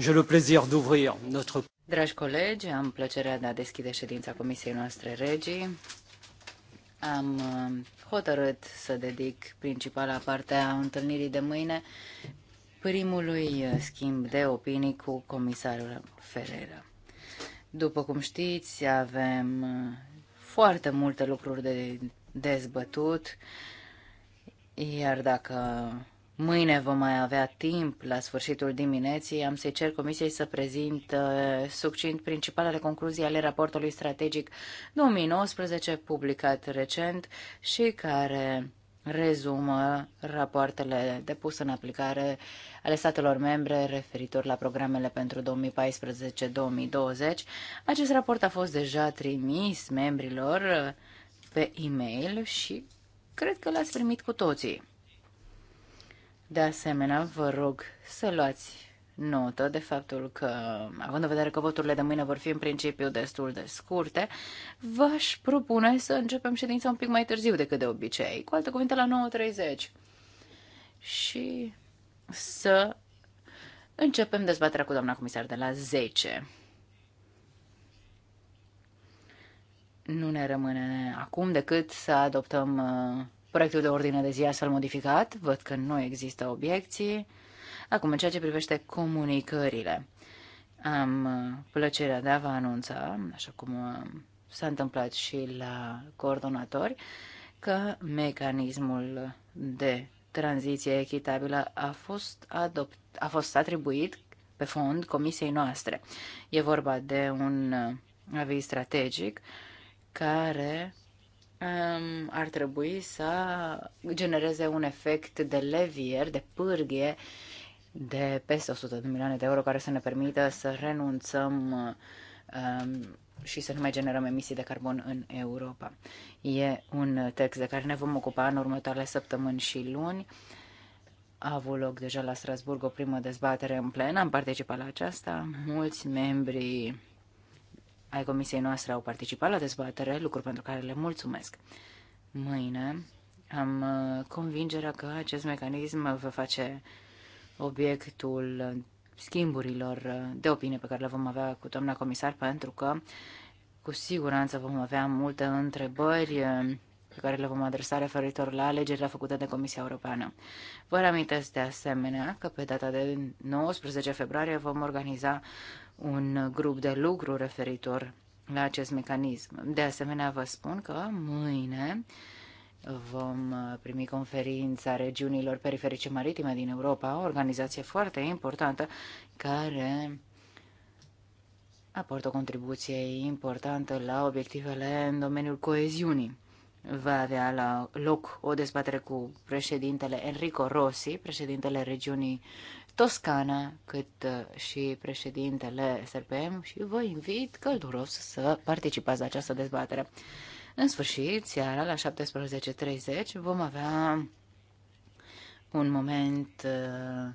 J'ai le plaisir d'ouvrir notre... Dragi colegi, am plăcerea de a deschide ședința Comisiei noastre Regii. Am uh, hotărât să dedic principala parte a întâlnirii de mâine primului uh, schimb de opinii cu comisarul Ferreira. După cum știți, avem uh, foarte multe lucruri de dezbătut, iar dacă Mâine vom mai avea timp, la sfârșitul dimineții, am să-i cer Comisiei să prezint uh, succint principalele concluzii ale raportului strategic 2019, publicat recent și care rezumă rapoartele depuse în aplicare ale statelor membre referitor la programele pentru 2014-2020. Acest raport a fost deja trimis membrilor uh, pe e-mail și cred că l-ați primit cu toții. De asemenea, vă rog să luați notă de faptul că, având în vedere că voturile de mâine vor fi în principiu destul de scurte, v-aș propune să începem ședința un pic mai târziu decât de obicei, cu alte cuvinte la 9.30. Și să începem dezbaterea cu doamna comisar de la 10. Nu ne rămâne acum decât să adoptăm uh, Proiectul de ordine de zi a s-a modificat, văd că nu există obiecții. Acum, în ceea ce privește comunicările, am uh, plăcerea de a vă anunța, așa cum uh, s-a întâmplat și la coordonatori, că mecanismul de tranziție echitabilă a fost, adopt, a fost atribuit pe fond comisiei noastre. E vorba de un uh, aviz strategic care ar trebui să genereze un efect de levier, de pârghie, de peste 100 de milioane de euro care să ne permită să renunțăm um, și să nu mai generăm emisii de carbon în Europa. E un text de care ne vom ocupa în următoarele săptămâni și luni. A avut loc deja la Strasburg o primă dezbatere în plen, am participat la aceasta. Mulți membri ai comisiei noastre au participat la dezbatere, lucru pentru care le mulțumesc. Mâine am uh, convingerea că acest mecanism va face obiectul uh, schimburilor uh, de opinie pe care le vom avea cu doamna comisar, pentru că cu siguranță vom avea multe întrebări pe care le vom adresa referitor la alegerile făcute de Comisia Europeană. Vă reamintesc de asemenea că pe data de 19 februarie vom organiza un grup de lucru referitor la acest mecanism. De asemenea, vă spun că mâine vom primi conferința regiunilor periferice maritime din Europa, o organizație foarte importantă care aportă o contribuție importantă la obiectivele în domeniul coeziunii. Va avea la loc o dezbatere cu președintele Enrico Rossi, președintele regiunii Toscana, cât uh, și președintele SRPM și vă invit călduros să participați la această dezbatere. În sfârșit, seara la 17.30 vom avea un moment uh,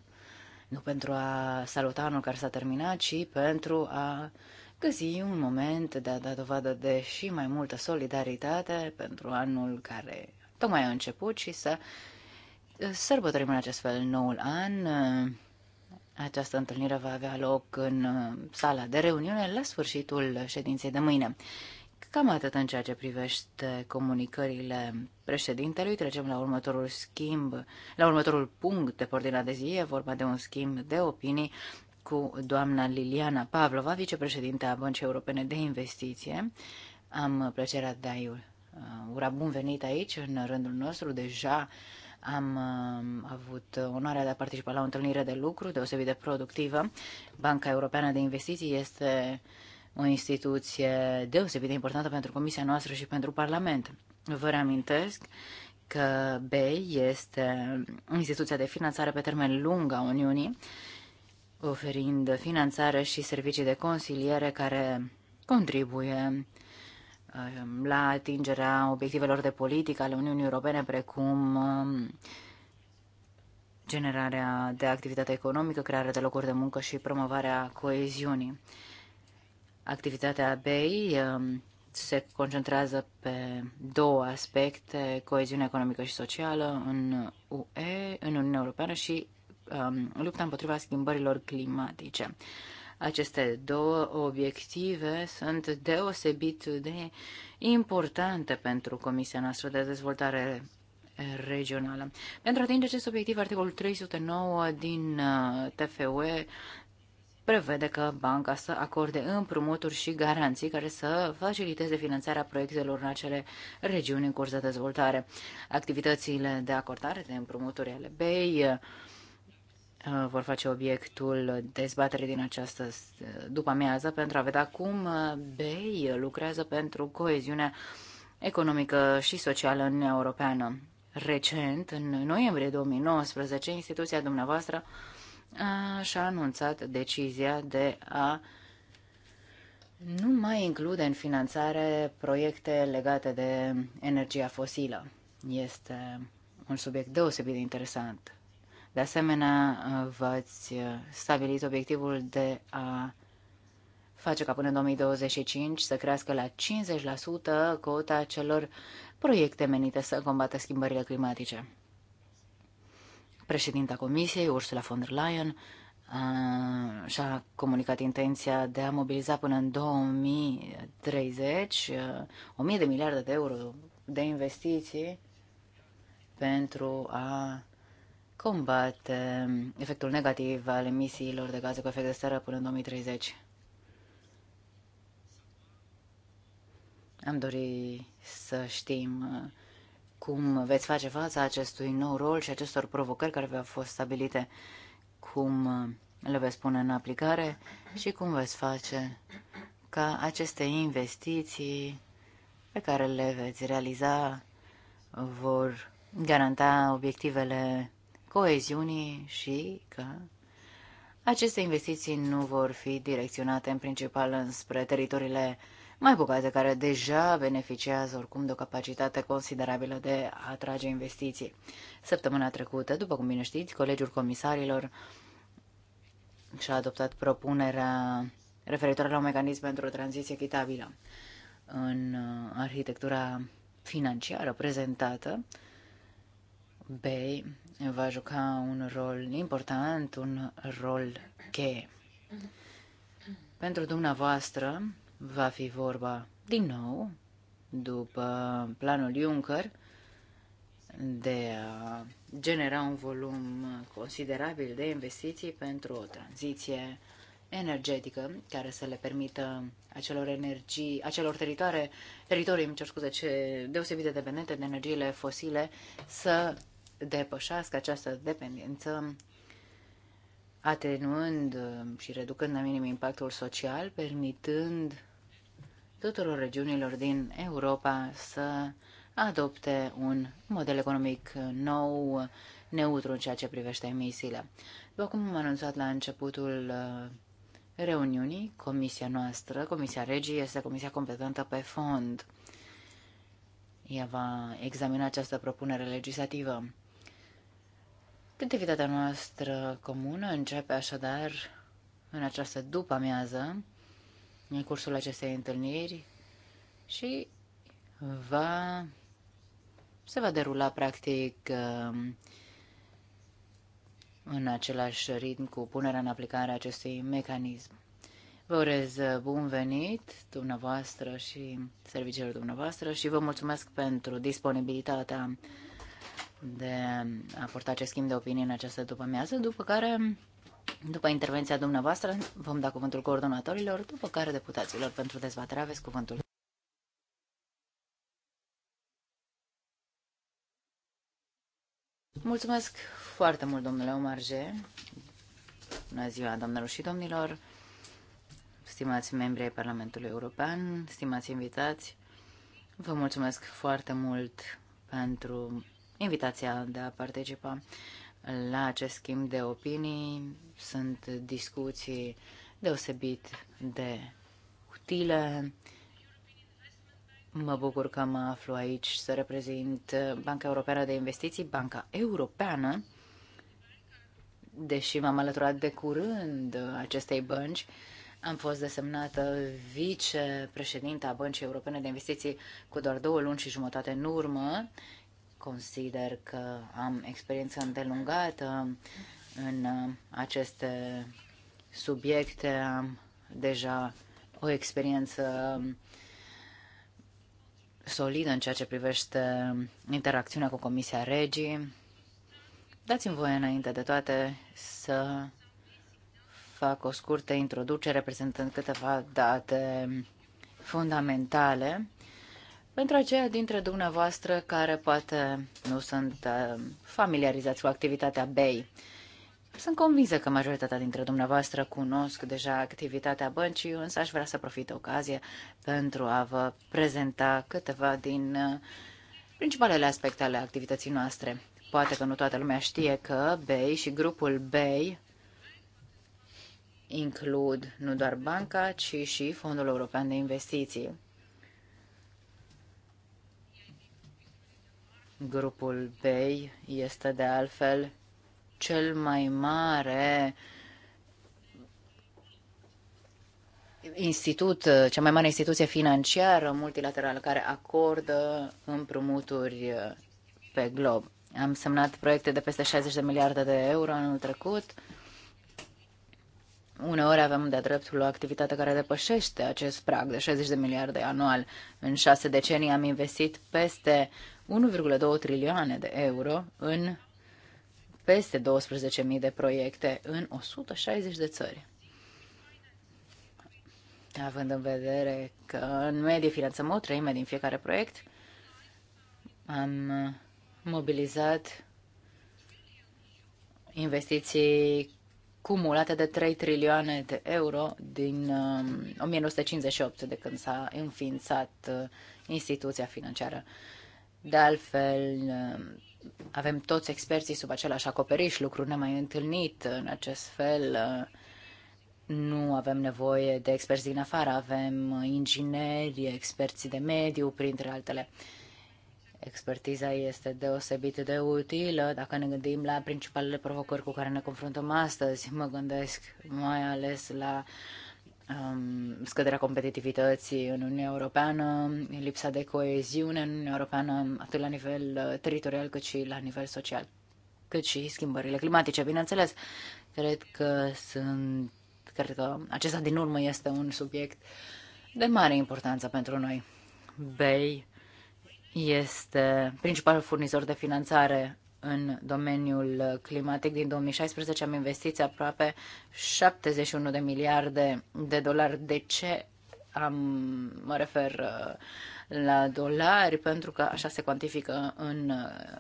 nu pentru a saluta anul care s-a terminat, ci pentru a găsi un moment de a da dovadă de și mai multă solidaritate pentru anul care tocmai a început și să uh, sărbătorim în acest fel noul an această întâlnire va avea loc în uh, sala de reuniune la sfârșitul ședinței de mâine. Cam atât în ceea ce privește comunicările președintelui. Trecem la următorul schimb, la următorul punct de ordinea de zi. E vorba de un schimb de opinii cu doamna Liliana Pavlova, vicepreședinte a Băncii Europene de Investiție. Am plăcerea de a-i uh, ura bun venit aici, în rândul nostru, deja uh, am uh, avut onoarea de a participa la o întâlnire de lucru deosebit de productivă. Banca Europeană de Investiții este o instituție deosebit de importantă pentru Comisia noastră și pentru Parlament. Vă reamintesc că BEI este instituția de finanțare pe termen lung a Uniunii, oferind finanțare și servicii de consiliere care contribuie Ehm, la atingerea obiectivelor de politică ale Uniunii Europene, precum ehm, generarea de activitate economică, crearea de locuri de muncă și promovarea coeziunii. Activitatea BEI ehm, se concentrează pe două aspecte, coeziunea economică și socială în UE, în Uniunea Europeană și um, lupta împotriva schimbărilor climatice. Aceste două obiective sunt deosebit de importante pentru Comisia noastră de dezvoltare regională. Pentru a atinge acest obiectiv, articolul 309 din uh, TFUE prevede că banca să acorde împrumuturi și garanții care să faciliteze finanțarea proiectelor în acele regiuni în curs de dezvoltare. Activitățile de acordare de împrumuturi ale BEI vor face obiectul dezbaterii din această după amiază pentru a vedea cum uh, BEI lucrează pentru coeziunea economică și socială în Europeană. Recent, în noiembrie 2019, instituția dumneavoastră și-a anunțat decizia de a nu mai include în finanțare proiecte legate de energia fosilă. Este un subiect deosebit de interesant de asemenea, v-ați uh, stabilit obiectivul de a face ca până în 2025 să crească la 50% cota celor proiecte menite să combată schimbările climatice. Președinta Comisiei, Ursula von der Leyen, uh, și-a comunicat intenția de a mobiliza până în 2030 1000 uh, de miliarde de euro de investiții pentru a combate efectul negativ al emisiilor de gaze cu efect de seră până în 2030. Am dorit să știm uh, cum veți face față acestui nou rol și acestor provocări care vi au fost stabilite, cum uh, le veți pune în aplicare și cum veți face ca aceste investiții pe care le veți realiza vor garanta obiectivele coeziunii și că aceste investiții nu vor fi direcționate în principal înspre teritoriile mai bogate, care deja beneficiază oricum de o capacitate considerabilă de a atrage investiții. Săptămâna trecută, după cum bine știți, Colegiul Comisarilor și-a adoptat propunerea referitoare la un mecanism pentru o tranziție echitabilă în uh, arhitectura financiară prezentată. BEI va juca un rol important, un rol cheie. Pentru dumneavoastră va fi vorba din nou, după planul Juncker, de a genera un volum considerabil de investiții pentru o tranziție energetică care să le permită acelor energii, acelor teritoare, teritorii, îmi cer scuze, ce deosebit de dependente de energiile fosile, să depășească această dependență, atenuând um, și reducând la minim impactul social, permitând tuturor regiunilor din Europa să adopte un model economic nou, neutru în ceea ce privește emisiile. După cum am anunțat la începutul uh, reuniunii, comisia noastră, Comisia Regii, este comisia competentă pe fond. Ea va examina această propunere legislativă. Activitatea noastră comună începe așadar în această după-amiază, în cursul acestei întâlniri și va, se va derula practic um, în același ritm cu punerea în aplicare a acestui mecanism. Vă urez bun venit dumneavoastră și serviciilor dumneavoastră și vă mulțumesc pentru disponibilitatea de a purta acest schimb de opinie în această după-amiază, după care, după intervenția dumneavoastră, vom da cuvântul coordonatorilor, după care deputaților pentru dezbatere aveți cuvântul. Mulțumesc foarte mult, domnule Omarge. Bună ziua, domnilor și domnilor, stimați membri ai Parlamentului European, stimați invitați. Vă mulțumesc foarte mult pentru invitația de a participa la acest schimb de opinii. Sunt discuții deosebit de utile. Mă bucur că mă aflu aici să reprezint Banca Europeană de Investiții, Banca Europeană, deși m-am alăturat de curând acestei bănci, am fost desemnată vicepreședinta Băncii Europene de Investiții cu doar două luni și jumătate în urmă Consider că am experiență îndelungată în uh, aceste subiecte, am deja o experiență um, solidă în ceea ce privește interacțiunea cu Comisia Regii. Dați-mi voie înainte de toate să fac o scurtă introducere prezentând câteva date fundamentale pentru aceia dintre dumneavoastră care poate nu sunt uh, familiarizați cu activitatea BEI, sunt convinsă că majoritatea dintre dumneavoastră cunosc deja activitatea băncii, însă aș vrea să profit ocazia pentru a vă prezenta câteva din uh, principalele aspecte ale activității noastre. Poate că nu toată lumea știe că BEI și grupul BEI includ nu doar banca, ci și Fondul European de Investiții. Grupul BEI este de altfel cel mai mare institut, cea mai mare instituție financiară multilaterală care acordă împrumuturi pe glob. Am semnat proiecte de peste 60 de miliarde de euro anul trecut. Uneori avem de-a dreptul o activitate care depășește acest prag de 60 de miliarde anual. În șase decenii am investit peste 1,2 trilioane de euro în peste 12.000 de proiecte în 160 de țări. Având în vedere că în medie finanțăm o treime din fiecare proiect, am mobilizat investiții cumulate de 3 trilioane de euro din 1958, um, de când s-a înființat uh, instituția financiară. De altfel, avem toți experții sub același acoperiș, lucru mai întâlnit în acest fel. Nu avem nevoie de experți din afară, avem ingineri, experți de mediu, printre altele. Expertiza este deosebit de utilă dacă ne gândim la principalele provocări cu care ne confruntăm astăzi. Mă gândesc mai ales la uh, Um, scăderea competitivității în Uniunea Europeană, lipsa de coeziune în Uniunea Europeană, atât la nivel uh, teritorial cât și la nivel social, cât și schimbările climatice, bineînțeles. Cred că sunt, cred că acesta din urmă este un subiect de mare importanță pentru noi. Bay este principalul furnizor de finanțare în domeniul climatic. Din 2016 am investit aproape 71 de miliarde de dolari. De ce am, mă refer uh, la dolari? Pentru că așa se cuantifică în uh,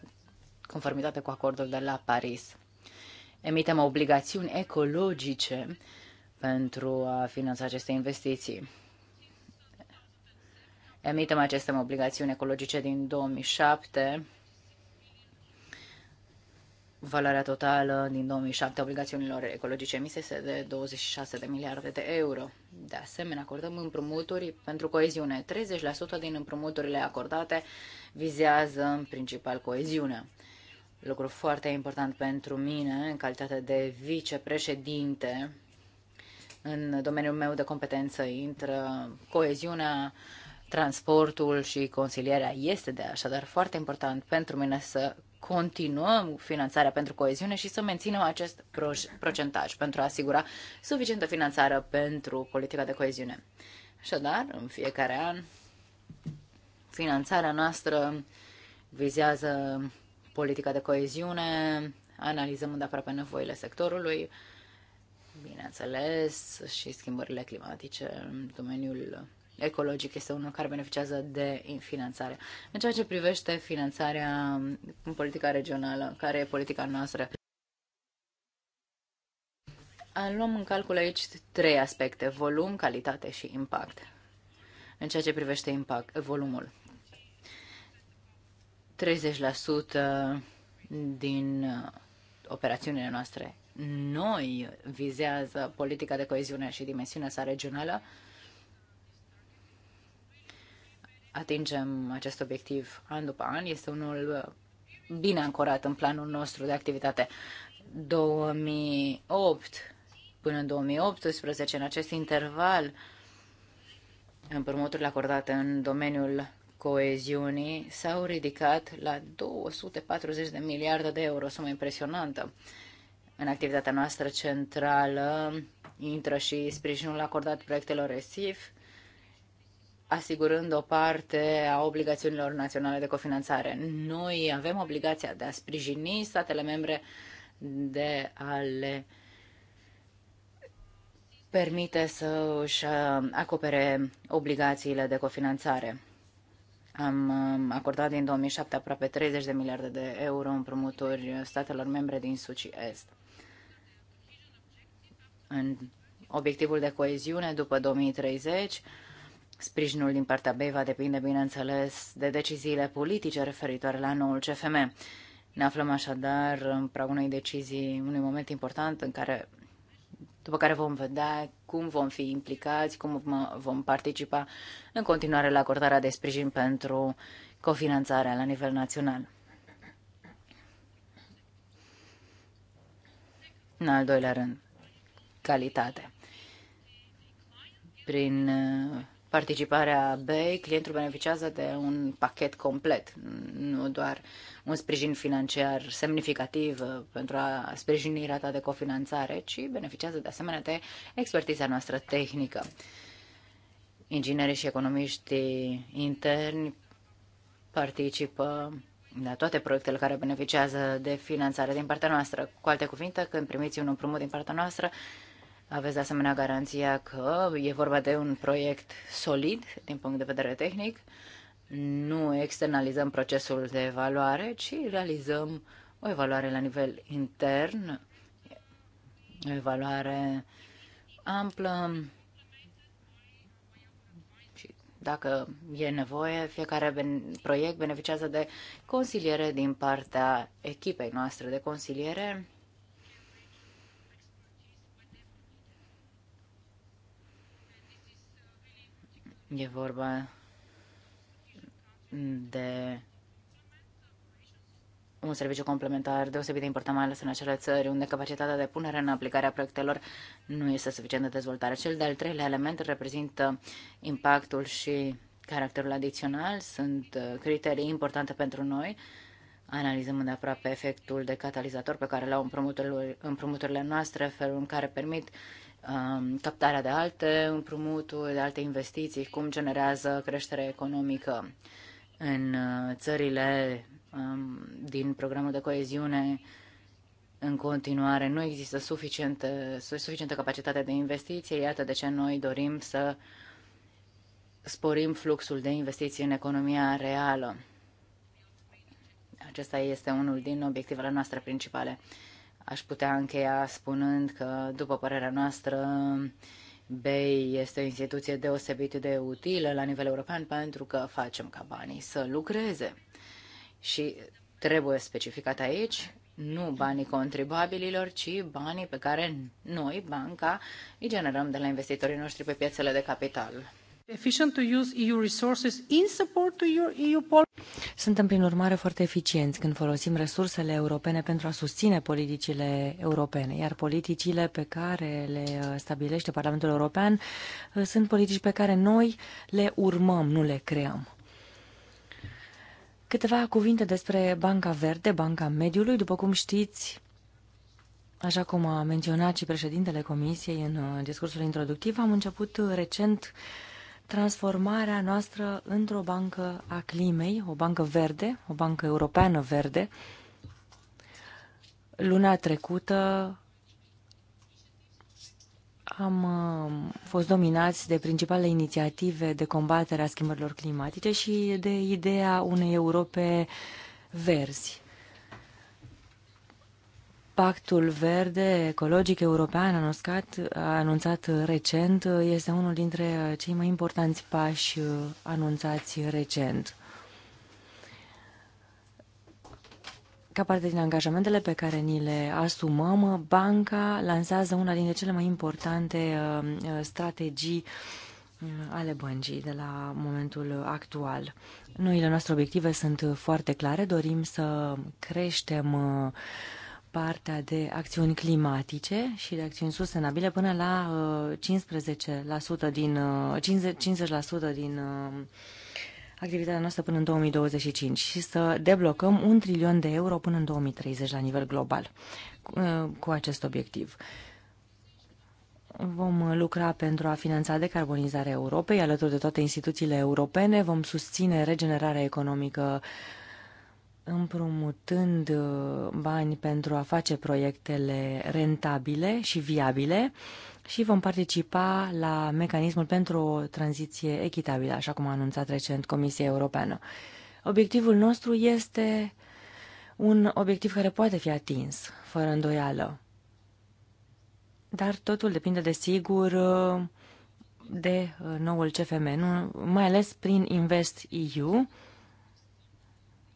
conformitate cu acordul de la Paris. Emitem obligațiuni ecologice pentru a finanța aceste investiții. Emitem aceste obligațiuni ecologice din 2007 Valoarea totală din 2007 obligațiunilor ecologice emise este de 26 de miliarde de euro. De asemenea, acordăm împrumuturi pentru coeziune. 30% din împrumuturile acordate vizează în principal coeziunea. Lucru foarte important pentru mine, în calitate de vicepreședinte, în domeniul meu de competență intră coeziunea, transportul și consilierea este de așadar foarte important pentru mine să continuăm finanțarea pentru coeziune și să menținem acest procentaj pentru a asigura suficientă finanțare pentru politica de coeziune. Așadar, în fiecare an, finanțarea noastră vizează politica de coeziune, analizăm aproape nevoile sectorului, bineînțeles, și schimbările climatice în domeniul ecologic este unul care beneficiază de finanțare. În ceea ce privește finanțarea în politica regională, care e politica noastră, luăm în calcul aici trei aspecte, volum, calitate și impact. În ceea ce privește impact, volumul, 30% din uh, operațiunile noastre noi vizează politica de coeziune și dimensiunea sa regională, atingem acest obiectiv an după an. Este unul uh, bine ancorat în planul nostru de activitate. 2008 până în 2018, în acest interval, împrumuturile acordate în domeniul coeziunii s-au ridicat la 240 de miliarde de euro, sumă impresionantă. În activitatea noastră centrală intră și sprijinul acordat proiectelor RESIF, asigurând o parte a obligațiunilor naționale de cofinanțare. Noi avem obligația de a sprijini statele membre de a le permite să își uh, acopere obligațiile de cofinanțare. Am um, acordat din 2007 aproape 30 de miliarde de euro împrumuturi statelor membre din Sud și Est. În obiectivul de coeziune după 2030, Sprijinul din partea BEI va depinde, bineînțeles, de deciziile politice referitoare la noul CFM. Ne aflăm așadar în prag unei decizii, unui moment important în care, după care vom vedea cum vom fi implicați, cum vom participa în continuare la acordarea de sprijin pentru cofinanțarea la nivel național. În al doilea rând, calitate. Prin participarea BEI, clientul beneficiază de un pachet complet, nu doar un sprijin financiar semnificativ uh, pentru a sprijini rata de cofinanțare, ci beneficiază de asemenea de expertiza noastră tehnică. Inginerii și economiștii interni participă la toate proiectele care beneficiază de finanțare din partea noastră. Cu alte cuvinte, când primiți un împrumut din partea noastră, aveți de asemenea garanția că e vorba de un proiect solid din punct de vedere tehnic. Nu externalizăm procesul de evaluare, ci realizăm o evaluare la nivel intern, o evaluare amplă și dacă e nevoie, fiecare ben- proiect beneficiază de consiliere din partea echipei noastre de consiliere E vorba de un serviciu complementar deosebit de important, mai ales în acele țări unde capacitatea de punere în aplicare a proiectelor nu este suficient de dezvoltare. Cel de-al treilea element reprezintă impactul și caracterul adițional. Sunt uh, criterii importante pentru noi. Analizăm îndeaproape efectul de catalizator pe care l-au împrumuturile noastre, felul în care permit uh, Um, captarea de alte împrumuturi, de alte investiții, cum generează creștere economică în uh, țările um, din programul de coeziune. În continuare, nu există suficientă, suficientă capacitate de investiție, iată de ce noi dorim să sporim fluxul de investiții în economia reală. Acesta este unul din obiectivele noastre principale. Aș putea încheia spunând că, după părerea noastră, BEI este o instituție deosebit de utilă la nivel european pentru că facem ca banii să lucreze. Și trebuie specificat aici nu banii contribuabililor, ci banii pe care noi, banca, îi generăm de la investitorii noștri pe piețele de capital. Suntem prin urmare foarte eficienți când folosim resursele europene pentru a susține politicile europene, iar politicile pe care le uh, stabilește Parlamentul European uh, sunt politici pe care noi le urmăm, nu le creăm. Câteva cuvinte despre Banca Verde, Banca Mediului. După cum știți, Așa cum a menționat și președintele Comisiei în uh, discursul introductiv, am început recent transformarea noastră într-o bancă a climei, o bancă verde, o bancă europeană verde. Luna trecută am um, fost dominați de principalele inițiative de combatere a schimbărilor climatice și de ideea unei Europe verzi. Pactul Verde Ecologic European anunțat, anunțat recent este unul dintre cei mai importanți pași uh, anunțați recent. Ca parte din angajamentele pe care ni le asumăm, banca lansează una dintre cele mai importante uh, uh, strategii ale băncii de la momentul actual. Noile noastre obiective sunt foarte clare. Dorim să creștem uh, partea de acțiuni climatice și de acțiuni sustenabile până la 15% uh, din 50, uh, 50% din uh, activitatea noastră până în 2025 și să deblocăm un trilion de euro până în 2030 la nivel global cu acest obiectiv. Vom lucra pentru a finanța decarbonizarea Europei alături de toate instituțiile europene, vom susține regenerarea economică uh, împrumutând uh, bani pentru a face proiectele rentabile și viabile și vom participa la mecanismul pentru o tranziție echitabilă, așa cum a anunțat recent Comisia Europeană. Obiectivul nostru este un obiectiv care poate fi atins, fără îndoială. Dar totul depinde, desigur, uh, de uh, noul CFM, nu, mai ales prin Invest EU,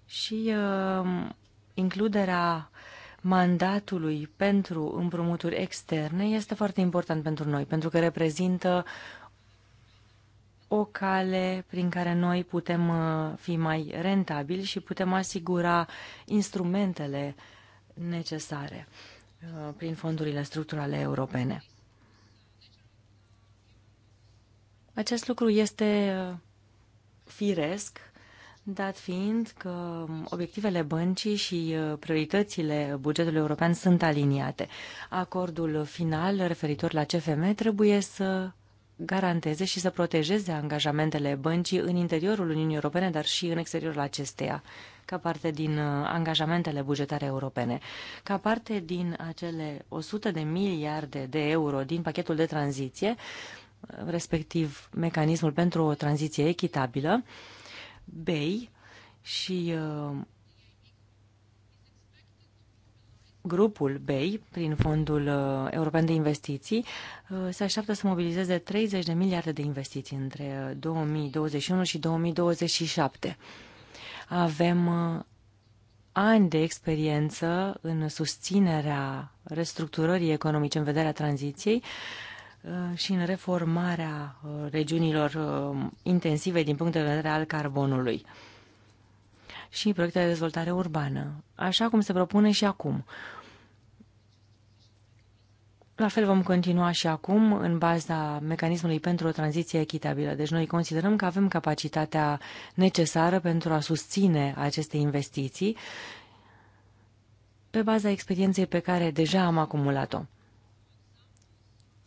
și uh, includerea mandatului pentru împrumuturi externe este foarte important pentru noi, pentru că reprezintă o cale prin care noi putem uh, fi mai rentabili și putem asigura instrumentele necesare uh, prin fondurile structurale europene. Acest lucru este uh, firesc Dat fiind că obiectivele băncii și uh, prioritățile bugetului european sunt aliniate, acordul final referitor la CFM trebuie să garanteze și să protejeze angajamentele băncii în interiorul Uniunii Europene, dar și în exteriorul acesteia, ca parte din uh, angajamentele bugetare europene. Ca parte din acele 100 de miliarde de euro din pachetul de tranziție, uh, respectiv mecanismul pentru o tranziție echitabilă, BEI și uh, grupul BEI, prin Fondul uh, European de Investiții, uh, se așteaptă să mobilizeze 30 de miliarde de investiții între 2021 și 2027. Avem ani de experiență în susținerea restructurării economice în vederea tranziției Uh, și în reformarea uh, regiunilor uh, intensive din punct de vedere al carbonului și proiectele de dezvoltare urbană, așa cum se propune și acum. La fel vom continua și acum în baza mecanismului pentru o tranziție echitabilă. Deci noi considerăm că avem capacitatea necesară pentru a susține aceste investiții pe baza experienței pe care deja am acumulat-o.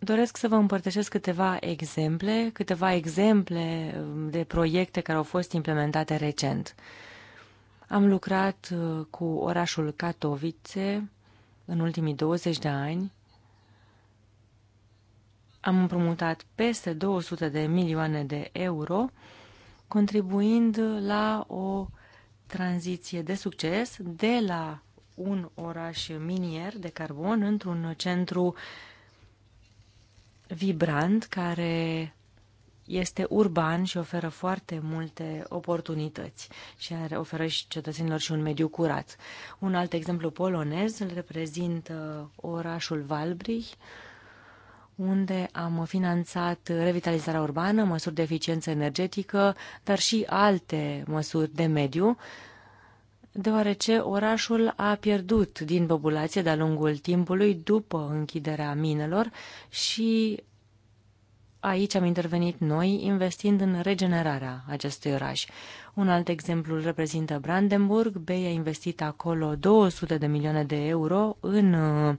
Doresc să vă împărtășesc câteva exemple, câteva exemple um, de proiecte care au fost implementate recent. Am lucrat uh, cu orașul Katowice în ultimii 20 de ani. Am împrumutat peste 200 de milioane de euro, contribuind la o tranziție de succes de la un oraș minier de carbon într-un centru uh, vibrant, care este urban și oferă foarte multe oportunități și oferă și cetățenilor și un mediu curat. Un alt exemplu polonez îl reprezintă orașul Valbrich, unde am finanțat revitalizarea urbană, măsuri de eficiență energetică, dar și alte măsuri de mediu, deoarece orașul a pierdut din populație de-a lungul timpului după închiderea minelor și aici am intervenit noi investind în regenerarea acestui oraș. Un alt exemplu îl reprezintă Brandenburg. BEI a investit acolo 200 de milioane de euro în uh,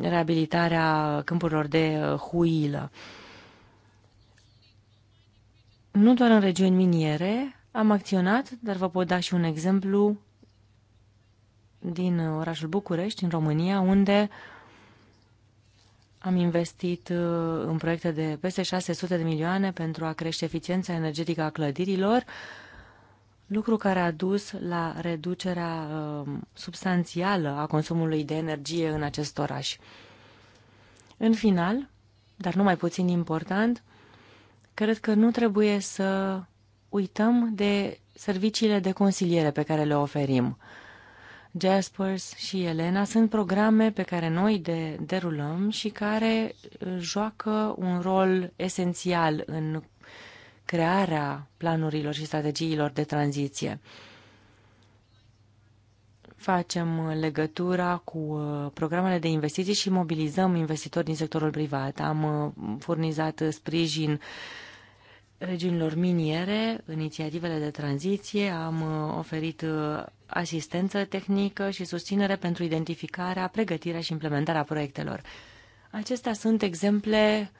reabilitarea câmpurilor de huilă. Nu doar în regiuni miniere, am acționat, dar vă pot da și un exemplu din orașul București, în România, unde am investit uh, în proiecte de peste 600 de milioane pentru a crește eficiența energetică a clădirilor, lucru care a dus la reducerea uh, substanțială a consumului de energie în acest oraș. În final, dar nu mai puțin important, cred că nu trebuie să uităm de serviciile de consiliere pe care le oferim. Jaspers și Elena sunt programe pe care noi de derulăm și care uh, joacă un rol esențial în crearea planurilor și strategiilor de tranziție. Facem uh, legătura cu uh, programele de investiții și mobilizăm investitori din sectorul privat. Am furnizat sprijin uh, regiunilor miniere, inițiativele de tranziție, am uh, oferit uh, asistență tehnică și susținere pentru identificarea, pregătirea și implementarea proiectelor. Acestea sunt exemple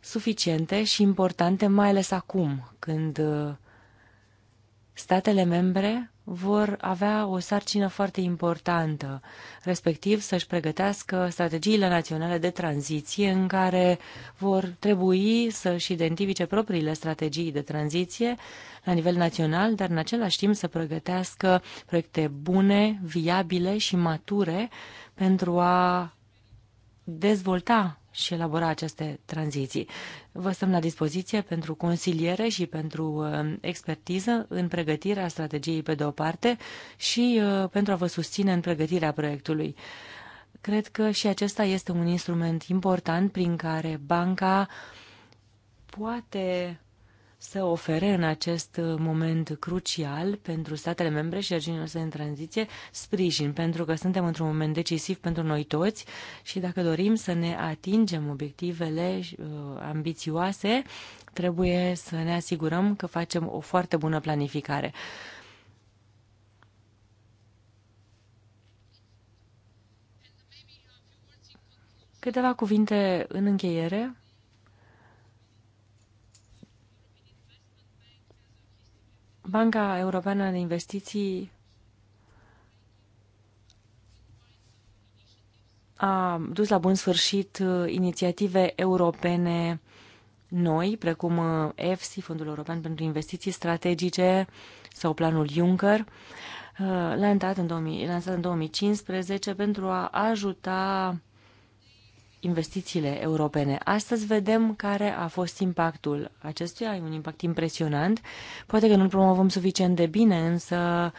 suficiente și importante, mai ales acum, când uh, statele membre vor avea o sarcină foarte importantă, respectiv să-și pregătească strategiile naționale de tranziție în care vor trebui să-și identifice propriile strategii de tranziție la nivel național, dar în același timp să pregătească proiecte bune, viabile și mature pentru a dezvolta și elabora aceste tranziții. Vă stăm la dispoziție pentru consiliere și pentru uh, expertiză în pregătirea strategiei pe de o parte și uh, pentru a vă susține în pregătirea proiectului. Cred că și acesta este un instrument important prin care banca poate să ofere în acest uh, moment crucial pentru statele membre și regiunile noastre în tranziție sprijin, pentru că suntem într-un moment decisiv pentru noi toți și dacă dorim să ne atingem obiectivele uh, ambițioase, trebuie să ne asigurăm că facem o foarte bună planificare. Câteva cuvinte în încheiere. Banca Europeană de Investiții a dus la bun sfârșit uh, inițiative europene noi, precum EFSI, uh, Fondul European pentru Investiții Strategice sau Planul Juncker, uh, lansat în, lansat în 2015 pentru a ajuta investițiile europene. Astăzi vedem care a fost impactul acestuia, e un impact impresionant. Poate că nu-l promovăm suficient de bine, însă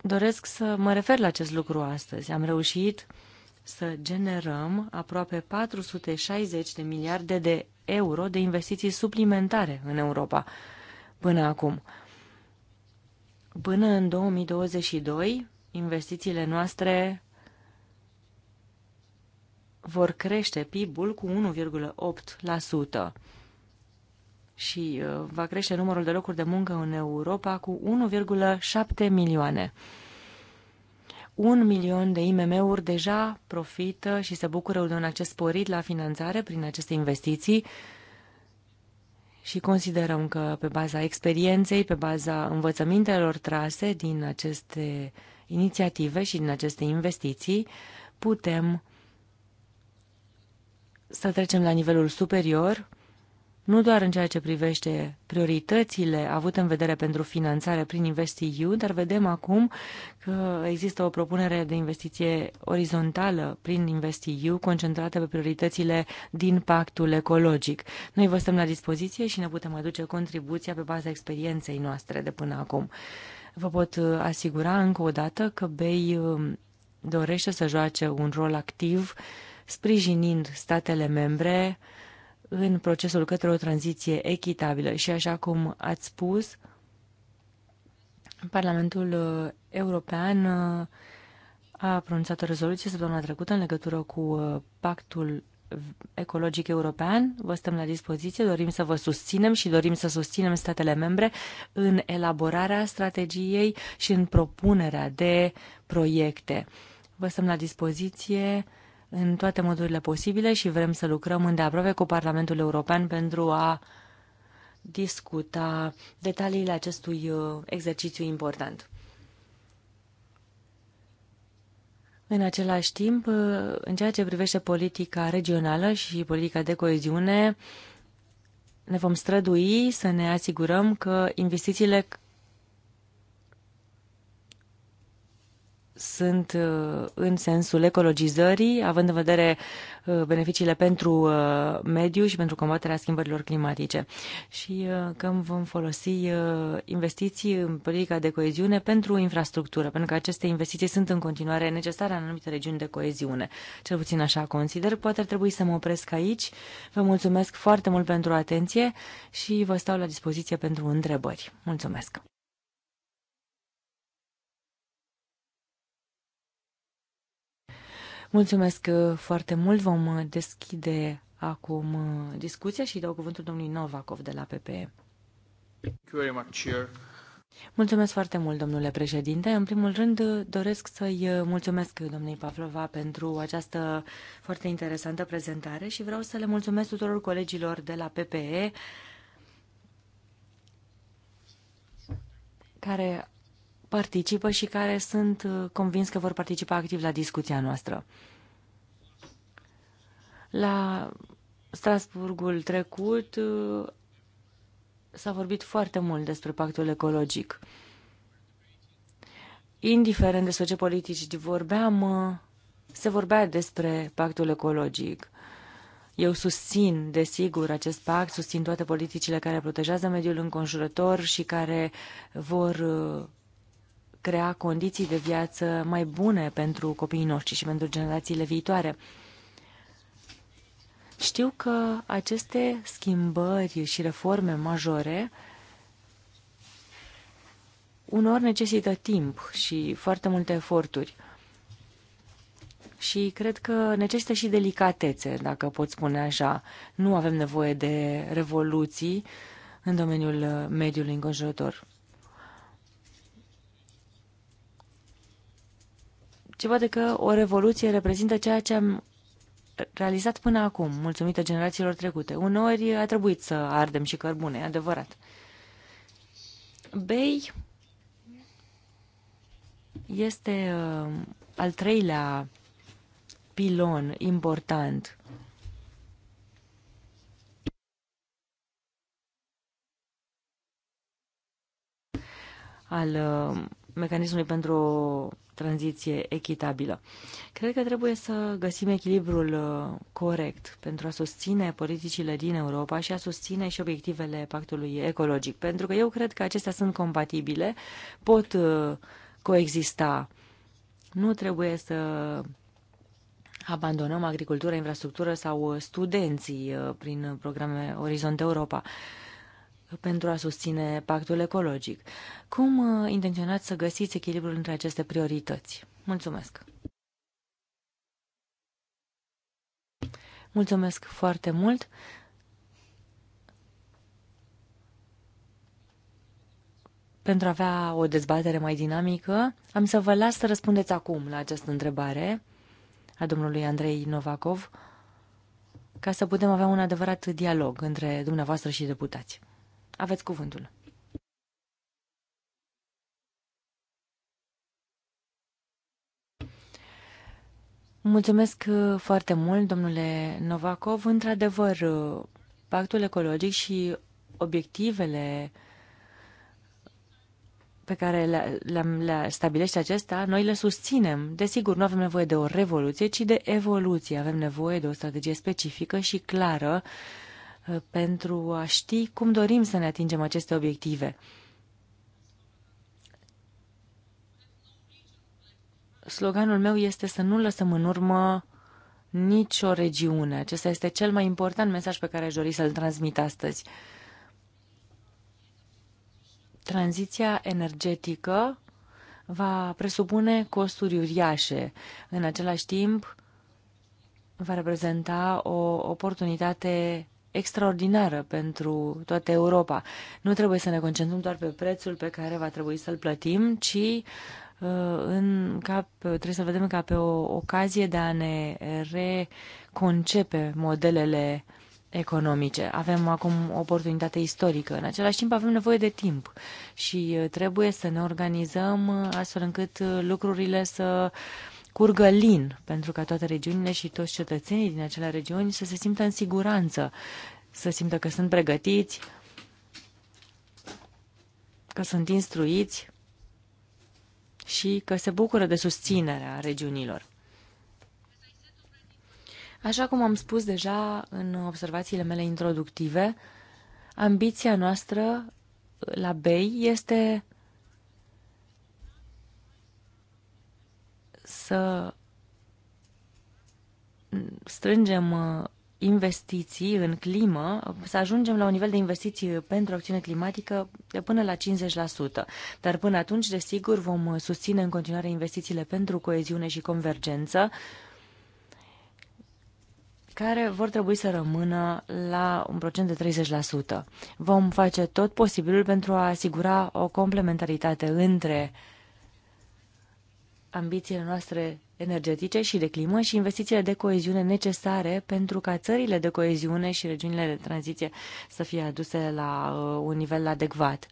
doresc să mă refer la acest lucru astăzi. Am reușit să generăm aproape 460 de miliarde de euro de investiții suplimentare în Europa până acum. Până în 2022, investițiile noastre vor crește PIB-ul cu 1,8% și uh, va crește numărul de locuri de muncă în Europa cu 1,7 milioane. Un milion de IMM-uri deja profită și se bucură de un acces sporit la finanțare prin aceste investiții și considerăm că pe baza experienței, pe baza învățămintelor trase din aceste inițiative și din aceste investiții, putem să trecem la nivelul superior, nu doar în ceea ce privește prioritățile avute în vedere pentru finanțare prin InvestEU, dar vedem acum că există o propunere de investiție orizontală prin InvestEU, concentrată pe prioritățile din pactul ecologic. Noi vă stăm la dispoziție și ne putem aduce contribuția pe baza experienței noastre de până acum. Vă pot uh, asigura încă o dată că BEI um, dorește să joace un rol activ sprijinind statele membre în procesul către o tranziție echitabilă. Și așa cum ați spus, Parlamentul uh, European uh, a pronunțat o rezoluție săptămâna trecută în legătură cu uh, pactul ecologic european. Vă stăm la dispoziție, dorim să vă susținem și dorim să susținem statele membre în elaborarea strategiei și în propunerea de proiecte. Vă stăm la dispoziție în toate modurile posibile și vrem să lucrăm îndeaproape cu Parlamentul European pentru a discuta detaliile acestui uh, exercițiu important. În același timp, uh, în ceea ce privește politica regională și politica de coeziune, ne vom strădui să ne asigurăm că investițiile sunt uh, în sensul ecologizării, având în vedere uh, beneficiile pentru uh, mediu și pentru combaterea schimbărilor climatice. Și când vom folosi investiții în politica de coeziune pentru infrastructură, pentru că aceste investiții sunt în continuare necesare în anumite regiuni de coeziune. Cel puțin așa consider. Poate ar trebui să mă opresc aici. Vă mulțumesc foarte mult pentru atenție și vă stau la dispoziție pentru întrebări. Mulțumesc! Mulțumesc uh, foarte mult. Vom uh, deschide acum uh, discuția și dau cuvântul domnului Novakov de la PPE. Mulțumesc foarte mult, domnule președinte. În primul rând, doresc să-i mulțumesc domnului Pavlova pentru această foarte interesantă prezentare și vreau să le mulțumesc tuturor colegilor de la PPE care participă și care sunt uh, convins că vor participa activ la discuția noastră. La Strasburgul trecut uh, s-a vorbit foarte mult despre pactul ecologic. Indiferent despre ce politici vorbeam, uh, se vorbea despre pactul ecologic. Eu susțin, desigur, acest pact, susțin toate politicile care protejează mediul înconjurător și care vor crea condiții de viață mai bune pentru copiii noștri și pentru generațiile viitoare. Știu că aceste schimbări și reforme majore unor necesită timp și foarte multe eforturi. Și cred că necesită și delicatețe, dacă pot spune așa. Nu avem nevoie de revoluții în domeniul mediului înconjurător. ce poate că o revoluție reprezintă ceea ce am realizat până acum, mulțumită generațiilor trecute. Uneori a trebuit să ardem și cărbune, adevărat. Bei este uh, al treilea pilon important al uh, mecanismului pentru tranziție echitabilă. Cred că trebuie să găsim echilibrul uh, corect pentru a susține politicile din Europa și a susține și obiectivele pactului ecologic, pentru că eu cred că acestea sunt compatibile, pot uh, coexista. Nu trebuie să abandonăm agricultura, infrastructură sau uh, studenții prin programe Orizont Europa pentru a susține pactul ecologic. Cum uh, intenționați să găsiți echilibrul între aceste priorități? Mulțumesc! Mulțumesc foarte mult! Pentru a avea o dezbatere mai dinamică, am să vă las să răspundeți acum la această întrebare a domnului Andrei Novakov, ca să putem avea un adevărat dialog între dumneavoastră și deputați. Aveți cuvântul. Mulțumesc uh, foarte mult, domnule Novakov. Într-adevăr, uh, pactul ecologic și obiectivele pe care le, le, le stabilește acesta, noi le susținem. Desigur, nu avem nevoie de o revoluție, ci de evoluție. Avem nevoie de o strategie specifică și clară uh, Uh, pentru a ști cum dorim să ne atingem aceste obiective. Sloganul meu este să nu lăsăm în urmă nicio regiune. Acesta este cel mai important mesaj pe care aș dori să-l transmit astăzi. Tranziția energetică va presupune costuri uriașe. În același timp, va reprezenta o oportunitate extraordinară pentru toată Europa. Nu trebuie să ne concentrăm doar pe prețul pe care va trebui să-l plătim, ci uh, în cap, trebuie să vedem ca pe o ocazie de a ne reconcepe modelele economice. Avem acum o oportunitate istorică. În același timp avem nevoie de timp și uh, trebuie să ne organizăm uh, astfel încât lucrurile să uh, curgă lin, pentru ca toate regiunile și toți cetățenii din acele regiuni să se simtă în siguranță, să simtă că sunt pregătiți, că sunt instruiți și că se bucură de susținerea regiunilor. Așa cum am spus deja în observațiile mele introductive, ambiția noastră la BEI este să strângem uh, investiții în climă, să ajungem la un nivel de investiții pentru acțiune climatică de până la 50%. Dar până atunci, desigur, vom uh, susține în continuare investițiile pentru coeziune și convergență, care vor trebui să rămână la un procent de 30%. Vom face tot posibilul pentru a asigura o complementaritate între uh, ambițiile noastre energetice și de climă și investițiile de coeziune necesare pentru ca țările de coeziune și regiunile de tranziție să fie aduse la uh, un nivel adecvat.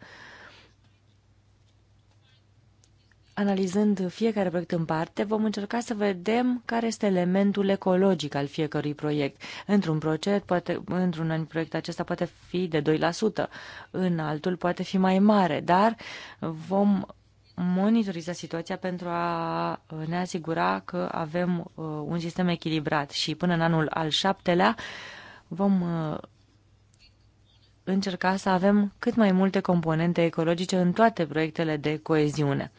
Analizând fiecare proiect în parte, vom încerca să vedem care este elementul ecologic al fiecărui proiect. Într-un proiect, poate, într-un proiect acesta poate fi de 2%, în altul poate fi mai mare, dar vom monitoriza situația pentru a uh, ne asigura că avem uh, un sistem echilibrat și până în anul al șaptelea vom uh, încerca să avem cât mai multe componente ecologice în toate proiectele de coeziune.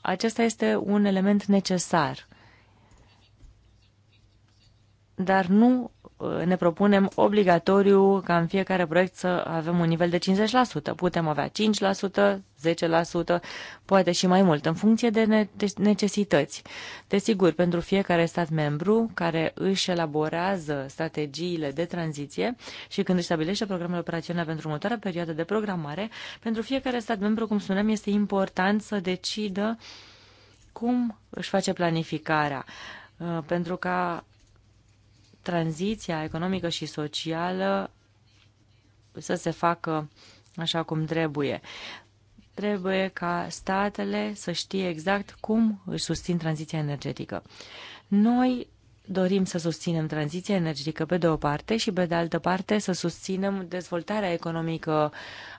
Acesta este un element necesar, dar nu Uh, ne propunem obligatoriu ca în fiecare proiect să avem un nivel de 50%. Putem avea 5%, 10%, poate și mai mult, în funcție de necesități. Desigur, pentru fiecare stat membru care își elaborează strategiile de tranziție și când își stabilește programul operațional pentru următoarea perioadă de programare, pentru fiecare stat membru, cum spuneam, este important să decidă cum își face planificarea uh, pentru ca tranziția economică și socială să se facă așa cum trebuie. Trebuie ca statele să știe exact cum își susțin tranziția energetică. Noi dorim să susținem tranziția energetică pe de o parte și pe de altă parte să susținem dezvoltarea economică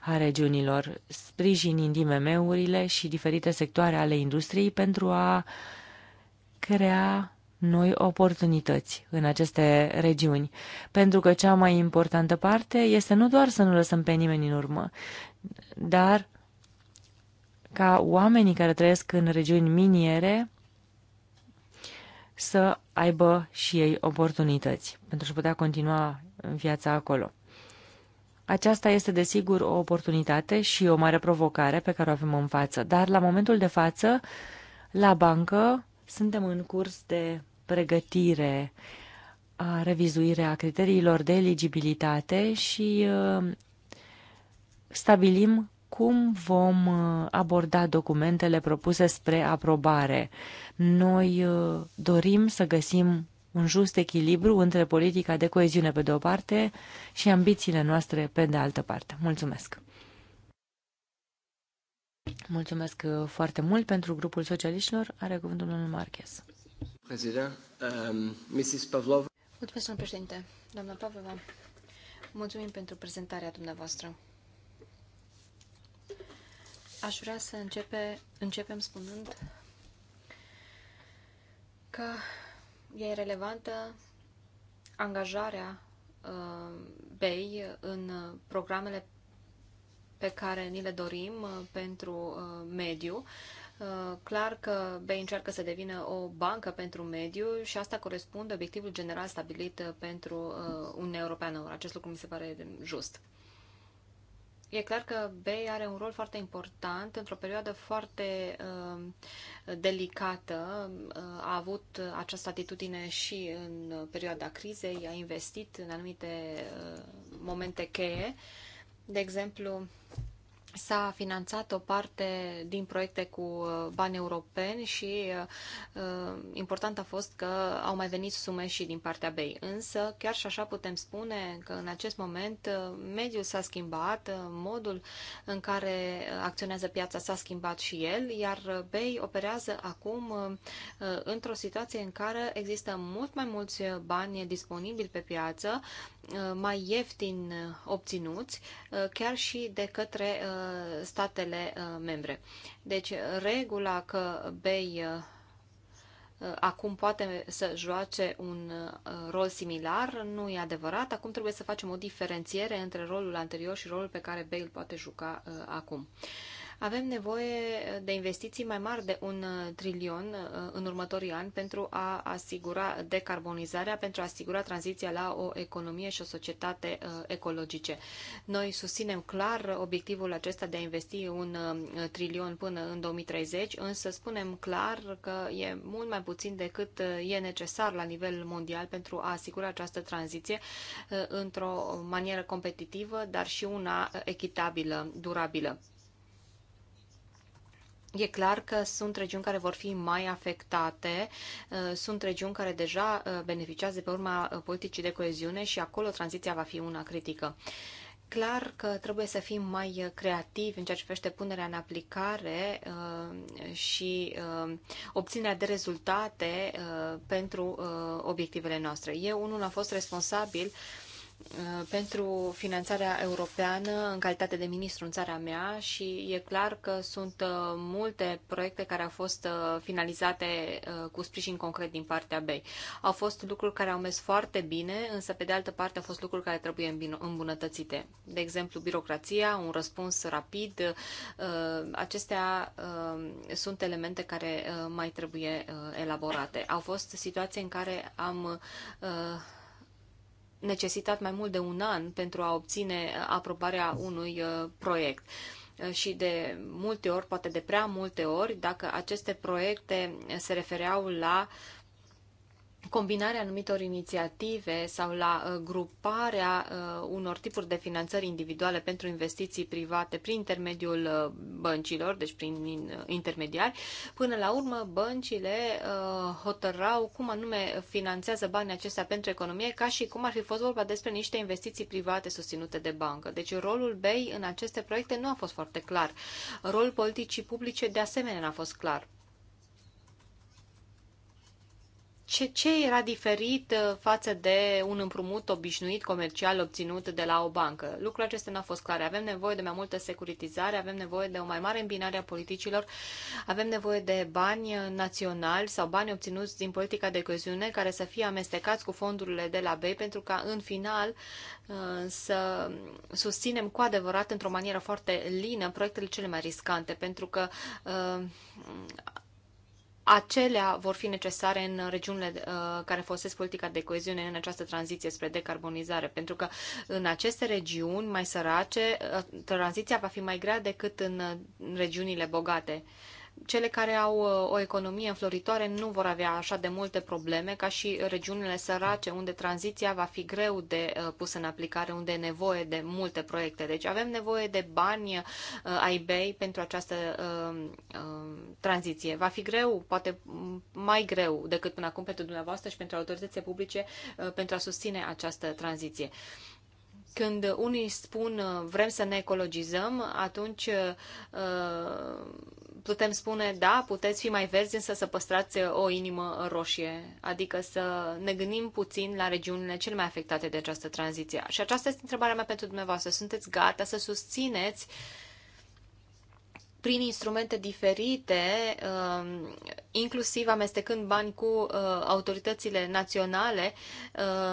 a regiunilor, sprijinind IMM-urile și diferite sectoare ale industriei pentru a crea noi oportunități în aceste regiuni. Pentru că cea mai importantă parte este nu doar să nu lăsăm pe nimeni în urmă, dar ca oamenii care trăiesc în regiuni miniere să aibă și ei oportunități pentru a putea continua viața acolo. Aceasta este, desigur, o oportunitate și o mare provocare pe care o avem în față, dar la momentul de față, la bancă, suntem în curs de pregătire a revizuirea criteriilor de eligibilitate și stabilim cum vom aborda documentele propuse spre aprobare. Noi dorim să găsim un just echilibru între politica de coeziune pe de o parte și ambițiile noastre pe de altă parte. Mulțumesc! Mulțumesc uh, foarte mult pentru grupul socialiștilor. Are cuvântul domnul Marches. Mrs. Um, Pavlova. Mulțumesc, domnul președinte. Doamna Pavlova, mulțumim pentru prezentarea dumneavoastră. Aș vrea să începe, începem spunând că e relevantă angajarea uh, BEI în programele pe care ni le dorim uh, pentru uh, mediu. Uh, clar că BEI încearcă să devină o bancă pentru mediu și asta corespunde obiectivul general stabilit pentru Uniunea Europeană. Acest lucru mi se pare just. E clar că BEI are un rol foarte important într-o perioadă foarte uh, delicată. Uh, a avut această atitudine și în perioada crizei, a investit în anumite uh, momente cheie. Uh, de exemplu, s-a finanțat o parte din proiecte cu uh, bani europeni și uh, uh, important a fost că au mai venit sume și din partea BEI. Însă, chiar și așa putem spune că în acest moment uh, mediul s-a schimbat, modul în care acționează piața s-a schimbat și el, iar BEI operează acum uh, într-o situație în care există mult mai mulți bani disponibili pe piață, Uh, mai ieftin uh, obținuți, uh, chiar și de către statele membre. Deci, regula că BEI acum poate să joace un rol similar, nu e adevărat. Acum trebuie să facem o diferențiere între rolul anterior și rolul pe care Bale poate juca acum. Avem nevoie de investiții mai mari de un uh, trilion uh, în următorii ani pentru a asigura decarbonizarea, pentru a asigura tranziția la o economie și o societate uh, ecologice. Noi susținem clar obiectivul acesta de a investi un trilion până în 2030, însă spunem clar că e mult mai puțin decât e necesar la nivel mondial pentru a asigura această tranziție într-o manieră competitivă, dar și una echitabilă, durabilă. E clar că sunt regiuni care vor fi mai afectate, uh, sunt regiuni care deja uh, beneficiază de pe urma uh, politicii de coeziune și acolo tranziția va fi una critică clar că trebuie să fim mai creativi în ceea ce privește punerea în aplicare și obținerea de rezultate pentru obiectivele noastre. Eu, unul, am fost responsabil uh, Uh, pentru finanțarea europeană în calitate de ministru în țara mea și e clar că sunt uh, multe proiecte care au fost uh, finalizate cu sprijin concret din partea BEI. Au fost lucruri care au mers foarte bine, însă pe de altă parte au fost lucruri care trebuie îmbunătățite. De exemplu, birocrația, un răspuns rapid, acestea sunt elemente care mai trebuie elaborate. Au fost situații în care am necesitat mai mult de un an pentru a obține aprobarea unui uh, proiect uh, și de multe ori, poate de prea multe ori, dacă aceste proiecte se refereau la uh, combinarea anumitor inițiative sau la uh, gruparea uh, unor tipuri de finanțări individuale pentru investiții private prin intermediul uh, băncilor, deci prin intermediari. Până la urmă, băncile hotărau cum anume finanțează banii acestea pentru economie, ca și cum ar fi fost vorba despre niște investiții private susținute de bancă. Deci rolul BEI în aceste proiecte nu a fost foarte clar. Rolul politicii publice de asemenea n-a fost clar. ce, ce era diferit uh, față de un împrumut obișnuit comercial obținut de la o bancă? Lucrul acesta nu a fost clar. Avem nevoie de mai multă securitizare, avem nevoie de o mai mare îmbinare a politicilor, avem nevoie de bani uh, naționali sau bani obținuți din politica de coeziune care să fie amestecați cu fondurile de la BEI pentru ca în final uh, să susținem cu adevărat într-o manieră foarte lină proiectele cele mai riscante pentru că acelea vor fi necesare în regiunile uh, care folosesc politica de coeziune în această tranziție spre decarbonizare, pentru că în aceste regiuni mai sărace, uh, tranziția va fi mai grea decât în uh, regiunile bogate cele care au uh, o economie înfloritoare nu vor avea așa de multe probleme ca și regiunile sărace, unde tranziția va fi greu de uh, pus în aplicare, unde e nevoie de multe proiecte. Deci avem nevoie de bani uh, ai bei pentru această uh, uh, tranziție. Va fi greu, poate mai greu decât până acum pentru dumneavoastră și pentru autoritățile publice uh, pentru a susține această tranziție când unii spun vrem să ne ecologizăm, atunci putem spune, da, puteți fi mai verzi, însă să păstrați o inimă roșie, adică să ne gândim puțin la regiunile cele mai afectate de această tranziție. Și aceasta este întrebarea mea pentru dumneavoastră. Sunteți gata să susțineți uh, prin instrumente diferite, um, inclusiv amestecând bani cu uh, autoritățile naționale,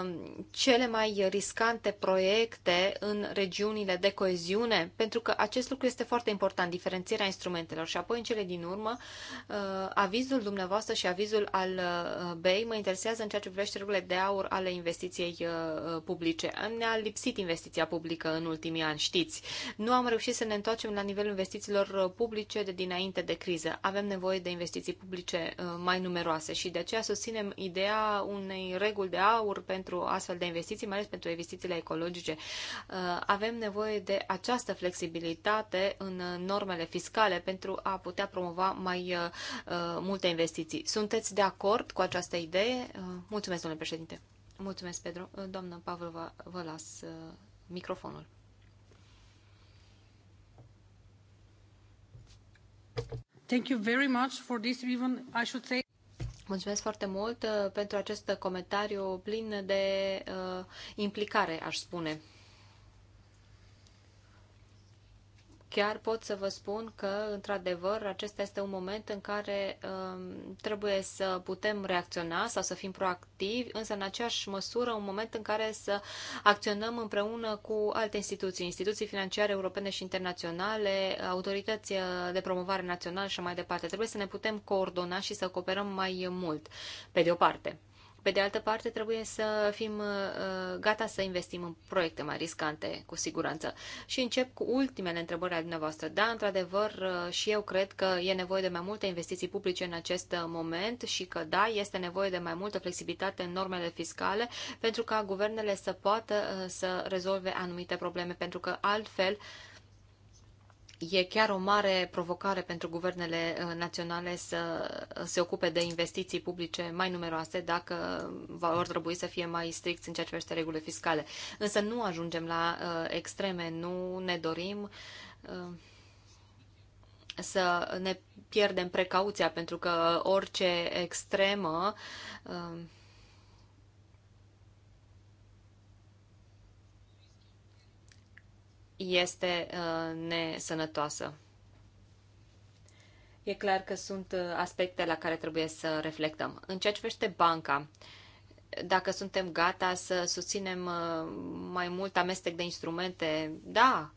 um, cele mai riscante proiecte în regiunile de coeziune, pentru că acest lucru este foarte important, diferențierea instrumentelor. Și apoi, în cele din urmă, uh, avizul dumneavoastră și avizul al uh, BEI mă interesează în ceea ce privește regulile de aur ale investiției publice. Ne-a lipsit investiția publică în ultimii ani, știți. Nu am reușit să ne întoarcem la nivelul investițiilor publice publice de dinainte de criză. Avem nevoie de investiții publice uh, mai numeroase și de aceea susținem ideea unei reguli de aur pentru astfel de investiții, mai ales pentru investițiile ecologice. Uh, avem nevoie de această flexibilitate în normele fiscale pentru a putea promova mai uh, multe investiții. Sunteți de acord cu această idee? Mulțumesc, domnule președinte. Mulțumesc, Pedro. Doamnă Pavel, vă las microfonul. Mulțumesc foarte mult uh, pentru acest comentariu plin de uh, implicare, aș spune. chiar pot să vă spun că, într-adevăr, acesta este un moment în care um, trebuie să putem reacționa sau să fim proactivi, însă, în aceeași măsură, un moment în care să acționăm împreună cu alte instituții, instituții financiare europene și internaționale, autorități uh, de promovare națională și mai departe. Trebuie să ne putem coordona și să cooperăm mai mult, pe de o parte. Pe de altă parte, trebuie să fim uh, gata să investim în proiecte mai riscante, cu siguranță. Și încep cu ultimele întrebări ale dumneavoastră. Da, într-adevăr, uh, și eu cred că e nevoie de mai multe investiții publice în acest uh, moment și că, da, este nevoie de mai multă flexibilitate în normele fiscale pentru ca guvernele să poată să rezolve anumite probleme, pentru că altfel uh, e chiar o mare provocare pentru guvernele uh, naționale să uh, se ocupe de investiții publice mai numeroase dacă vor trebui să fie mai stricți în ceea ce privește regulile fiscale. Însă nu ajungem la uh, extreme, nu ne dorim să ne pierdem precauția, pentru că orice extremă este uh, nesănătoasă. E clar că sunt uh, aspecte la care trebuie să reflectăm. În ceea ce vește banca, dacă suntem gata să susținem uh, mai mult amestec de instrumente, da,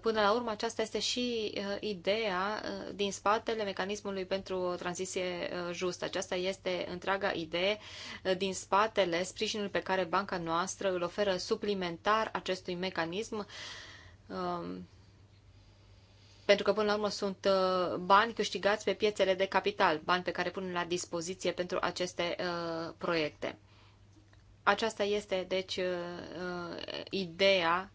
Până la urmă, aceasta este și ideea din spatele mecanismului pentru o tranziție justă. Aceasta este întreaga idee din spatele sprijinului pe care banca noastră îl oferă suplimentar acestui mecanism Um, pentru că până la urmă sunt uh, bani câștigați pe piețele de capital, bani pe care pun la dispoziție pentru aceste uh, proiecte. Aceasta este, deci, uh, ideea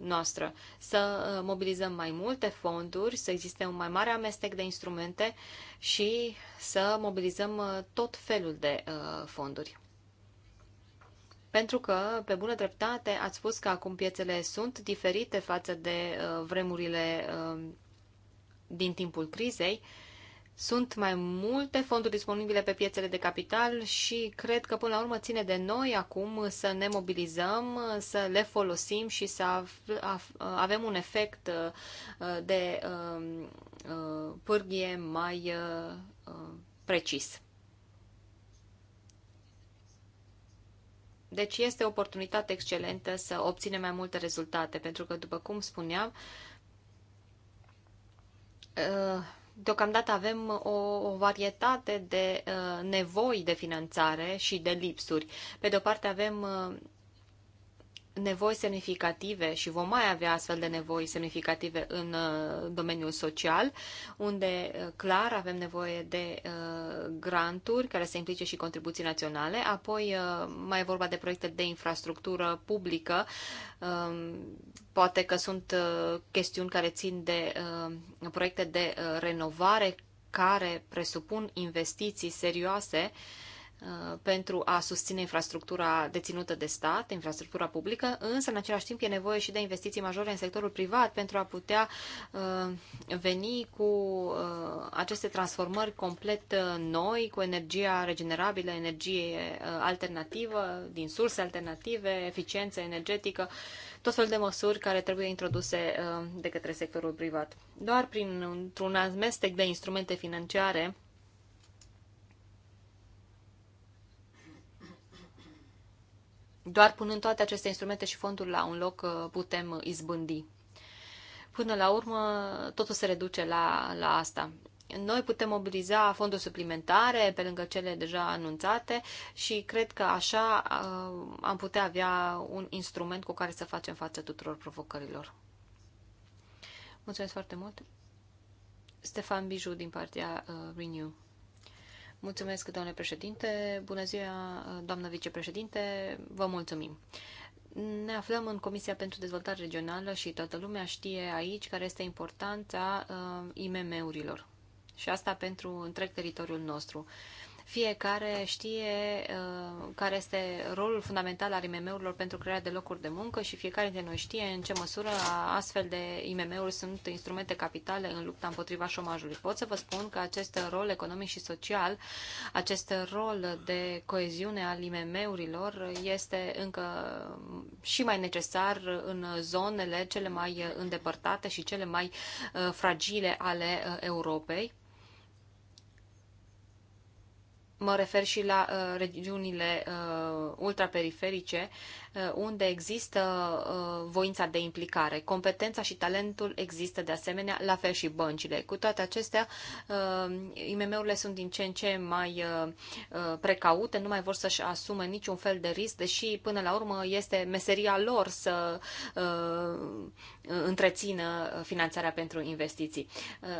noastră. Să mobilizăm mai multe fonduri, să existe un mai mare amestec de instrumente și să mobilizăm tot felul de fonduri pentru că, pe bună dreptate, ați spus că acum piețele sunt diferite față de uh, vremurile um, din timpul crizei. Sunt mai multe fonduri disponibile pe piețele de capital și cred că până la urmă ține de noi acum să ne mobilizăm, să le folosim și să uh, avem un efect uh, de um, pârghie mai precis. Deci este o oportunitate excelentă să obținem mai multe rezultate, pentru că, după cum spuneam, uh, deocamdată avem o, o varietate de uh, nevoi de finanțare și de lipsuri. Pe de o parte avem uh, nevoi semnificative și vom mai avea astfel de nevoi semnificative în uh, domeniul social, unde uh, clar avem nevoie de uh, granturi care să implice și contribuții naționale, apoi mai e vorba de proiecte de infrastructură publică, um, poate că sunt chestiuni care țin de proiecte de renovare care presupun investiții serioase uh, Uh, pentru a susține infrastructura deținută de stat, infrastructura publică, însă în același timp e nevoie și de investiții majore în sectorul privat pentru a putea uh, veni cu uh, aceste transformări complet noi, cu energia regenerabilă, energie alternativă, din surse alternative, eficiență energetică, tot fel de măsuri care trebuie introduse de către sectorul privat. Doar prin un amestec de instrumente financiare Doar punând toate aceste instrumente și fonduri la un loc uh, putem izbândi. Până la urmă, totul se reduce la, la asta. Noi putem mobiliza fonduri suplimentare pe lângă cele deja anunțate și cred că așa uh, am putea avea un instrument cu care să facem față tuturor provocărilor. Mulțumesc foarte mult! Stefan Biju din partea uh, Renew. Mulțumesc, doamne președinte. Bună ziua, doamnă vicepreședinte. Vă mulțumim. Ne aflăm în Comisia pentru Dezvoltare Regională și toată lumea știe aici care este importanța uh, IMM-urilor. Și asta pentru întreg teritoriul nostru. Uh, fiecare știe uh, care este rolul fundamental al IMM-urilor pentru crearea de locuri de muncă și fiecare dintre noi știe în ce măsură astfel de IMM-uri sunt instrumente capitale în lupta împotriva șomajului. Pot să vă spun că acest rol economic și social, acest rol de coeziune al IMM-urilor este încă și mai necesar în zonele cele mai îndepărtate și cele mai uh, fragile ale uh, Europei mă refer și la uh, regiunile uh, ultraperiferice, Uh, unde există uh, voința de implicare. Competența și talentul există de asemenea, la fel și băncile. Cu toate acestea, uh, IMM-urile sunt din ce în ce mai precaute, nu mai vor să-și asume niciun fel de risc, deși până la urmă este meseria lor să întrețină finanțarea pentru investiții.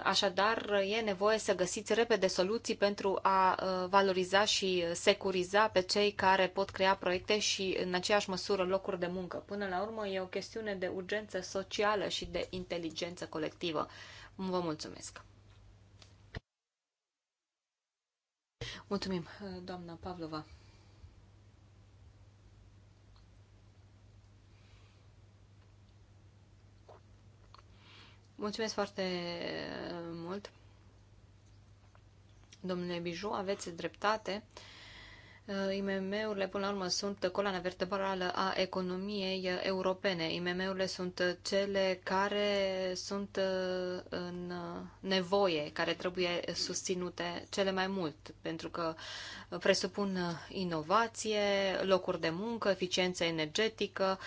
Așadar, e nevoie să găsiți repede soluții pentru a valoriza și securiza pe cei care pot crea proiecte și în aceeași măsură măsură locuri de muncă. Până la urmă, e o chestiune de urgență socială și de inteligență colectivă. Vă mulțumesc! Mulțumim, doamna Pavlova. Mulțumesc foarte mult. Domnule Biju, aveți dreptate. Uh, Uh, IMM-urile, până la urmă, sunt coloana vertebrală a economiei uh, europene. IMM-urile sunt uh, cele care sunt în nevoie, care trebuie susținute cele mai mult, pentru că presupun inovație, locuri de muncă, eficiență energetică,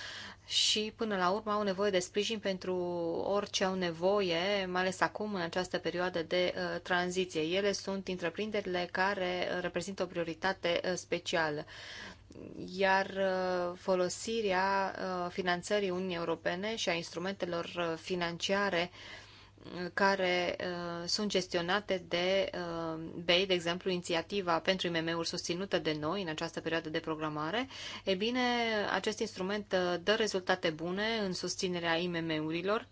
și până la urmă au nevoie de sprijin pentru orice au nevoie, mai ales acum în această perioadă de uh, tranziție. Ele sunt întreprinderile care uh, reprezintă o prioritate uh, specială iar uh, folosirea uh, finanțării Uniunii Europene și a instrumentelor financiare uh, care uh, sunt gestionate de uh, BEI, de exemplu, inițiativa pentru IMM-uri susținută de noi în această perioadă de programare, e bine, acest instrument uh, dă rezultate bune în susținerea IMM-urilor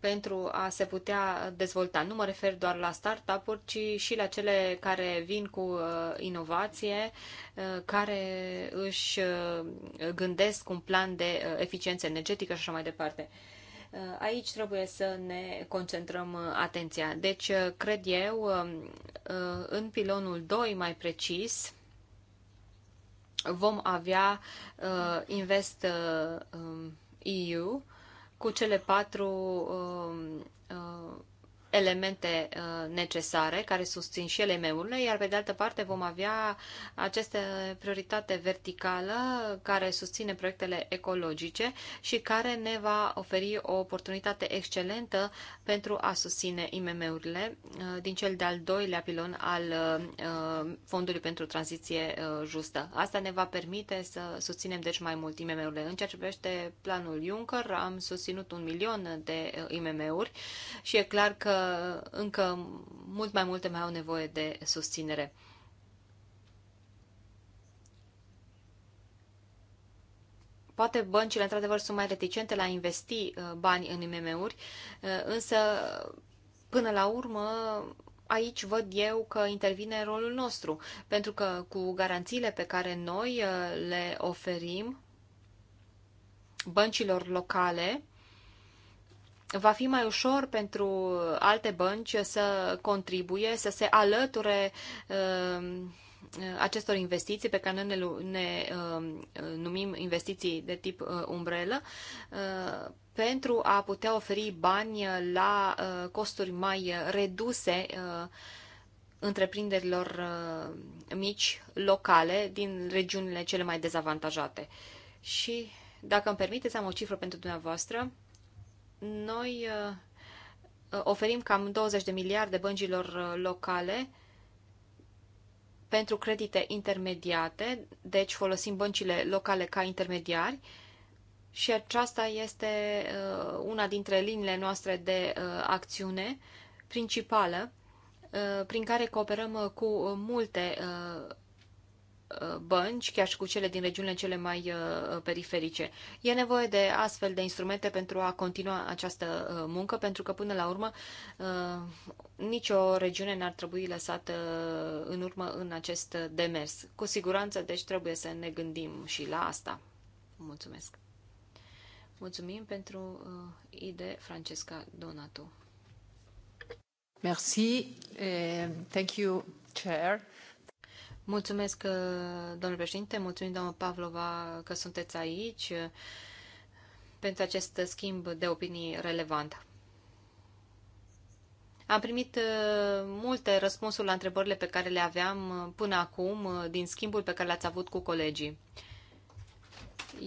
pentru a se putea dezvolta. Nu mă refer doar la startup-uri, ci și la cele care vin cu uh, inovație, uh, care își uh, gândesc un plan de uh, eficiență energetică și așa mai departe. Uh, Uh, aici trebuie să ne concentrăm uh, atenția. Deci, uh, cred eu, um, în pilonul 2 mai precis, vom avea Invest um, EU cu cele patru um, elemente uh, necesare care susțin și ele urile iar pe de altă parte vom avea această prioritate verticală care susține proiectele ecologice și care ne va oferi o oportunitate excelentă pentru a susține IMM-urile uh, din cel de-al doilea pilon al uh, Fondului pentru Tranziție Justă. Asta ne va permite să susținem deci mai mult IMM-urile. În ceea ce privește planul Juncker, am susținut un milion de IMM-uri și e clar că încă mult mai multe mai au nevoie de susținere. Poate băncile, într-adevăr, sunt mai reticente la investi uh, bani în IMM-uri, uh, însă, până la urmă, aici văd eu că intervine rolul nostru, pentru că cu garanțiile pe care noi uh, le oferim băncilor locale, va fi mai ușor pentru alte bănci să contribuie, să se alăture um, acestor investiții pe care noi ne, ne um, numim investiții de tip uh, umbrelă uh, pentru a putea oferi bani la uh, costuri mai reduse întreprinderilor mici, locale, din regiunile cele mai dezavantajate. Și, dacă îmi permiteți, am o cifră pentru dumneavoastră. Noi uh, oferim cam 20 de miliarde băncilor uh, locale pentru credite intermediate, deci folosim băncile locale ca intermediari și aceasta este uh, una dintre liniile noastre de acțiune principală prin care cooperăm cu multe Uh, bănci, chiar și cu cele din regiunile cele mai uh, periferice. E nevoie de astfel de instrumente pentru a continua această uh, muncă, pentru că până la urmă nicio regiune n-ar trebui lăsată în urmă în acest demers. Cu siguranță, deci trebuie să ne gândim și la asta. Mulțumesc! Mulțumim pentru uh, idee, Francesca Donatu. Merci. Uh, thank you, Chair. Mulțumesc, uh, domnule președinte, mulțumim, domnul Pavlova, că sunteți aici uh, pentru acest schimb de opinii relevant. Am primit uh, multe răspunsuri la întrebările pe care le aveam până acum din schimbul pe care l-ați avut cu colegii.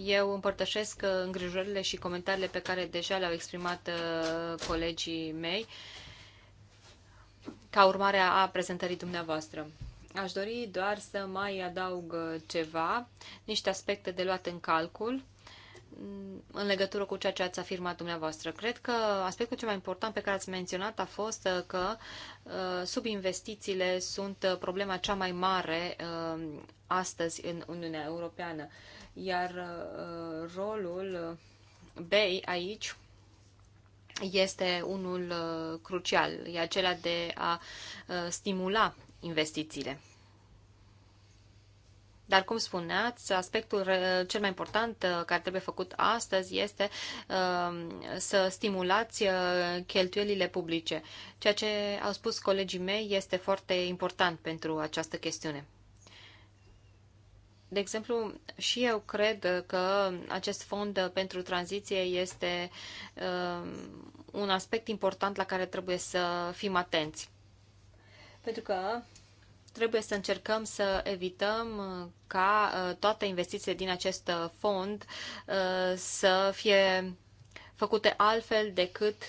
Eu împărtășesc îngrijorările și comentariile pe care deja le-au exprimat colegii mei ca urmare a prezentării dumneavoastră. Aș dori doar să mai adaug uh, ceva, niște aspecte de luat în calcul mm, în legătură cu ceea ce ați afirmat dumneavoastră. Cred că aspectul cel mai important pe care ați menționat a fost uh, că uh, subinvestițiile sunt problema cea mai mare astăzi în Uniunea Europeană, iar rolul BEI aici este unul crucial, e acela de a stimula investițiile. Dar, cum spuneați, aspectul uh, cel mai important uh, care trebuie făcut astăzi este uh, să stimulați cheltuielile publice. Ceea ce au spus colegii mei este foarte important pentru această chestiune. De exemplu, și eu cred că acest fond pentru tranziție este un aspect important la care trebuie să fim atenți. Pentru că trebuie să încercăm să evităm uh, ca uh, toate investițiile din acest uh, fond să fie făcute altfel decât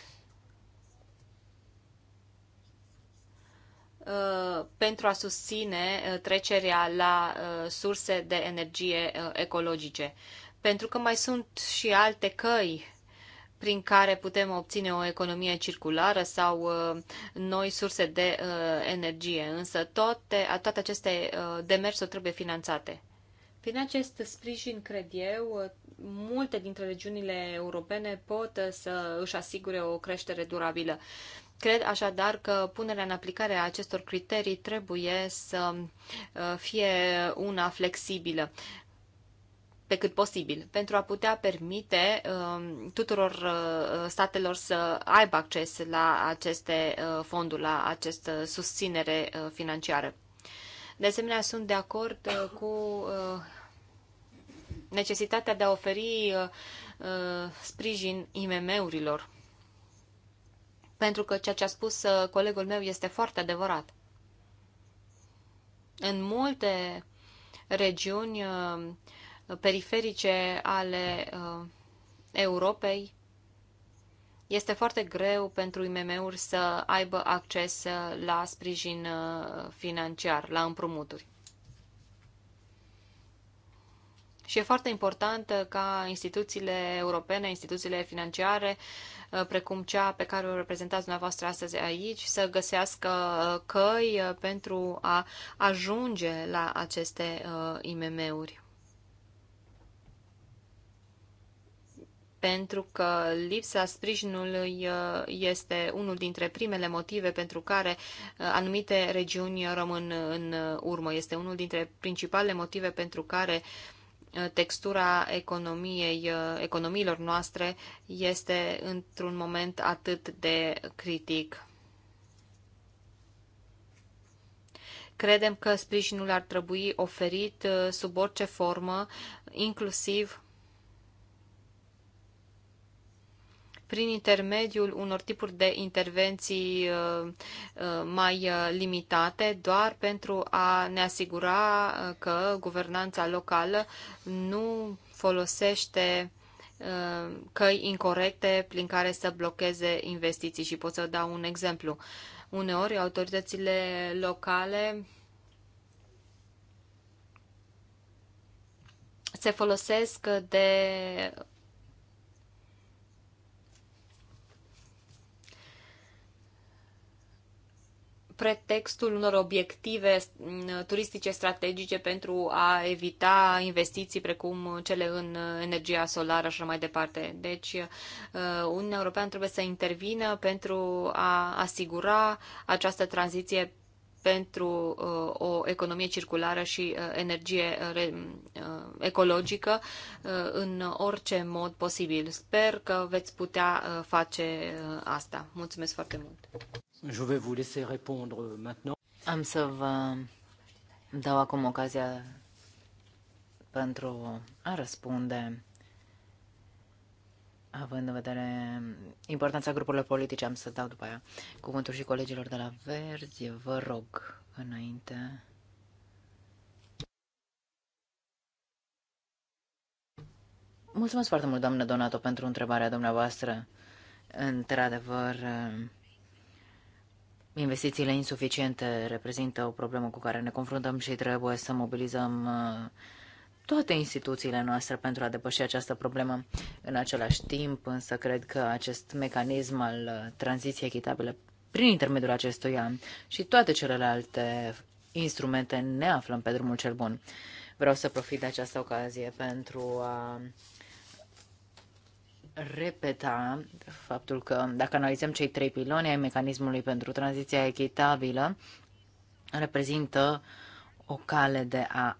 pentru a susține trecerea la surse de energie ecologice. Pentru că mai sunt și alte căi prin care putem obține o economie circulară sau uh, noi surse de uh, energie. Însă toate, toate aceste uh, demersuri trebuie finanțate. Prin acest sprijin, cred eu, multe dintre regiunile europene pot să își asigure o creștere durabilă. Cred așadar că punerea în aplicare a acestor criterii trebuie să fie una flexibilă pe cât posibil, pentru a putea permite uh, tuturor uh, statelor să aibă acces la aceste uh, fonduri, la această susținere uh, financiară. De asemenea, sunt de acord uh, cu uh, necesitatea de a oferi sprijin IMM-urilor, pentru că ceea ce a spus colegul meu este foarte adevărat. În multe regiuni, periferice ale uh, Europei, este foarte greu pentru IMM-uri să aibă acces uh, la sprijin uh, financiar, la împrumuturi. Și e foarte important ca instituțiile europene, instituțiile financiare, precum cea pe care o reprezentați dumneavoastră astăzi aici, să găsească căi pentru a ajunge la aceste IMM-uri. pentru că lipsa sprijinului uh, este unul dintre primele motive pentru care uh, anumite regiuni rămân în uh, urmă. Este unul dintre principalele motive pentru care textura economiei, economiilor noastre este într-un moment atât de critic. Credem că sprijinul ar trebui oferit sub orice formă, inclusiv prin intermediul unor tipuri de intervenții uh, uh, mai uh, limitate, doar pentru a ne asigura că guvernanța locală nu folosește căi incorrecte prin care să blocheze investiții. Și pot să dau un exemplu. Uneori, autoritățile locale se folosesc de pretextul unor obiective mm, turistice strategice pentru a evita investiții precum cele în uh, energia solară și mai departe. Deci, uh, Uniunea Europeană trebuie să intervină pentru a asigura această tranziție pentru uh, o economie circulară și uh, energie uh, ecologică în orice mod posibil. Sper că veți putea face asta. Mulțumesc foarte mult. Je vais vous laisser répondre maintenant. Am să vă dau acum ocazia pentru a răspunde având în vedere importanța grupurilor politice, am să dau după aia cuvântul și colegilor de la Verzi. Vă rog, înainte. Mulțumesc foarte mult, doamnă Donato, pentru întrebarea dumneavoastră. Într-adevăr, investițiile insuficiente reprezintă o problemă cu care ne confruntăm și trebuie să mobilizăm uh, toate instituțiile noastre pentru a depăși această problemă. În același timp, însă, cred că acest mecanism al uh, tranziției echitabile prin intermediul acestuia și toate celelalte instrumente ne aflăm pe drumul cel bun. Vreau să profit de această ocazie pentru a repeta faptul că dacă analizăm cei trei piloni ai mecanismului pentru tranziția echitabilă, reprezintă o cale de a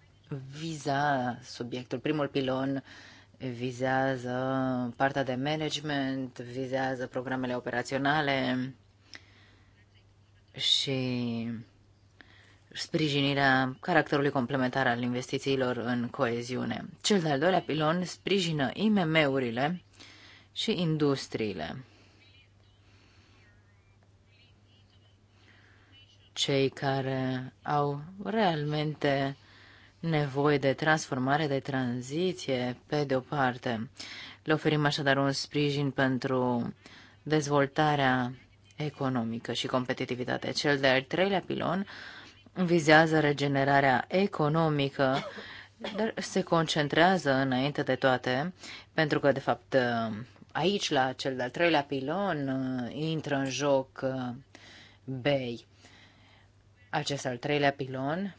viza subiectul. Primul pilon vizează partea de management, vizează programele operaționale și sprijinirea caracterului complementar al investițiilor în coeziune. Cel de-al doilea pilon sprijină IMM-urile și industriile. Cei care au realmente nevoie de transformare, de tranziție, pe de o parte. Le oferim așadar un sprijin pentru dezvoltarea economică și competitivitatea. Cel de-al treilea pilon vizează regenerarea economică, dar se concentrează înainte de toate, pentru că, de fapt, aici, la cel de-al treilea pilon, intră în joc uh, BEI. Acest al treilea pilon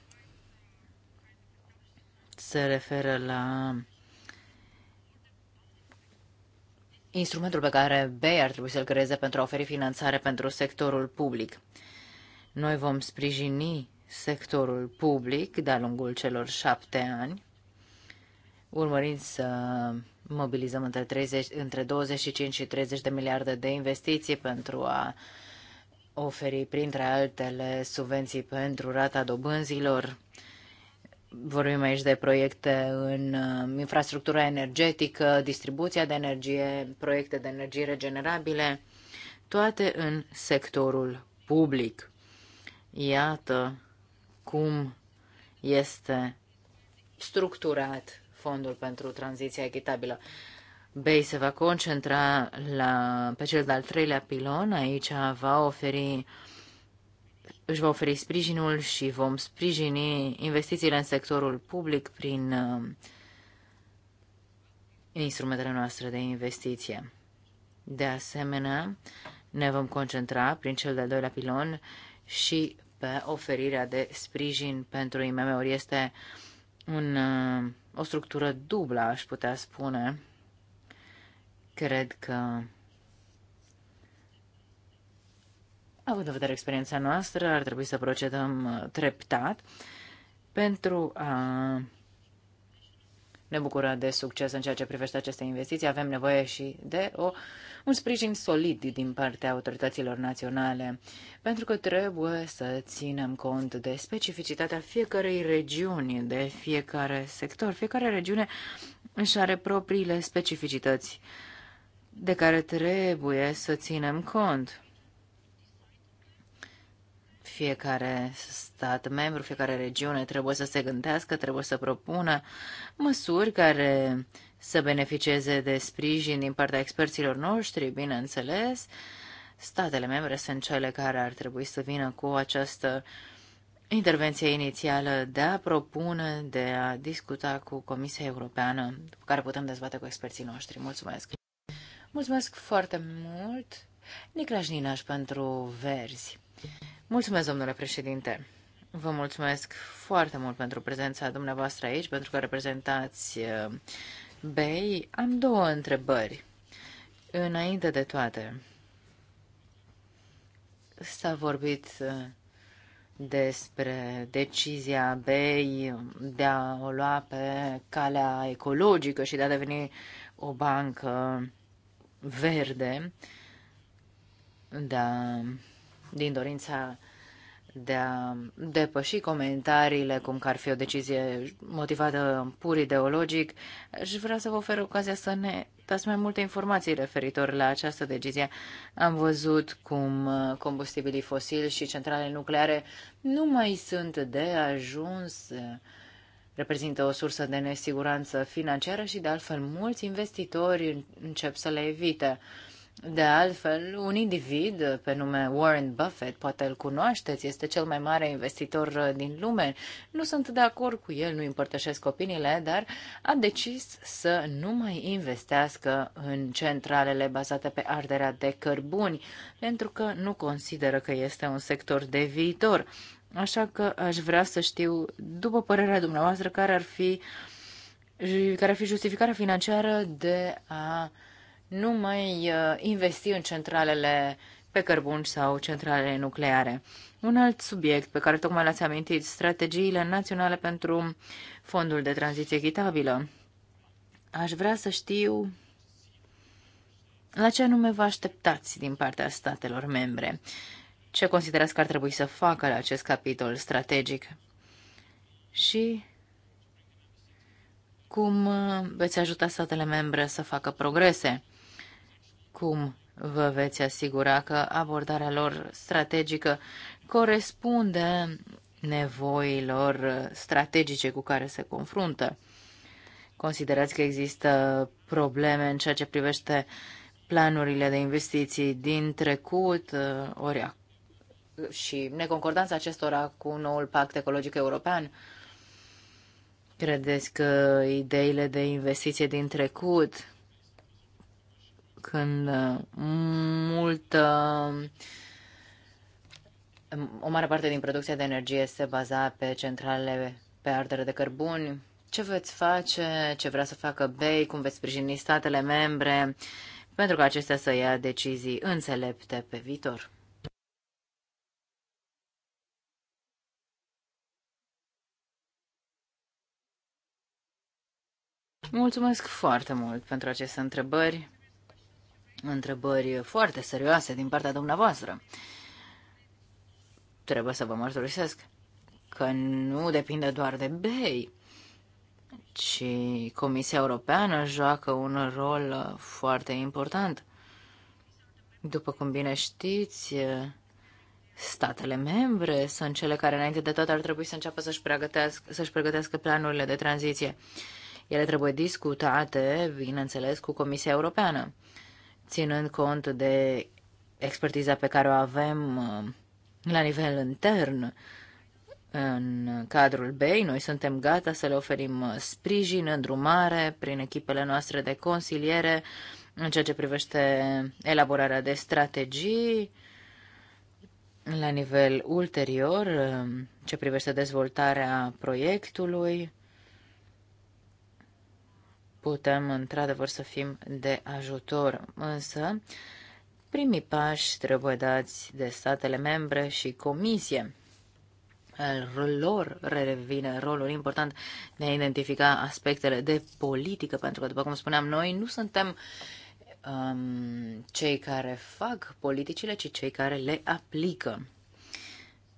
se referă la instrumentul pe care BEI ar trebui să-l creeze pentru a oferi finanțare pentru sectorul public. Noi vom sprijini sectorul public de-a lungul celor șapte ani, urmărind să mobilizăm între, 30, între 25 și 30 de miliarde de investiții pentru a oferi, printre altele, subvenții pentru rata dobânzilor, Vorbim aici de proiecte în uh, infrastructura energetică, distribuția de energie, proiecte de energie regenerabile, toate în sectorul public. Iată cum este structurat fondul pentru tranziția echitabilă. BEI se va concentra la, pe cel de-al treilea pilon. Aici va oferi își va oferi sprijinul și vom sprijini investițiile în sectorul public uh, prin instrumentele noastre de investiție. De asemenea, ne vom concentra prin cel de-al doilea pilon și pe oferirea de sprijin pentru IMM-uri. Este un, uh, o structură dublă, aș putea spune. Cred că Având în vedere experiența noastră, ar trebui să procedăm uh, treptat pentru a ne bucura de succes în ceea ce privește aceste investiții. Avem nevoie și de o, un sprijin solid din partea autorităților naționale, pentru că trebuie să ținem cont de specificitatea fiecarei regiuni, de fiecare sector. Fiecare regiune își are propriile specificități de care trebuie să ținem cont. Fiecare stat membru, fiecare regiune trebuie să se gândească, trebuie să propună măsuri care să beneficieze de sprijin din partea experților noștri, bineînțeles. Statele membre sunt cele care ar trebui să vină cu această intervenție inițială de a propune, de a discuta cu Comisia Europeană, pe care putem dezbate cu experții noștri. Mulțumesc! Mulțumesc foarte mult, Niclaș Ninaș, pentru verzi. Mulțumesc, domnule președinte. Vă mulțumesc foarte mult pentru prezența dumneavoastră aici, pentru că reprezentați uh, BEI. Am două întrebări. Înainte de toate, s-a vorbit uh, despre decizia BEI de a o lua pe calea ecologică și de a deveni o bancă verde, de a din dorința de a depăși comentariile cum că ar fi o decizie motivată pur ideologic, aș vrea să vă ofer ocazia să ne dați mai multe informații referitor la această decizie. Am văzut cum combustibilii fosili și centrale nucleare nu mai sunt de ajuns, reprezintă o sursă de nesiguranță financiară și de altfel mulți investitori încep să le evite. De altfel, un individ pe nume Warren Buffett, poate îl cunoașteți, este cel mai mare investitor uh, din lume. Nu sunt de acord cu el, nu împărtășesc opiniile, dar a decis să nu mai investească în centralele bazate pe arderea de cărbuni, pentru că nu consideră că este un sector de viitor. Așa că aș vrea să știu, după părerea dumneavoastră, care ar fi, care ar fi justificarea financiară de a uh, nu mai uh, investi în centralele pe cărbun sau centralele nucleare. Un alt subiect pe care tocmai l-ați amintit, strategiile naționale pentru fondul de tranziție echitabilă. Aș vrea să știu la ce anume vă așteptați din partea statelor membre. Ce considerați că ar trebui să facă la acest capitol strategic? Și cum uh, veți ajuta statele membre să facă progrese? Cum vă veți asigura că abordarea lor strategică corespunde nevoilor strategice cu care se confruntă? Considerați că există probleme în ceea ce privește planurile de investiții din trecut uh, ori și neconcordanța acestora cu noul pact ecologic european? Credeți că ideile de investiție din trecut când uh, multă um, o mare parte din producția de energie se baza pe centrale pe ardere de cărbuni. Ce veți face, ce vrea să facă BEI, cum veți sprijini statele membre pentru ca acestea să ia decizii înțelepte pe viitor? Mulțumesc foarte mult pentru aceste întrebări întrebări foarte serioase din partea dumneavoastră. Trebuie să vă mărturisesc că nu depinde doar de BEI, ci Comisia Europeană joacă un rol foarte important. După cum bine știți, statele membre sunt cele care înainte de toate ar trebui să înceapă să-și pregătească, să pregătească planurile de tranziție. Ele trebuie discutate, bineînțeles, cu Comisia Europeană ținând cont de expertiza pe care o avem uh, la nivel intern în cadrul BEI. Noi suntem gata să le oferim uh, sprijin, îndrumare prin echipele noastre de consiliere în ceea ce privește elaborarea de strategii la nivel ulterior, uh, ce privește dezvoltarea proiectului putem într-adevăr să fim de ajutor, însă primii pași trebuie dați de statele membre și comisie. Al lor revine rolul important de a identifica aspectele de politică, pentru că, după cum spuneam, noi nu suntem um, cei care fac politicile, ci cei care le aplică.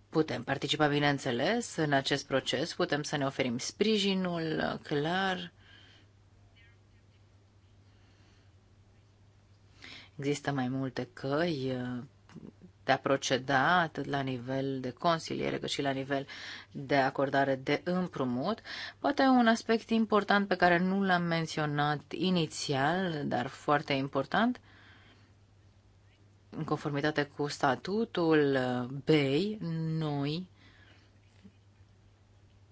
Putem participa, bineînțeles, în acest proces, putem să ne oferim sprijinul clar Există mai multe căi uh, de a proceda, atât la nivel de consiliere, cât și la nivel de acordare de împrumut. Poate un aspect important pe care nu l-am menționat inițial, dar foarte important, în conformitate cu statutul uh, BEI, noi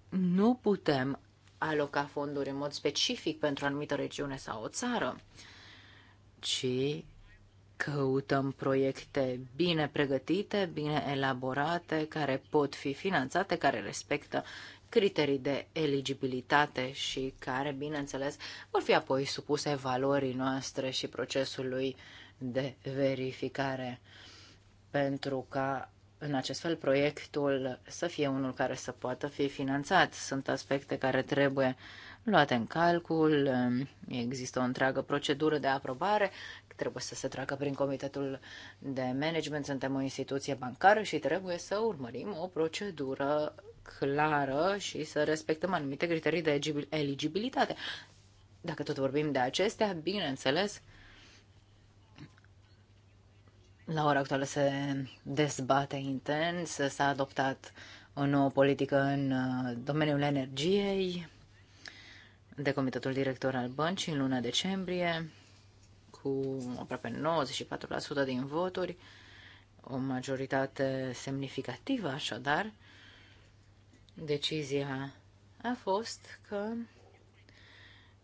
nu putem aloca fonduri în mod specific pentru o anumită regiune sau o țară, ci Căutăm proiecte bine pregătite, bine elaborate, care pot fi finanțate, care respectă criterii de eligibilitate și care, bineînțeles, vor fi apoi supuse valorii noastre și procesului de verificare pentru ca în acest fel proiectul să fie unul care să poată fi finanțat. Sunt aspecte care trebuie luate în calcul, um, există o întreagă procedură de aprobare trebuie să se treacă prin comitetul de management, suntem o instituție bancară și trebuie să urmărim o procedură clară și să respectăm anumite criterii de eligibilitate. Dacă tot vorbim de acestea, bineînțeles, la ora actuală se dezbate intens, s-a adoptat o nouă politică în uh, domeniul energiei de Comitetul Director al Băncii în luna decembrie cu aproape 94% din voturi, o majoritate semnificativă așadar, decizia a fost că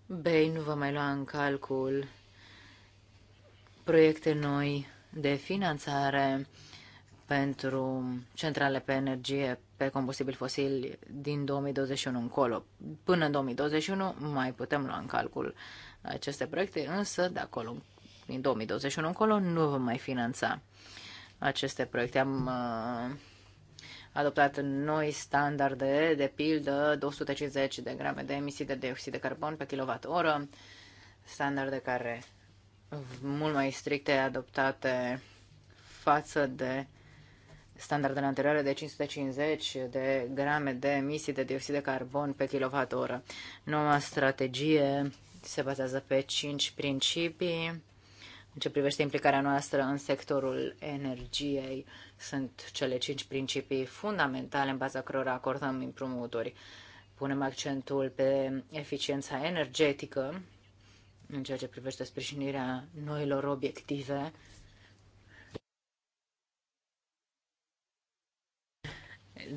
BEI nu va mai lua în calcul proiecte noi de finanțare pentru centrale pe energie pe combustibil fosil din 2021 încolo. Până în 2021 mai putem lua în calcul aceste proiecte, însă de acolo din 2021 încolo nu vom mai finanța aceste proiecte. Am uh, adoptat noi standarde, de pildă 250 de grame de emisii de dioxid de carbon pe kWh, standarde care mult mai stricte adoptate față de standardele anterioare de 550 de grame de emisii de dioxid de carbon pe kWh. Noua strategie se bazează pe 5 principii în ce privește implicarea noastră în sectorul energiei, sunt cele cinci principii fundamentale în baza cărora acordăm împrumuturi. Punem accentul pe eficiența energetică în ceea ce privește sprijinirea noilor obiective.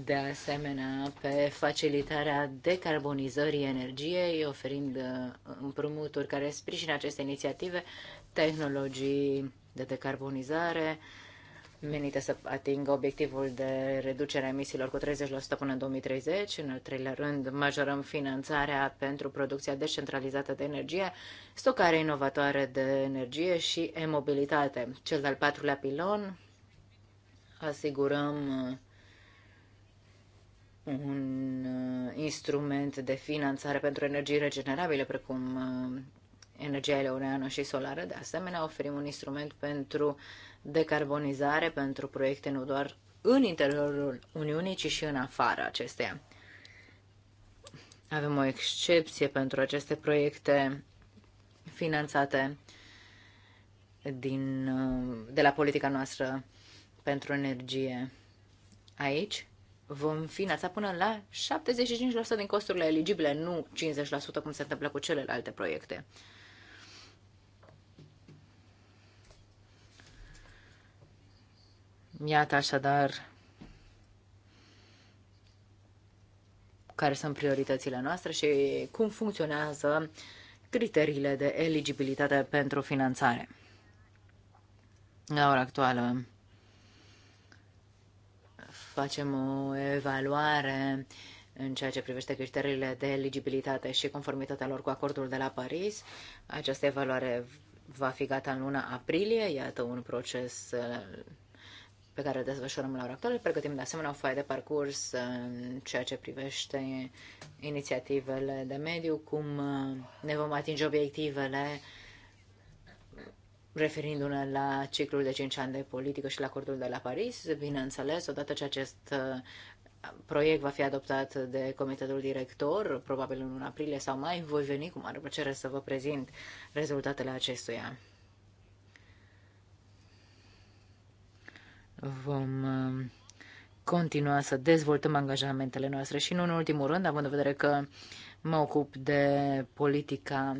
De asemenea, pe facilitarea decarbonizării energiei, oferind uh, împrumuturi care sprijină aceste inițiative tehnologii de decarbonizare menite să atingă obiectivul de reducere a emisiilor cu 30% până în 2030. În al treilea rând, majorăm finanțarea pentru producția descentralizată de energie, stocare inovatoare de energie și e-mobilitate. Cel de-al patrulea pilon, asigurăm uh, un uh, instrument de finanțare pentru energii regenerabile, precum uh, energia eoliană și solară. De asemenea, oferim un instrument pentru decarbonizare, pentru proiecte nu doar în interiorul Uniunii, ci și în afara acesteia. Avem o excepție pentru aceste proiecte finanțate din, de la politica noastră pentru energie aici. Vom finanța până la 75% din costurile eligibile, nu 50% cum se întâmplă cu celelalte proiecte. Iată așadar care sunt prioritățile noastre și cum funcționează criteriile de eligibilitate pentru finanțare. La ora actuală facem o evaluare în ceea ce privește criteriile de eligibilitate și conformitatea lor cu acordul de la Paris. Această evaluare va fi gata în luna aprilie, iată un proces pe care o desfășurăm la ora actuală. Pregătim de asemenea o foaie de parcurs în ceea ce privește inițiativele de mediu, cum uh, ne vom atinge obiectivele referindu-ne la ciclul de 5 ani de politică și la acordul de la Paris. Bineînțeles, odată ce acest uh, proiect va fi adoptat de comitetul director, probabil în 1 aprilie sau mai, voi veni cu mare plăcere să vă prezint rezultatele acestuia. Vom uh, continua să dezvoltăm angajamentele noastre și nu în ultimul rând, având în vedere că mă ocup de politica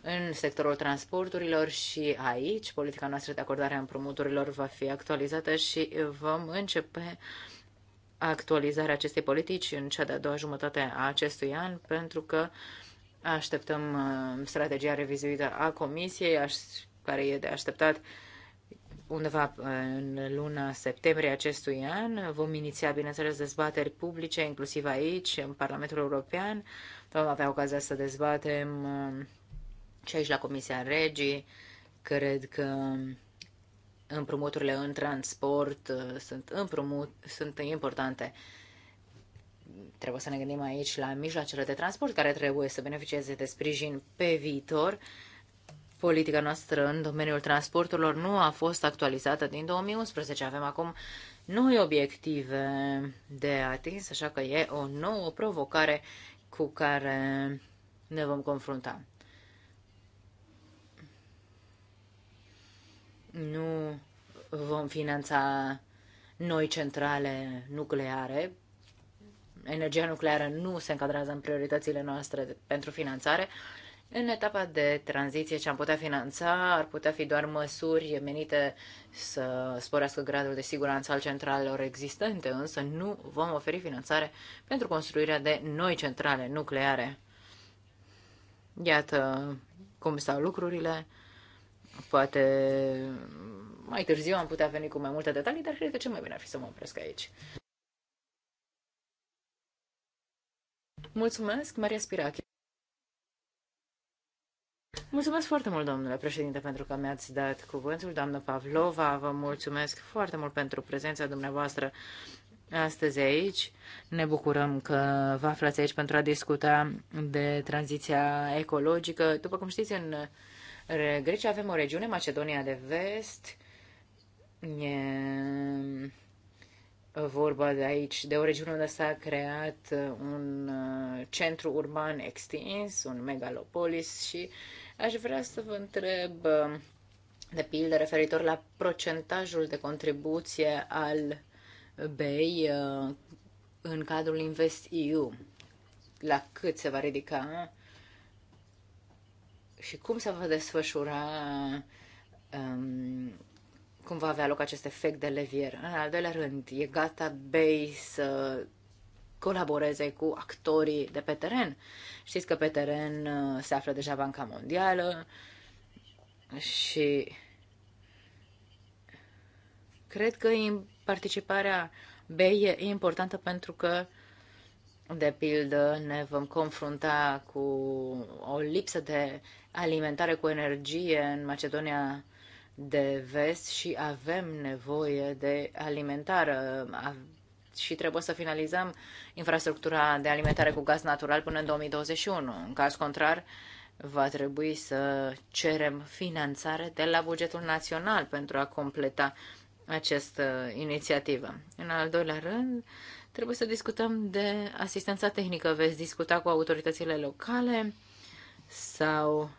în sectorul transporturilor și aici politica noastră de acordare a împrumuturilor va fi actualizată și vom începe actualizarea acestei politici în cea de-a doua jumătate a acestui an pentru că așteptăm uh, strategia revizuită a Comisiei care e de așteptat undeva în luna septembrie acestui an. Vom iniția, bineînțeles, dezbateri publice, inclusiv aici, în Parlamentul European. Vom avea ocazia să dezbatem um, și aici la Comisia Regii. Cred că împrumuturile în transport uh, sunt, împrumut, sunt importante. Trebuie să ne gândim aici la mijloacele de transport care trebuie să beneficieze de sprijin pe viitor politica noastră în domeniul transporturilor nu a fost actualizată din 2011. Avem acum noi obiective de atins, așa că e o nouă provocare cu care ne vom confrunta. Nu vom finanța noi centrale nucleare. Energia nucleară nu se încadrează în prioritățile noastre pentru finanțare. Uh, în etapa de tranziție, ce am putea finanța ar putea fi doar măsuri menite să sporească gradul de siguranță al centralelor existente, însă nu vom oferi finanțare pentru construirea de noi centrale nucleare. Iată cum stau lucrurile. Poate mai târziu am putea veni cu mai multe detalii, dar cred că cel mai bine ar fi să mă opresc aici. Mulțumesc, Maria Spirache. Mulțumesc foarte mult, domnule președinte, pentru că mi-ați dat cuvântul. Doamnă Pavlova, vă mulțumesc foarte mult pentru prezența dumneavoastră astăzi aici. Ne bucurăm că vă aflați aici pentru a discuta de tranziția ecologică. După cum știți, în Grecia avem o regiune, Macedonia de Vest. E vorba de aici, de o regiune unde s-a creat un uh, centru urban extins, un megalopolis și Aș vrea să vă întreb, de pildă, referitor la procentajul de contribuție al BEI uh, în cadrul InvestEU. La cât se va ridica și cum se va desfășura, um, cum va avea loc acest efect de levier. În al doilea rând, e gata BEI să colaboreze cu actorii de pe teren. Știți că pe teren uh, se află deja Banca Mondială și cred că participarea BEI e importantă pentru că de pildă, ne vom confrunta cu o lipsă de alimentare cu energie în Macedonia de Vest și avem nevoie de alimentare și trebuie să finalizăm infrastructura de alimentare cu gaz natural până în 2021. În caz contrar, va trebui să cerem finanțare de la bugetul național pentru a completa această inițiativă. În al doilea rând, trebuie să discutăm de asistența tehnică. Veți discuta cu autoritățile locale sau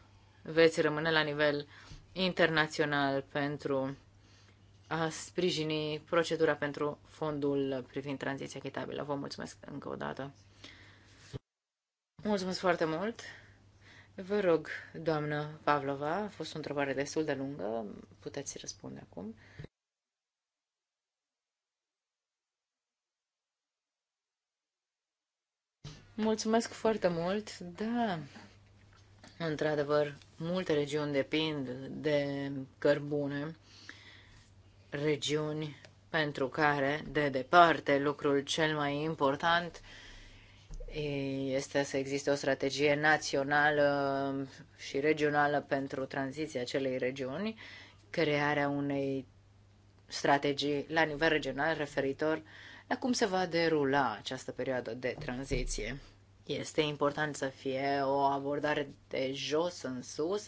veți rămâne la nivel internațional pentru a sprijini procedura pentru fondul privind tranziția echitabilă. Vă mulțumesc încă o dată. Mulțumesc foarte mult. Vă rog, doamnă Pavlova, a fost o întrebare destul de lungă, puteți răspunde acum. Mulțumesc foarte mult, da. Într-adevăr, multe regiuni depind de cărbune regiuni pentru care, de departe, lucrul cel mai important este să existe o strategie națională și regională pentru tranziția acelei regiuni, crearea unei strategii la nivel regional referitor la cum se va derula această perioadă de tranziție. Este important să fie o abordare de jos în sus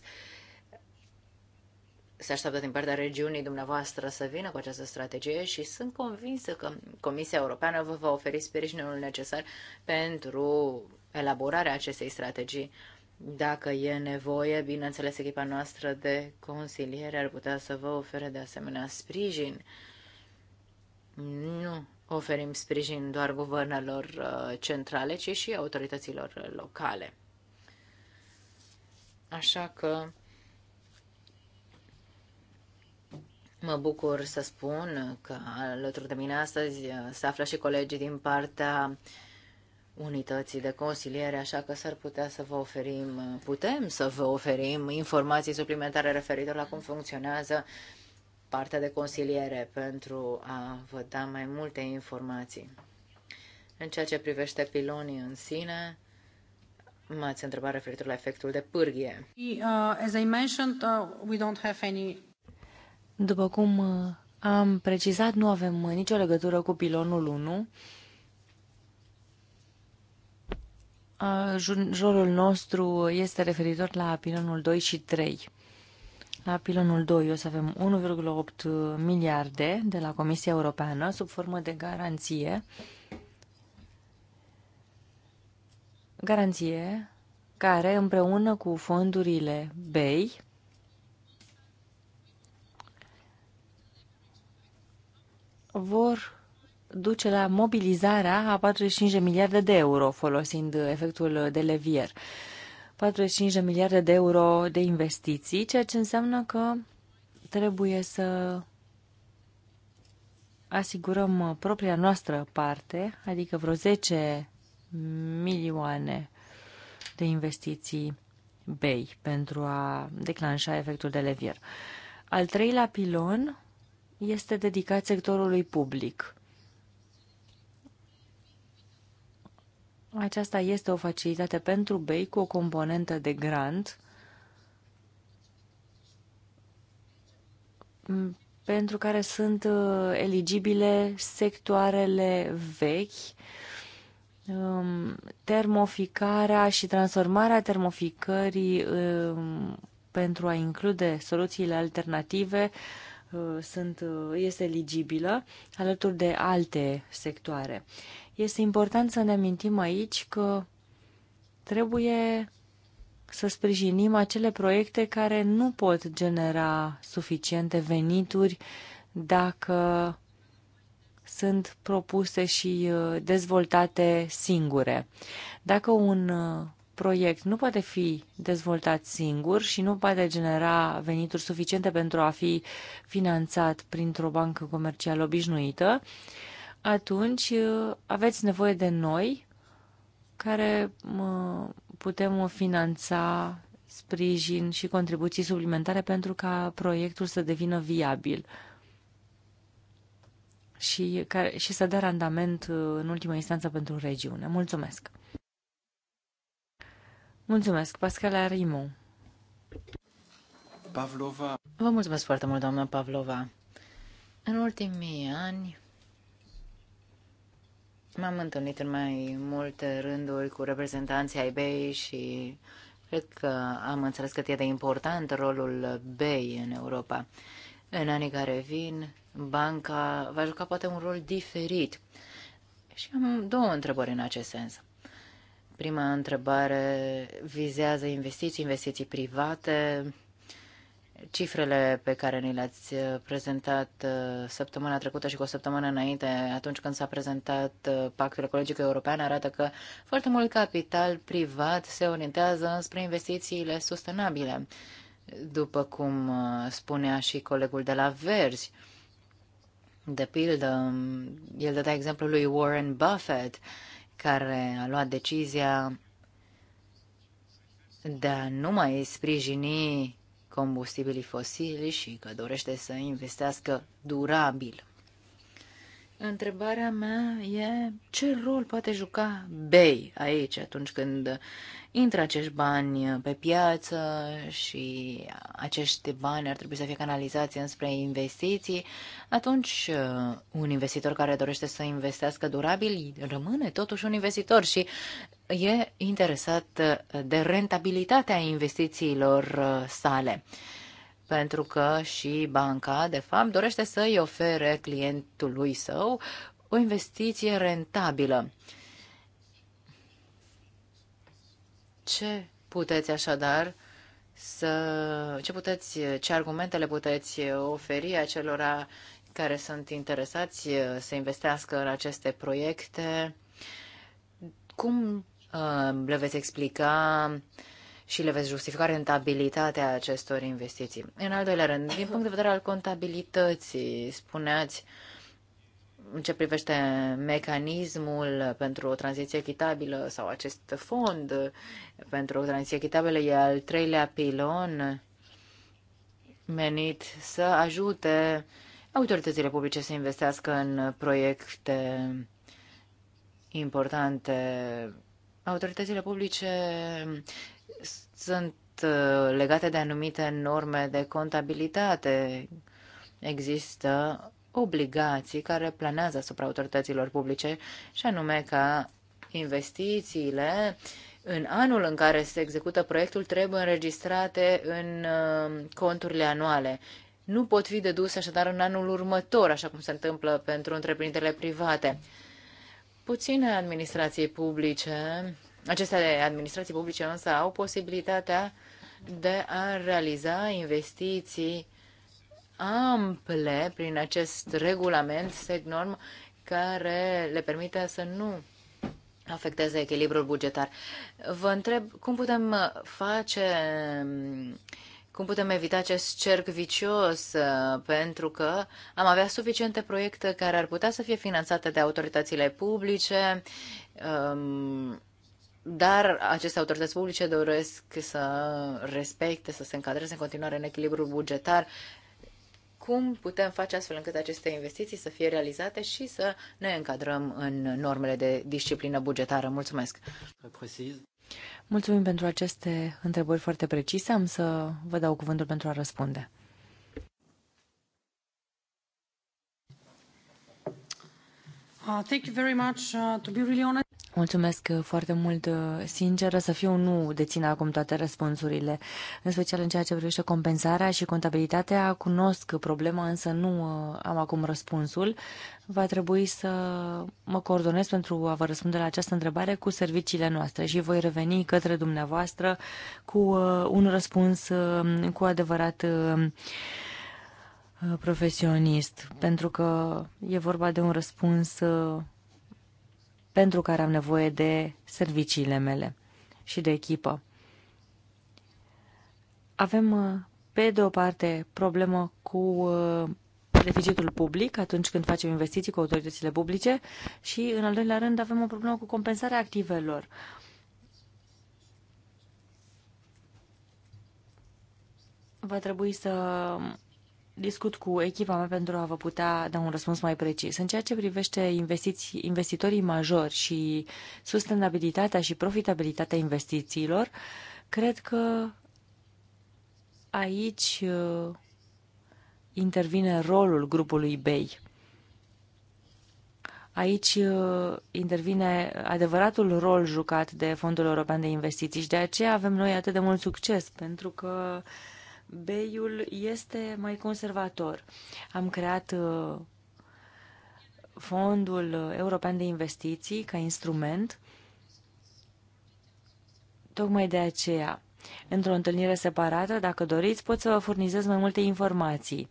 se așteaptă din partea regiunii dumneavoastră să vină cu această strategie și sunt convinsă că Comisia Europeană vă va oferi sprijinul necesar pentru elaborarea acestei strategii. Dacă e nevoie, bineînțeles, echipa noastră de consiliere ar putea să vă ofere de asemenea sprijin. Nu oferim sprijin doar guvernelor uh, centrale, ci și autorităților locale. Așa că Mă bucur să spun că alături de mine astăzi uh, se află și colegii din partea unității de consiliere, așa că s-ar putea să vă oferim, uh, putem să vă oferim informații suplimentare referitor la cum funcționează partea de consiliere pentru a vă da mai multe informații. În ceea ce privește pilonii în sine, m-ați întrebat referitor la efectul de pârghie. Uh, as I mentioned, we don't have any după cum uh, am precizat, nu avem uh, nicio legătură cu pilonul 1. Jurul nostru este referitor la pilonul 2 și 3. La pilonul 2 o să avem 1,8 uh, miliarde de la Comisia Europeană sub formă de garanție. Garanție care împreună cu fondurile BEI vor duce la mobilizarea a 45 de miliarde de euro folosind efectul de levier. 45 de miliarde de euro de investiții, ceea ce înseamnă că trebuie să asigurăm propria noastră parte, adică vreo 10 milioane de investiții bei pentru a declanșa efectul de levier. Al treilea pilon este dedicat sectorului public. Aceasta este o facilitate pentru BEI cu o componentă de grant pentru care sunt uh, eligibile sectoarele vechi, um, termoficarea și transformarea termoficării um, pentru a include soluțiile alternative Uh, sunt, uh, este eligibilă alături de alte sectoare. Este important să ne amintim aici că trebuie să sprijinim acele proiecte care nu pot genera suficiente venituri dacă sunt propuse și uh, dezvoltate singure. Dacă un proiect nu poate fi dezvoltat singur și nu poate genera venituri suficiente pentru a fi finanțat printr-o bancă comercială obișnuită, atunci uh, aveți nevoie de noi care putem finanța sprijin și contribuții suplimentare pentru ca proiectul să devină viabil și, care, și să dea randament uh, în ultima instanță pentru regiune. Mulțumesc! Mulțumesc, Pascal Arimo. Pavlova. Vă mulțumesc foarte mult, doamna Pavlova. În ultimii ani m-am întâlnit în mai multe rânduri cu reprezentanții ai BEI și cred că am înțeles cât e de important rolul BEI în Europa. În anii care vin, banca va juca poate un rol diferit. Și am două întrebări în acest sens. Prima întrebare vizează investiții, investiții private. Cifrele pe care ni le-ați uh, prezentat uh, săptămâna trecută și cu o săptămână înainte, atunci când s-a prezentat uh, Pactul Ecologic European, arată că foarte mult capital privat se orientează spre investițiile sustenabile, după cum spunea și colegul de la Verzi. De pildă, um, el dădea exemplul lui Warren Buffett, care a luat decizia de a nu mai sprijini combustibilii fosili și că dorește să investească durabil. Întrebarea mea e ce rol poate juca BEI aici atunci când intră acești bani pe piață și acești bani ar trebui să fie canalizați înspre investiții, atunci uh, un investitor care dorește să investească durabil rămâne totuși un investitor și e interesat de rentabilitatea investițiilor uh, sale pentru că și banca, de fapt, dorește să îi ofere clientului său o investiție rentabilă. Ce puteți așadar să, ce puteți, ce argumentele puteți oferi acelora care sunt interesați să investească în aceste proiecte? Cum uh, le veți explica și le veți justifica rentabilitatea acestor investiții. În al doilea rând, din punct de vedere al contabilității, spuneați în ce privește mecanismul pentru o tranziție echitabilă sau acest fond pentru o tranziție echitabilă e al treilea pilon menit să ajute autoritățile publice să investească în proiecte importante. Autoritățile publice sunt uh, legate de anumite norme de contabilitate. Există obligații care planează asupra autorităților publice și anume ca investițiile în anul în care se execută proiectul trebuie înregistrate în uh, conturile anuale. Nu pot fi deduse așadar în anul următor, așa cum se întâmplă pentru întreprinderile private. Puține administrații publice aceste administrații publice însă au posibilitatea de a realiza investiții ample prin acest regulament, SEGNORM, care le permite să nu afecteze echilibrul bugetar. Vă întreb cum putem face, cum putem evita acest cerc vicios, pentru că am avea suficiente proiecte care ar putea să fie finanțate de autoritățile publice, um, dar aceste autorități publice doresc să respecte, să se încadreze în continuare în echilibrul bugetar. Cum putem face astfel încât aceste investiții să fie realizate și să ne încadrăm în normele de disciplină bugetară? Mulțumesc! Mulțumim pentru aceste întrebări foarte precise. Am să vă dau cuvântul pentru a răspunde. Uh, thank you very much. Uh, to be really honest. Mulțumesc uh, foarte mult, sinceră să fiu, nu dețin acum toate răspunsurile, în special în ceea ce privește compensarea și contabilitatea. Cunosc problema, însă nu am acum răspunsul. Va trebui să mă coordonez pentru a vă răspunde la această întrebare cu serviciile noastre și voi reveni către dumneavoastră cu un răspuns cu adevărat Uh, profesionist, pentru că e vorba de un răspuns uh, pentru care am nevoie de serviciile mele și de echipă. Avem, uh, pe de o parte, problemă cu deficitul public atunci când facem investiții cu autoritățile publice și, în al doilea rând, avem o problemă cu compensarea activelor. Va trebui să discut cu echipa mea pentru a vă putea da un răspuns mai precis. În ceea ce privește investiții, investitorii majori și sustenabilitatea și profitabilitatea investițiilor, cred că aici uh, intervine rolul grupului BEI. Aici uh, intervine adevăratul rol jucat de Fondul European de Investiții și de aceea avem noi atât de mult succes, pentru că uh, Beiul este mai conservator. Am creat uh, Fondul European de Investiții ca instrument. Tocmai de aceea, într-o întâlnire separată, dacă doriți, pot să vă furnizez mai multe informații.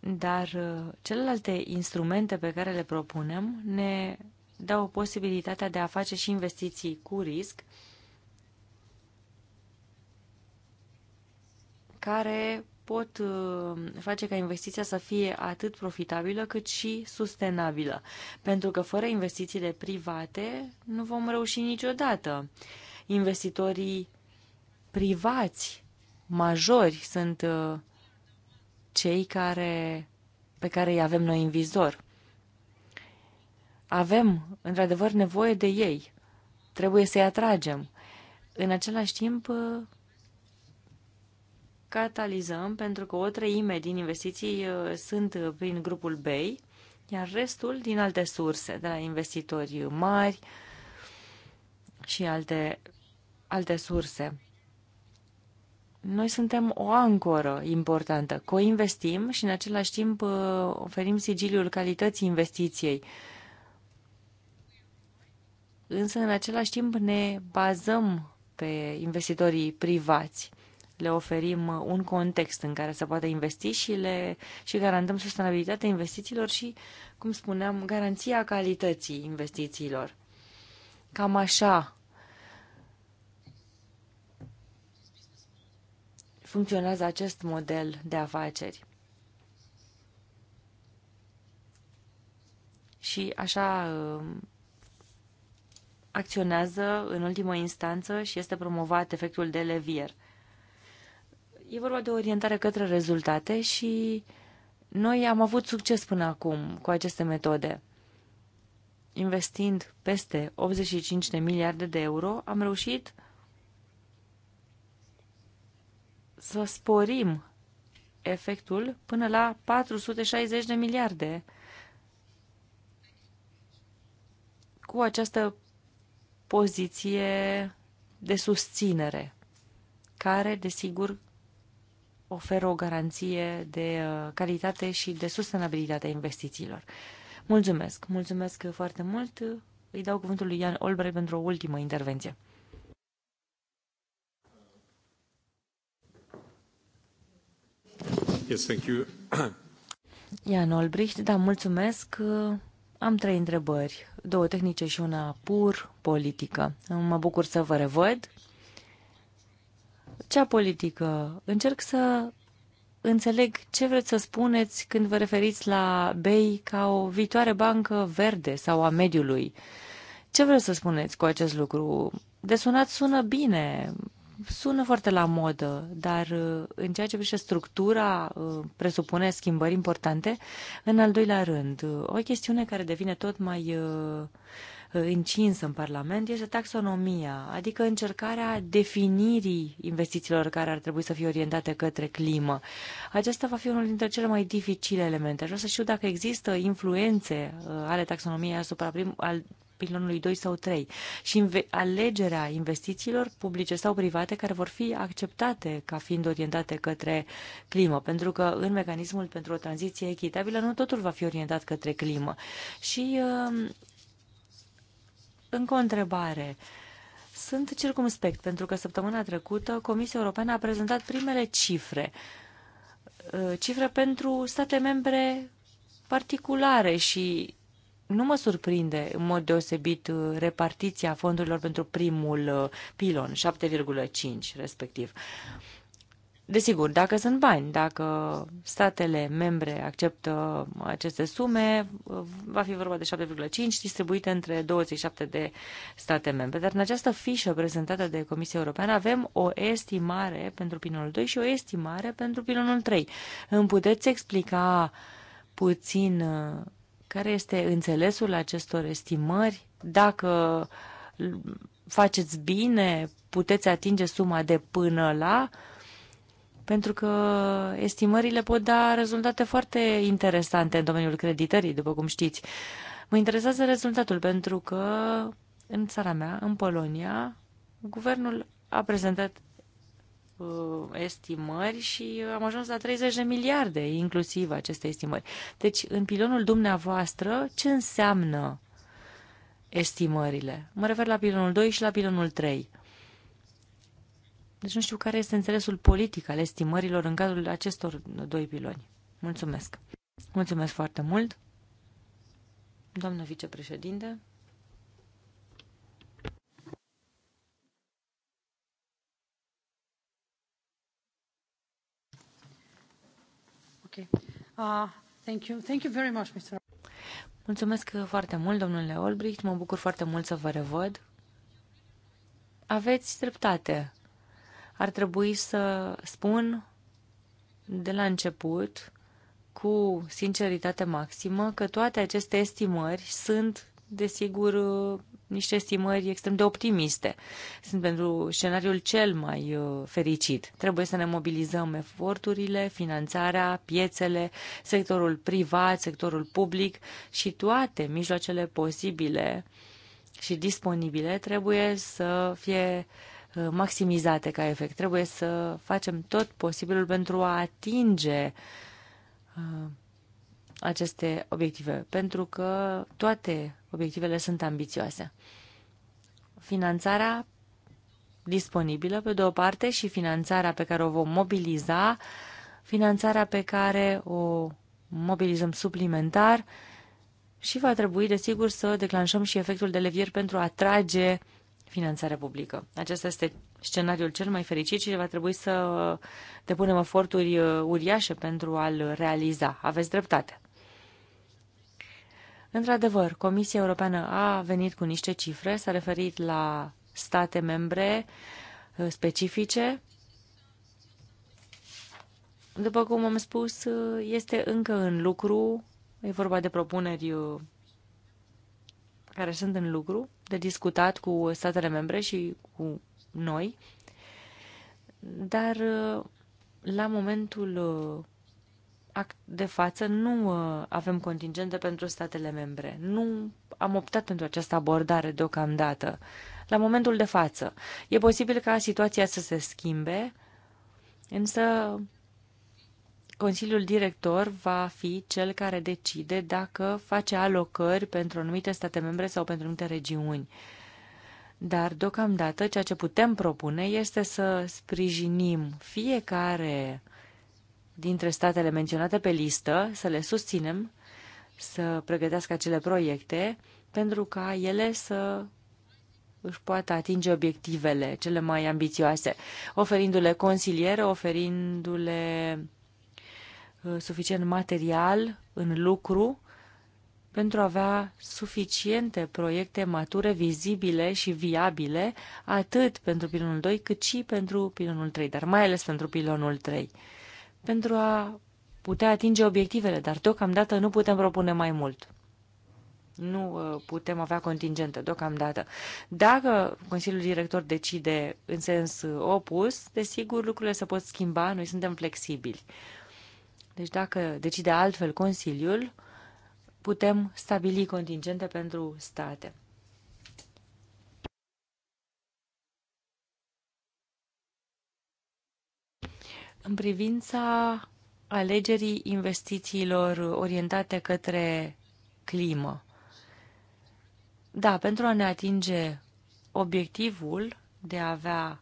Dar uh, celelalte instrumente pe care le propunem ne dau posibilitatea de a face și investiții cu risc care pot uh, face ca investiția să fie atât profitabilă cât și sustenabilă. Pentru că fără investițiile private nu vom reuși niciodată. Investitorii privați, majori, sunt uh, cei care, pe care îi avem noi în vizor. Avem, într-adevăr, nevoie de ei. Trebuie să-i atragem. În același timp, uh, catalizăm pentru că o treime din investiții uh, sunt prin grupul BEI, iar restul din alte surse, de la investitori mari și alte, alte surse. Noi suntem o ancoră importantă, coinvestim și în același timp uh, oferim sigiliul calității investiției. Însă, în același timp, ne bazăm pe investitorii privați le oferim uh, un context în care să poată investi și, le, și garantăm sustenabilitatea investițiilor și, cum spuneam, garanția calității investițiilor. Cam așa funcționează acest model de afaceri. Și așa um, acționează în ultimă instanță și este promovat efectul de levier. E vorba de orientare către rezultate și noi am avut succes până acum cu aceste metode. Investind peste 85 de miliarde de euro, am reușit să sporim efectul până la 460 de miliarde cu această poziție de susținere, care, desigur, oferă o garanție de uh, calitate și de sustenabilitate a investițiilor. Mulțumesc! Mulțumesc foarte mult! Îi dau cuvântul lui Ian Olbrecht pentru o ultimă intervenție. Yes, thank you. Ian Olbricht, da, mulțumesc. Uh, am trei întrebări, două tehnice și una pur politică. Mă bucur să vă revăd cea politică. Încerc să înțeleg ce vreți să spuneți când vă referiți la BEI ca o viitoare bancă verde sau a mediului. Ce vreți să spuneți cu acest lucru? De sunat sună bine, sună foarte la modă, dar uh, în ceea ce privește structura uh, presupune schimbări importante. În al doilea rând, uh, o chestiune care devine tot mai Uh, încinsă în Parlament este taxonomia, adică încercarea definirii investițiilor care ar trebui să fie orientate către climă. Aceasta va fi unul dintre cele mai dificile elemente. vrea să știu dacă există influențe uh, ale taxonomiei asupra prim, al pilonului 2 sau 3 și inve- alegerea investițiilor publice sau private care vor fi acceptate ca fiind orientate către climă, pentru că în mecanismul pentru o tranziție echitabilă nu totul va fi orientat către climă. Și uh, încă o întrebare. Sunt circumspect, pentru că săptămâna trecută Comisia Europeană a prezentat primele cifre. Uh, cifre pentru state membre particulare și nu mă surprinde în mod deosebit uh, repartiția fondurilor pentru primul uh, pilon, 7,5 respectiv. Desigur, dacă sunt bani, dacă statele membre acceptă aceste sume, va fi vorba de 7,5 distribuite între 27 de state membre. Dar în această fișă prezentată de Comisia Europeană avem o estimare pentru pilonul 2 și o estimare pentru pilonul 3. Îmi puteți explica puțin uh, care este înțelesul acestor estimări? Dacă faceți bine, puteți atinge suma de până la pentru că estimările pot da rezultate foarte interesante în domeniul creditării, după cum știți. Mă interesează rezultatul, pentru că în țara mea, în Polonia, guvernul a prezentat uh, estimări și am ajuns la 30 de miliarde, inclusiv aceste estimări. Deci, în pilonul dumneavoastră, ce înseamnă estimările? Mă refer la pilonul 2 și la pilonul 3. Deci nu știu care este înțelesul politic al estimărilor în cadrul acestor doi piloni. Mulțumesc. Mulțumesc foarte mult. Doamnă vicepreședinte. Ok. Uh, thank you. Thank you very much, Mr. Mulțumesc foarte mult, domnule Olbricht. Mă bucur foarte mult să vă revăd. Aveți dreptate. Ar trebui să spun de la început, cu sinceritate maximă, că toate aceste estimări sunt, desigur, uh, niște estimări extrem de optimiste. Sunt pentru scenariul cel mai uh, fericit. Trebuie să ne mobilizăm eforturile, finanțarea, piețele, sectorul privat, sectorul public și toate mijloacele posibile și disponibile trebuie să fie uh, Uh, maximizate ca efect. Trebuie să facem tot posibilul pentru a atinge uh, aceste obiective, pentru că toate obiectivele sunt ambițioase. Finanțarea disponibilă, pe de o parte, și finanțarea pe care o vom mobiliza, finanțarea pe care o mobilizăm suplimentar și va trebui, desigur, să declanșăm și efectul de levier pentru a atrage uh, finanțare publică. Acesta este scenariul cel mai fericit și va trebui să depunem eforturi uh, uriașe pentru a-l realiza. Aveți dreptate. Într-adevăr, Comisia Europeană a venit cu niște cifre, s-a referit la state membre uh, specifice. După cum am spus, uh, este încă în lucru, e vorba de propuneri care sunt în lucru de discutat cu statele membre și cu noi, dar uh, la momentul uh, de față nu uh, avem contingente pentru statele membre. Nu am optat pentru această abordare deocamdată. La momentul de față. E posibil ca situația să se schimbe, însă Consiliul director va fi cel care decide dacă face alocări pentru anumite state membre sau pentru anumite regiuni. Dar, deocamdată, ceea ce putem propune este să sprijinim fiecare dintre statele menționate pe listă, să le susținem, să pregătească acele proiecte, pentru ca ele să își poată atinge obiectivele cele mai ambițioase, oferindu-le consiliere, oferindu-le Uh, suficient material în lucru pentru a avea suficiente proiecte mature, vizibile și viabile, atât pentru pilonul 2, cât și pentru pilonul 3, dar mai ales pentru pilonul 3, pentru a putea atinge obiectivele, dar deocamdată nu putem propune mai mult. Nu uh, putem avea contingente deocamdată. Dacă Consiliul Director decide în sens uh, opus, desigur lucrurile se pot schimba, noi suntem flexibili. Deci dacă decide altfel Consiliul, putem stabili contingente pentru state. În privința alegerii investițiilor orientate către climă, da, pentru a ne atinge obiectivul de a avea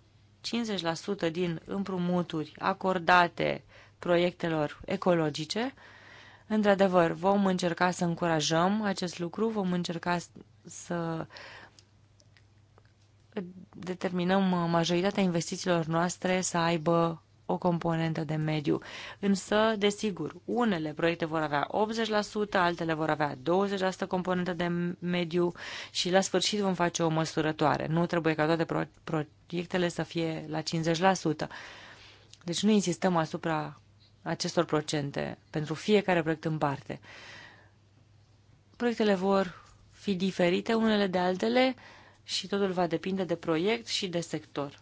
50% din împrumuturi acordate proiectelor ecologice. Într-adevăr, vom încerca să încurajăm acest lucru, vom încerca să determinăm majoritatea investițiilor noastre să aibă o componentă de mediu. Însă, desigur, unele proiecte vor avea 80%, altele vor avea 20% componentă de mediu și la sfârșit vom face o măsurătoare. Nu trebuie ca toate pro- proiectele să fie la 50%. Deci nu insistăm asupra acestor procente pentru fiecare proiect în parte. Proiectele vor fi diferite unele de altele și totul va depinde de proiect și de sector.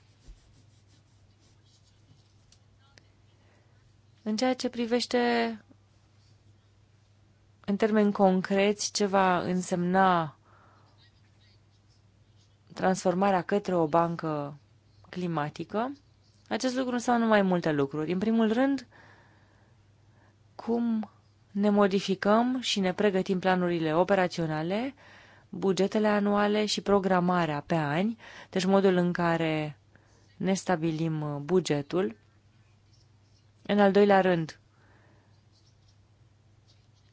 În ceea ce privește în termeni concreți ce va însemna transformarea către o bancă climatică, acest lucru înseamnă mai multe lucruri. În primul rând, cum ne modificăm și ne pregătim planurile operaționale, bugetele anuale și programarea pe ani, deci modul în care ne stabilim uh, bugetul. În al doilea rând,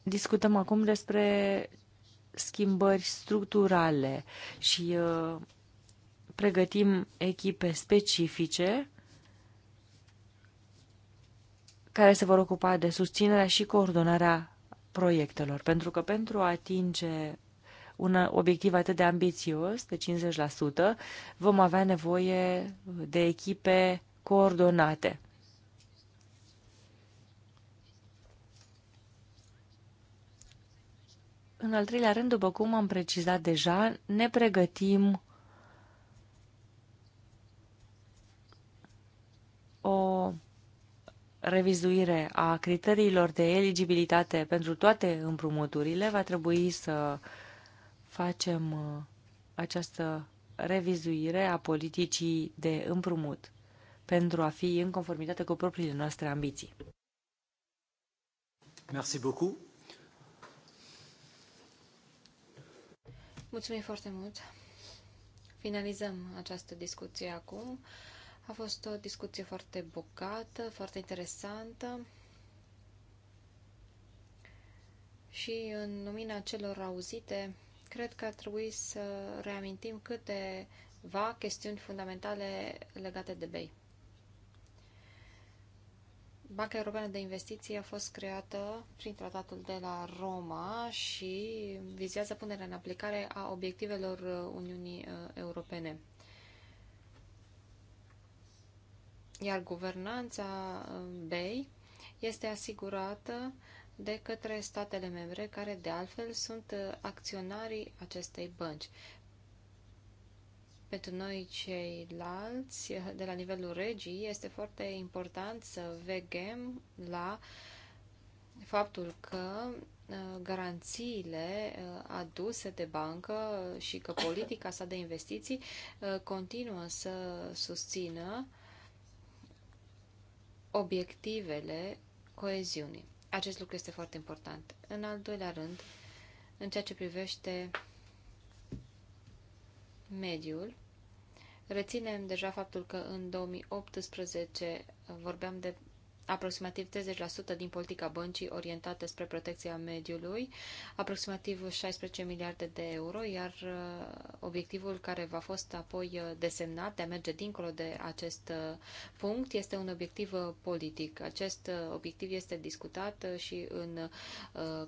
discutăm acum despre schimbări structurale și uh, pregătim echipe specifice care se vor ocupa de susținerea și coordonarea proiectelor. Pentru că pentru a atinge un obiectiv atât de ambițios, de 50%, vom avea nevoie de echipe coordonate. În al treilea rând, după cum am precizat deja, ne pregătim o revizuire a criteriilor de eligibilitate pentru toate împrumuturile, va trebui să facem uh, această revizuire a politicii de împrumut pentru a fi în conformitate cu propriile noastre ambiții. Merci beaucoup. Mulțumim foarte mult. Finalizăm această discuție acum. A fost o discuție foarte bogată, foarte interesantă. Și în lumina celor auzite, cred că ar trebui să reamintim câteva chestiuni fundamentale legate de BEI. Banca Europeană de Investiții a fost creată prin tratatul de la Roma și vizează punerea în aplicare a obiectivelor Uniunii uh, Europene. Iar guvernanța uh, BEI este asigurată de către statele membre, care de altfel sunt uh, acționarii acestei bănci. Pentru noi ceilalți, uh, de la nivelul regii, este foarte important să vegem la faptul că garanțiile aduse de bancă și că politica sa de investiții continuă să susțină obiectivele coeziunii. Acest lucru este foarte important. În al doilea rând, în ceea ce privește mediul, reținem deja faptul că în 2018 vorbeam de aproximativ 30% din politica băncii orientată spre protecția mediului, aproximativ 16 miliarde de euro, iar uh, obiectivul care va fost apoi uh, desemnat de a merge dincolo de acest uh, punct este un obiectiv politic. Acest obiectiv este discutat și în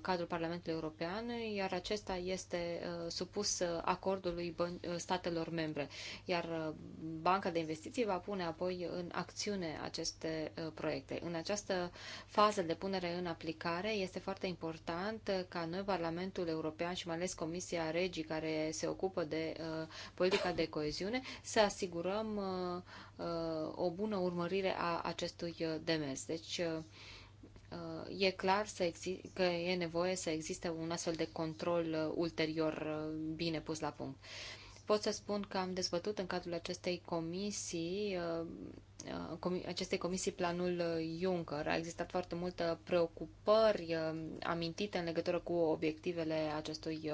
cadrul Parlamentului European, iar acesta este supus acordului statelor membre, iar Banca de Investiții va pune apoi în acțiune aceste proiecte în această fază de punere în aplicare, este foarte important ca noi, Parlamentul European și mai ales Comisia Regii, care se ocupă de uh, politica de coeziune, să asigurăm uh, uh, o bună urmărire a acestui uh, demers. Deci, uh, uh, e clar să că e nevoie să existe un astfel de control uh, ulterior bine pus la punct pot să spun că am dezbătut în cadrul acestei comisii uh, uh, acestei comisii planul uh, Juncker. A existat foarte multă preocupări amintite în legătură cu obiectivele acestui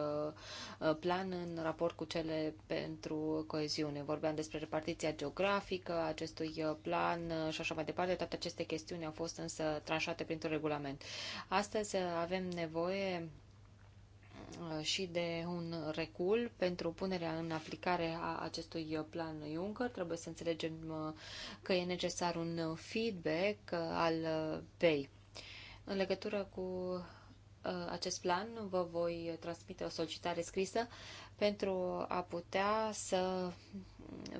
plan în raport cu cele pentru coeziune. Vorbeam despre repartiția geografică a acestui plan și așa mai departe. Toate aceste chestiuni au fost însă tranșate printr-un regulament. Astăzi avem nevoie Uh, și de un recul pentru punerea în aplicare a acestui plan Juncker. Trebuie să înțelegem uh, că e necesar un feedback uh, al BEI. În legătură cu Uh, acest plan, vă voi transmite o solicitare scrisă pentru a putea să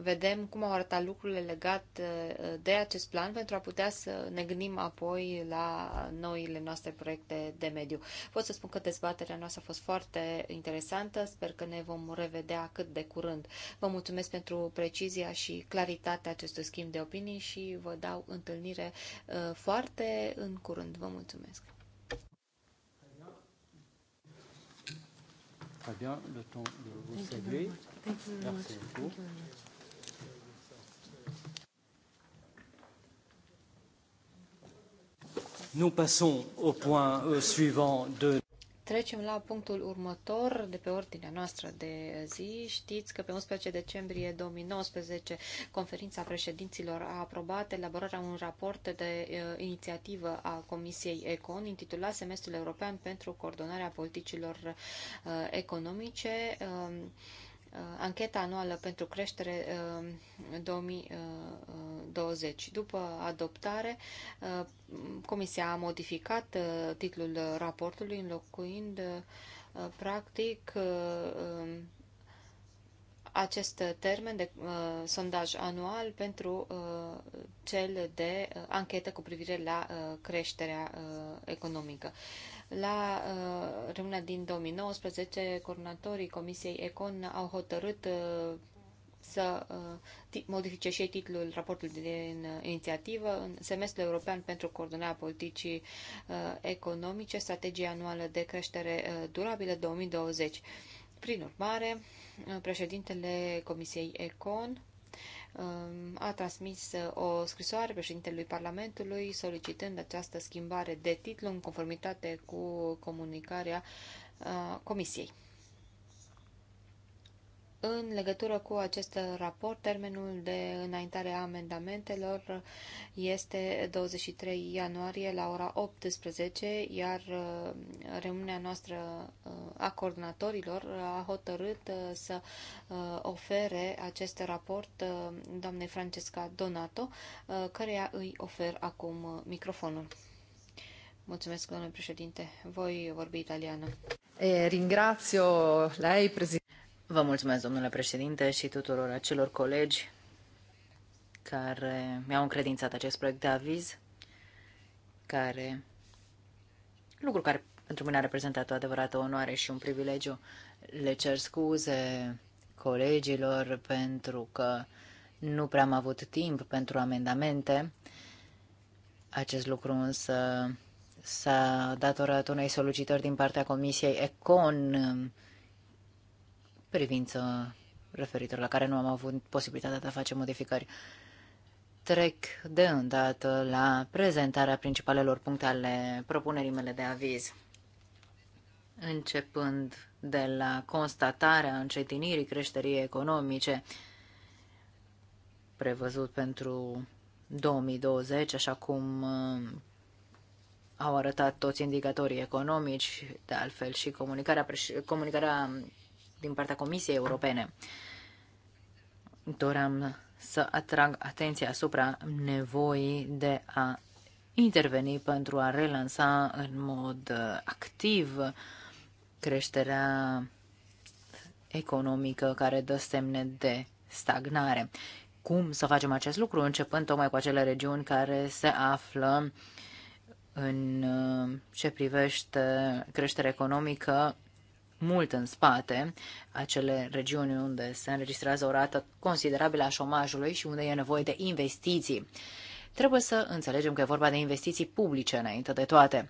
vedem cum au arătat lucrurile legat uh, de acest plan pentru a putea să ne gândim apoi la noile noastre proiecte de mediu. Pot să spun că dezbaterea noastră a fost foarte interesantă, sper că ne vom revedea cât de curând. Vă mulțumesc pentru precizia și claritatea acestui schimb de opinii și vă dau întâlnire uh, foarte în curând. Vă mulțumesc! Très bien, le temps de vous saluer. Merci beaucoup. Nous passons au point euh, suivant de Trecem la punctul următor de pe ordinea noastră de zi. Știți că pe 11 decembrie 2019 conferința președinților a aprobat elaborarea un raport de uh, inițiativă a Comisiei Econ intitulat Semestrul European pentru coordonarea politicilor uh, economice. Uh, Uh, ancheta anuală pentru creștere 2020. Uh, uh, După adoptare, Comisia a modificat titlul raportului, înlocuind practic um, acest termen de uh, sondaj anual pentru uh, cel de uh, anchetă cu privire la uh, creșterea uh, economică. Uh, la uh, reuniunea din 2019, coordonatorii Comisiei Econ au hotărât uh, să uh, modifice și titlul raportului din uh, inițiativă în semestrul european pentru coordonarea politicii uh, economice, strategia anuală de creștere uh, durabilă 2020. Prin urmare, uh, președintele Comisiei Econ Um, a transmis uh, o scrisoare președintelui Parlamentului solicitând această schimbare de titlu în conformitate cu comunicarea uh, Comisiei în legătură cu acest raport, termenul de înaintare a amendamentelor este 23 ianuarie la ora 18, iar uh, reuniunea noastră uh, a coordonatorilor a hotărât uh, să ofere acest raport doamnei Francesca Donato, căreia îi ofer acum microfonul. Mulțumesc, domnule președinte. Voi vorbi italiană. E, ringrazio lei, președinte. Vă mulțumesc, domnule președinte, și tuturor acelor colegi care mi-au încredințat acest proiect de aviz, care, lucru care pentru mine a reprezentat o adevărată onoare și un privilegiu. Le cer scuze colegilor pentru că nu prea am avut timp pentru amendamente. Acest lucru însă s-a datorat unei solicitări din partea Comisiei ECON privință referitor la care nu am avut posibilitatea de a face modificări. Trec de îndată la prezentarea principalelor puncte ale propunerii mele de aviz. Începând de la constatarea încetinirii creșterii economice prevăzut pentru 2020, așa cum uh, au arătat toți indicatorii economici, de altfel și comunicarea, comunicarea din partea Comisiei Europene. Doream să atrag atenția asupra nevoii de a interveni pentru a relansa în mod uh, activ creșterea economică care dă semne de stagnare. Cum să facem acest lucru? Începând tocmai cu acele regiuni care se află în uh, ce privește creșterea economică mult în spate, acele regiuni unde se înregistrează o rată considerabilă a șomajului și unde e nevoie de investiții. Trebuie să înțelegem că e vorba de investiții publice înainte de toate.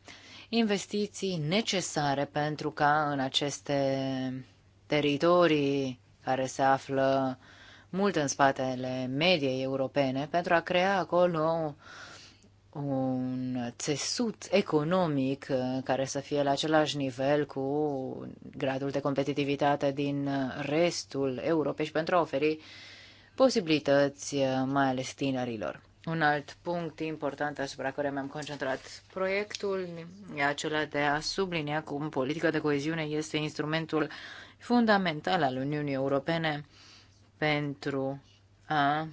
Investiții necesare pentru ca în aceste teritorii care se află mult în spatele mediei europene, pentru a crea acolo un țesut economic uh, care să fie la același nivel cu gradul de competitivitate din uh, restul Europei și pentru a oferi posibilități, uh, mai ales tinerilor. Un alt punct important asupra care mi-am concentrat proiectul e acela de a sublinia cum politica de coeziune este instrumentul fundamental al Uniunii Europene pentru a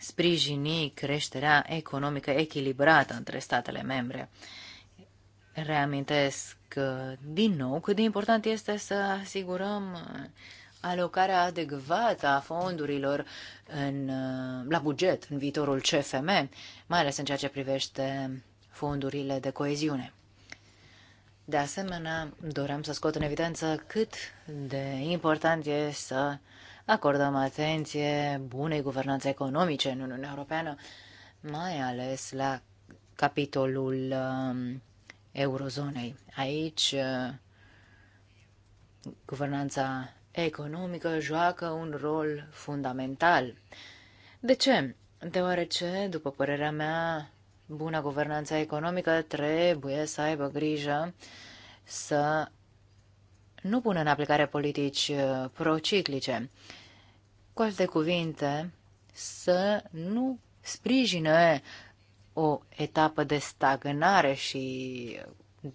sprijini creșterea economică echilibrată între statele membre. Reamintesc din nou cât de important este să asigurăm alocarea adecvată a fondurilor în, la buget în viitorul CFM, mai ales în ceea ce privește fondurile de coeziune. De asemenea, doream să scot în evidență cât de important e să acordăm atenție bunei guvernanțe economice în Uniunea Europeană, mai ales la capitolul um, eurozonei. Aici, uh, guvernanța economică joacă un rol fundamental. De ce? Deoarece, după părerea mea, buna guvernanța economică trebuie să aibă grijă să nu pună în aplicare politici uh, prociclice. Cu alte cuvinte, să nu sprijine o etapă de stagnare și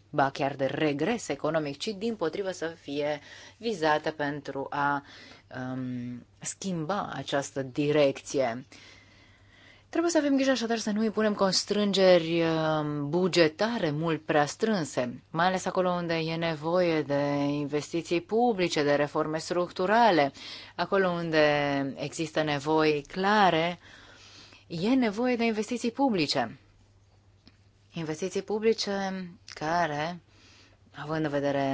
ba chiar de regres economic, ci din potrivă să fie vizată pentru a um, schimba această direcție. Uh, Trebuie să avem grijă așadar să nu îi punem constrângeri um, bugetare mult prea strânse, mai ales acolo unde e nevoie de investiții publice, de reforme structurale, acolo unde există nevoi clare, e nevoie de investiții publice. Investiții publice care, având în vedere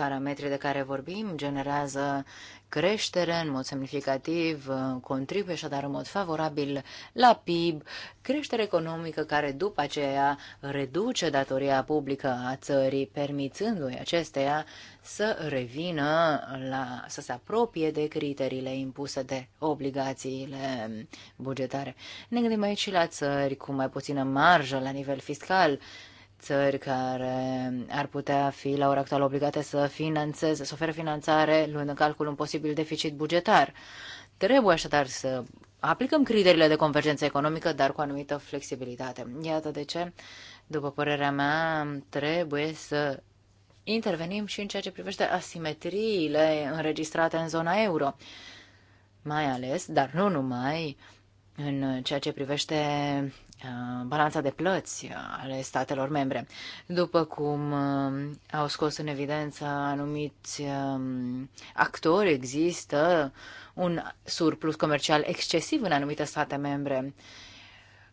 parametrii de care vorbim generează creștere în mod semnificativ, contribuie dar în mod favorabil la PIB, creștere economică care după aceea reduce datoria publică a țării, permițându-i acesteia să revină, la, să se apropie de criteriile impuse de obligațiile bugetare. Ne gândim aici și la țări cu mai puțină marjă la nivel fiscal, țări care ar putea fi la ora actuală obligate să financeze, să ofere finanțare luând în calcul un posibil deficit bugetar. Trebuie așadar să aplicăm criteriile de convergență economică, dar cu anumită flexibilitate. Iată de ce, după părerea mea, trebuie să intervenim și în ceea ce privește asimetriile înregistrate în zona euro. Mai ales, dar nu numai, în ceea ce privește Uh, balanța de plăți ale statelor membre. După cum uh, au scos în evidență anumiți um, actori, există un surplus comercial excesiv în anumite state membre,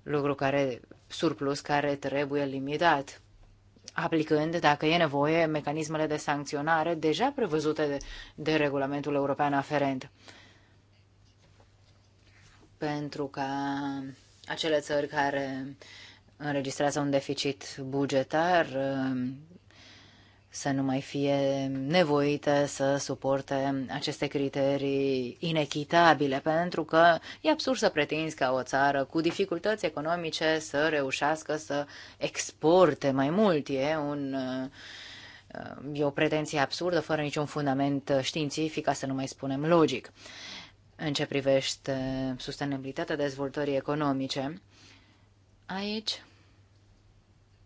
lucru care, surplus care trebuie limitat aplicând, dacă e nevoie, mecanismele de sancționare deja prevăzute de, de regulamentul european aferent. Pentru ca acele țări care înregistrează un deficit bugetar um, să nu mai fie nevoite să suporte aceste criterii inechitabile, pentru că e absurd să pretinzi ca o țară cu dificultăți economice să reușească să exporte mai mult. E, un, uh, e o pretenție absurdă, fără niciun fundament științific, ca să nu mai spunem logic în ce privește sustenabilitatea dezvoltării economice. Aici,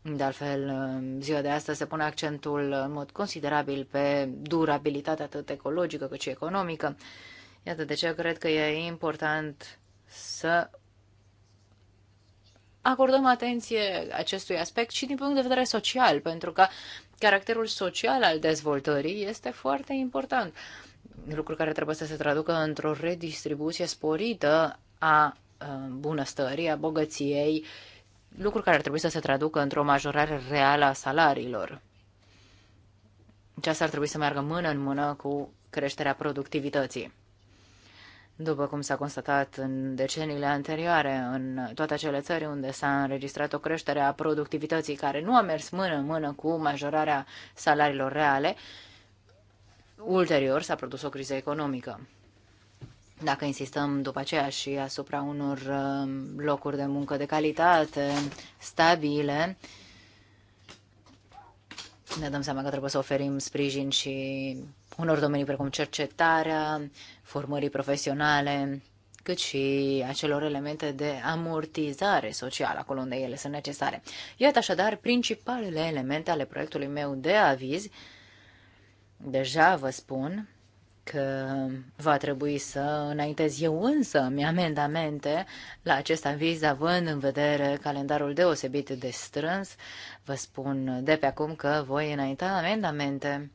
de altfel, ziua de astăzi se pune accentul în mod considerabil pe durabilitatea atât ecologică cât și economică. Iată de ce cred că e important să acordăm atenție acestui aspect și din punct de vedere social, pentru că caracterul social al dezvoltării este foarte important. Uh, lucru care trebuie să se traducă într-o redistribuție sporită a uh, bunăstării, a bogăției, lucru care ar trebui să se traducă într-o majorare reală a salariilor. Și ar trebui să meargă mână în mână cu creșterea productivității. După cum s-a constatat în deceniile anterioare, în toate acele țări unde s-a înregistrat o creștere a productivității care nu a mers mână în mână cu majorarea salariilor reale, ulterior s-a produs o criză economică. Dacă insistăm după aceea și asupra unor um, locuri de muncă de calitate, stabile, ne dăm seama că trebuie să oferim sprijin și unor domenii precum cercetarea, formării profesionale, cât și acelor elemente de amortizare socială, acolo unde ele sunt necesare. Iată așadar principalele elemente ale proiectului meu de aviz, Deja vă spun că va trebui să înaintez eu însă mi amendamente la acest aviz, având în vedere calendarul deosebit de strâns. Vă spun de pe acum că voi înainta amendamente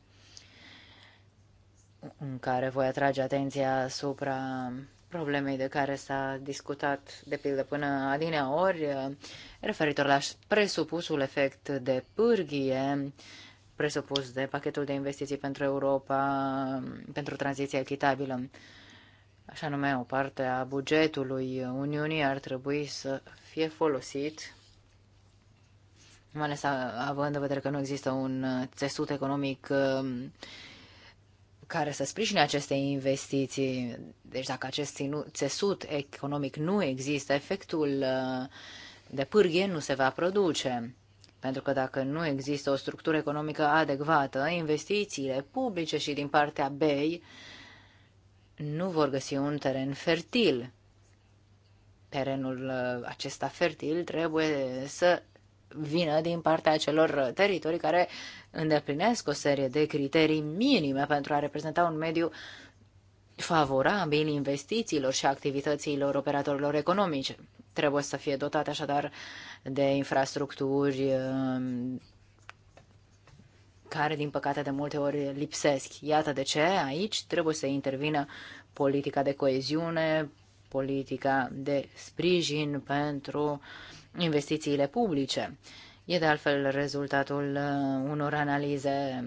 în care voi atrage atenția asupra problemei de care s-a discutat, de pildă, până adinea ori, referitor la presupusul efect de pârghie presupus de pachetul de investiții pentru Europa, pentru tranziție echitabilă. Așa nume, o parte a bugetului Uniunii ar trebui să fie folosit, mai ales având în vedere că nu există un țesut economic um, care să sprijine aceste investiții. Deci dacă acest țesut economic nu există, efectul uh, de pârghie nu se va produce. Pentru că dacă nu există o structură economică adecvată, investițiile publice și din partea BEI nu vor găsi un teren fertil. Terenul uh, acesta fertil trebuie să vină din partea celor teritorii care îndeplinesc o serie de criterii minime pentru a reprezenta un mediu uh, favorabil investițiilor și activităților operatorilor economici. Trebuie să fie dotate așadar de infrastructuri um, care, din păcate, de multe ori lipsesc. Iată de ce aici trebuie să intervină politica de coeziune, politica de sprijin pentru investițiile publice. E de altfel rezultatul uh, unor analize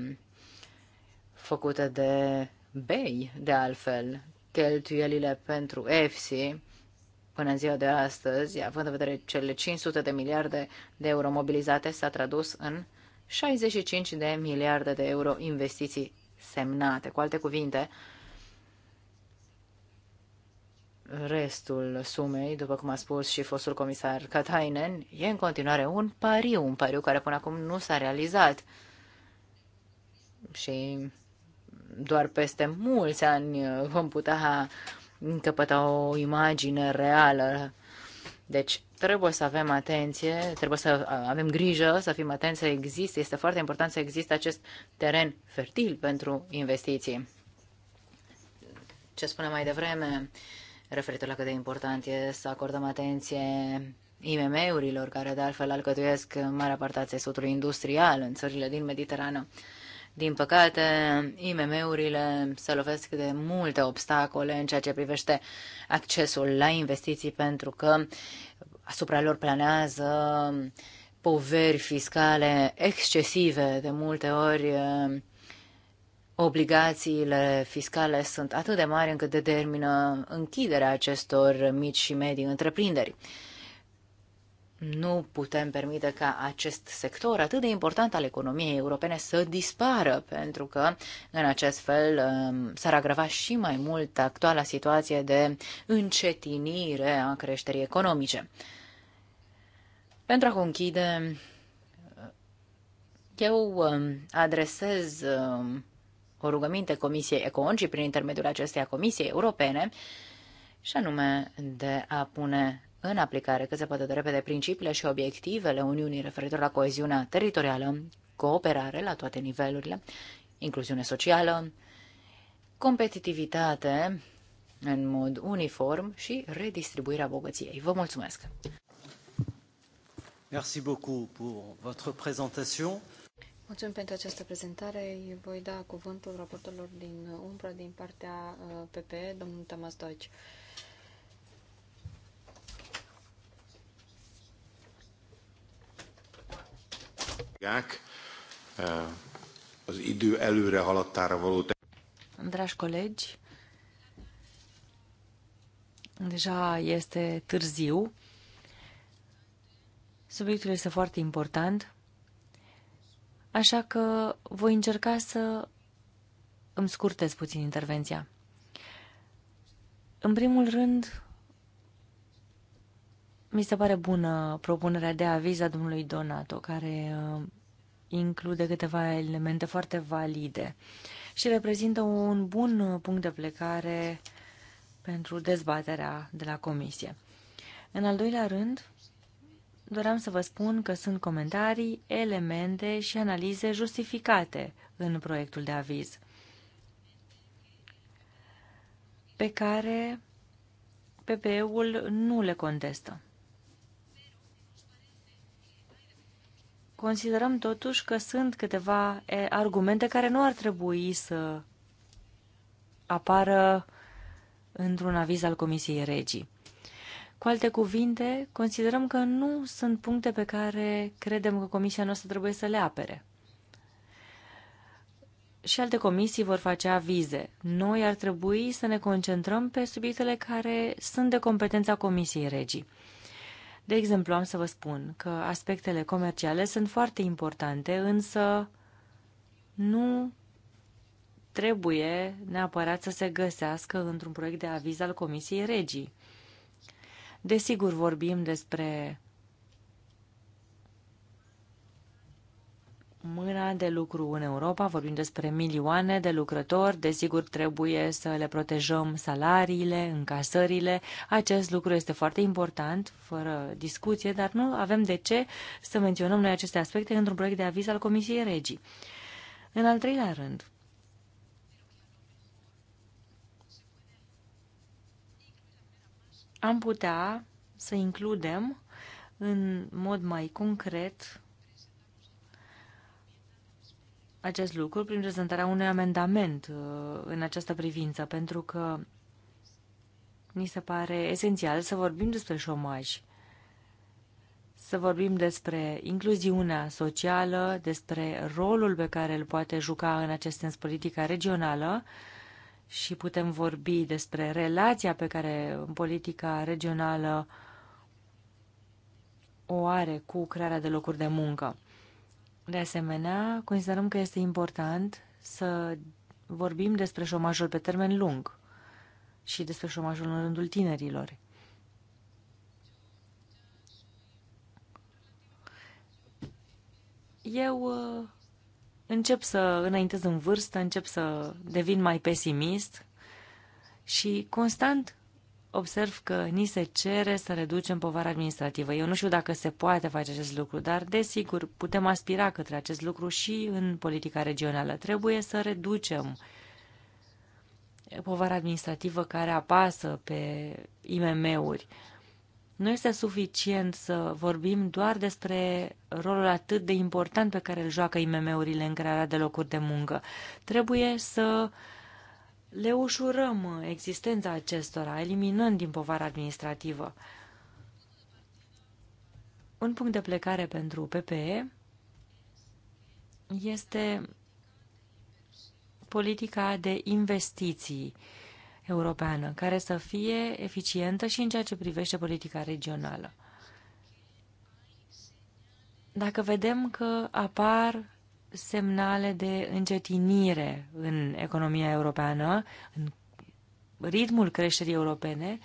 făcute de bei, de altfel, cheltuielile pentru EFSI până în ziua de astăzi, având în vedere cele 500 de miliarde de euro mobilizate, s-a tradus în 65 de miliarde de euro investiții semnate. Cu alte cuvinte, restul sumei, după cum a spus și fostul comisar Katainen, e în continuare un pariu, un pariu care până acum nu s-a realizat. Și doar peste mulți ani uh, vom putea încăpăta o imagine reală. Deci trebuie să avem atenție, trebuie să uh, avem grijă, să fim atenți să existe, este foarte important să existe acest teren fertil pentru investiții. Ce spuneam mai devreme, referitor la cât de important e să acordăm atenție IMM-urilor, care de altfel alcătuiesc marea parte a țesutului industrial în țările din Mediterană. Din păcate, IMM-urile se lovesc de multe obstacole în ceea ce privește accesul la investiții pentru că asupra lor planează poveri fiscale excesive de multe ori eh, obligațiile fiscale sunt atât de mari încât determină închiderea acestor mici și medii întreprinderi. Nu putem permite ca acest sector atât de important al economiei europene să dispară, pentru că în acest fel um, s-ar agrava și mai mult actuala situație de încetinire a creșterii economice. Pentru a conchide, eu um, adresez um, o rugăminte Comisiei Econ și prin intermediul acesteia Comisiei Europene, și anume de a pune în aplicare cât se poate de repede principiile și obiectivele Uniunii referitor la coeziunea teritorială, cooperare la toate nivelurile, incluziune socială, competitivitate în mod uniform și redistribuirea bogăției. Vă mulțumesc! Merci beaucoup pour votre présentation. Mulțumim pentru această prezentare. voi da cuvântul raportorilor din Umbra din partea uh, PPE, domnul Tamas Deutsch. Eh, az idő előre haladtára való... Dragi colegi, deja este târziu. Subiectul este foarte important, așa că voi încerca să îmi scurtez puțin intervenția. În primul rând, mi se pare bună propunerea de aviz a domnului Donato, care uh, include câteva elemente foarte valide și reprezintă un bun uh, punct de plecare pentru dezbaterea de la comisie. În al doilea rând, doream să vă spun că sunt comentarii, elemente și analize justificate în proiectul de aviz, pe care PPE-ul nu le contestă. Considerăm totuși că sunt câteva argumente care nu ar trebui să apară într-un aviz al Comisiei Regii. Cu alte cuvinte, considerăm că nu sunt puncte pe care credem că comisia noastră trebuie să le apere. Și alte comisii vor face avize. Noi ar trebui să ne concentrăm pe subiectele care sunt de competența Comisiei Regii. De exemplu, am să vă spun că aspectele comerciale sunt foarte importante, însă nu trebuie neapărat să se găsească într-un proiect de aviz al Comisiei Regii. Desigur, vorbim despre mâna de lucru în Europa, vorbim despre milioane de lucrători, desigur trebuie să le protejăm salariile, încasările. Acest lucru este foarte important, fără discuție, dar nu avem de ce să menționăm noi aceste aspecte într-un proiect de aviz al Comisiei Regii. În al treilea rând, am putea să includem în mod mai concret acest lucru prin prezentarea unui amendament uh, în această privință, pentru că ni se pare esențial să vorbim despre șomaj, să vorbim despre incluziunea socială, despre rolul pe care îl poate juca în acest sens politica regională și putem vorbi despre relația pe care politica regională o are cu crearea de locuri de muncă. De asemenea, considerăm că este important să vorbim despre șomajul pe termen lung și despre șomajul în rândul tinerilor. Eu uh, încep să înaintez în vârstă, încep să devin mai pesimist și constant observ că ni se cere să reducem povara administrativă. Eu nu știu dacă se poate face acest lucru, dar desigur putem aspira către acest lucru și în politica regională. Trebuie să reducem povara administrativă care apasă pe IMM-uri. Nu este suficient să vorbim doar despre rolul atât de important pe care îl joacă IMM-urile în crearea de locuri de muncă. Trebuie să uh, le ușurăm existența acestora, eliminând din povara administrativă. Un punct de plecare pentru PPE este politica de investiții europeană, care să fie eficientă și în ceea ce privește politica regională. Dacă vedem că apar semnale de încetinire în economia europeană, în ritmul creșterii europene,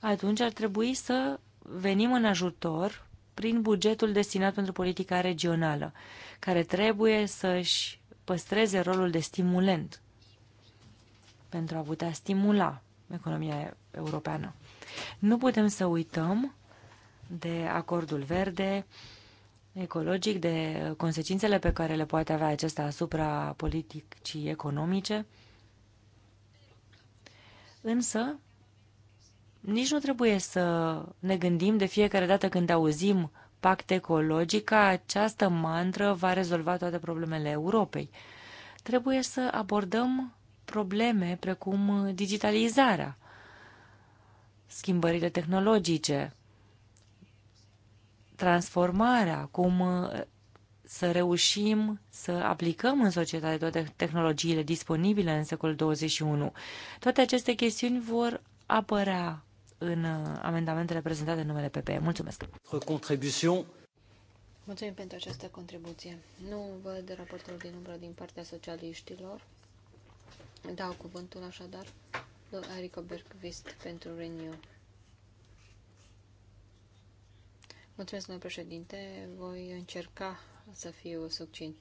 atunci ar trebui să venim în ajutor prin bugetul destinat pentru politica regională, care trebuie să-și păstreze rolul de stimulent pentru a putea stimula economia europeană. Nu putem să uităm de acordul verde, ecologic, de consecințele pe care le poate avea acesta asupra politicii economice. Însă, nici nu trebuie să ne gândim de fiecare dată când auzim pact ecologic că această mantră va rezolva toate problemele Europei. Trebuie să abordăm probleme precum digitalizarea, schimbările tehnologice, transformarea, cum uh, să reușim să aplicăm în societate toate tehnologiile disponibile în secolul 21. Toate aceste chestiuni vor apărea în uh, amendamentele prezentate în numele PP. Mulțumesc! Mulțumim pentru această contribuție. Nu văd raportul din umbră din partea socialiștilor. Dau cuvântul așadar lui Erico Bergvist pentru Renew. Mulțumesc, domnule președinte. Voi încerca să fiu succint.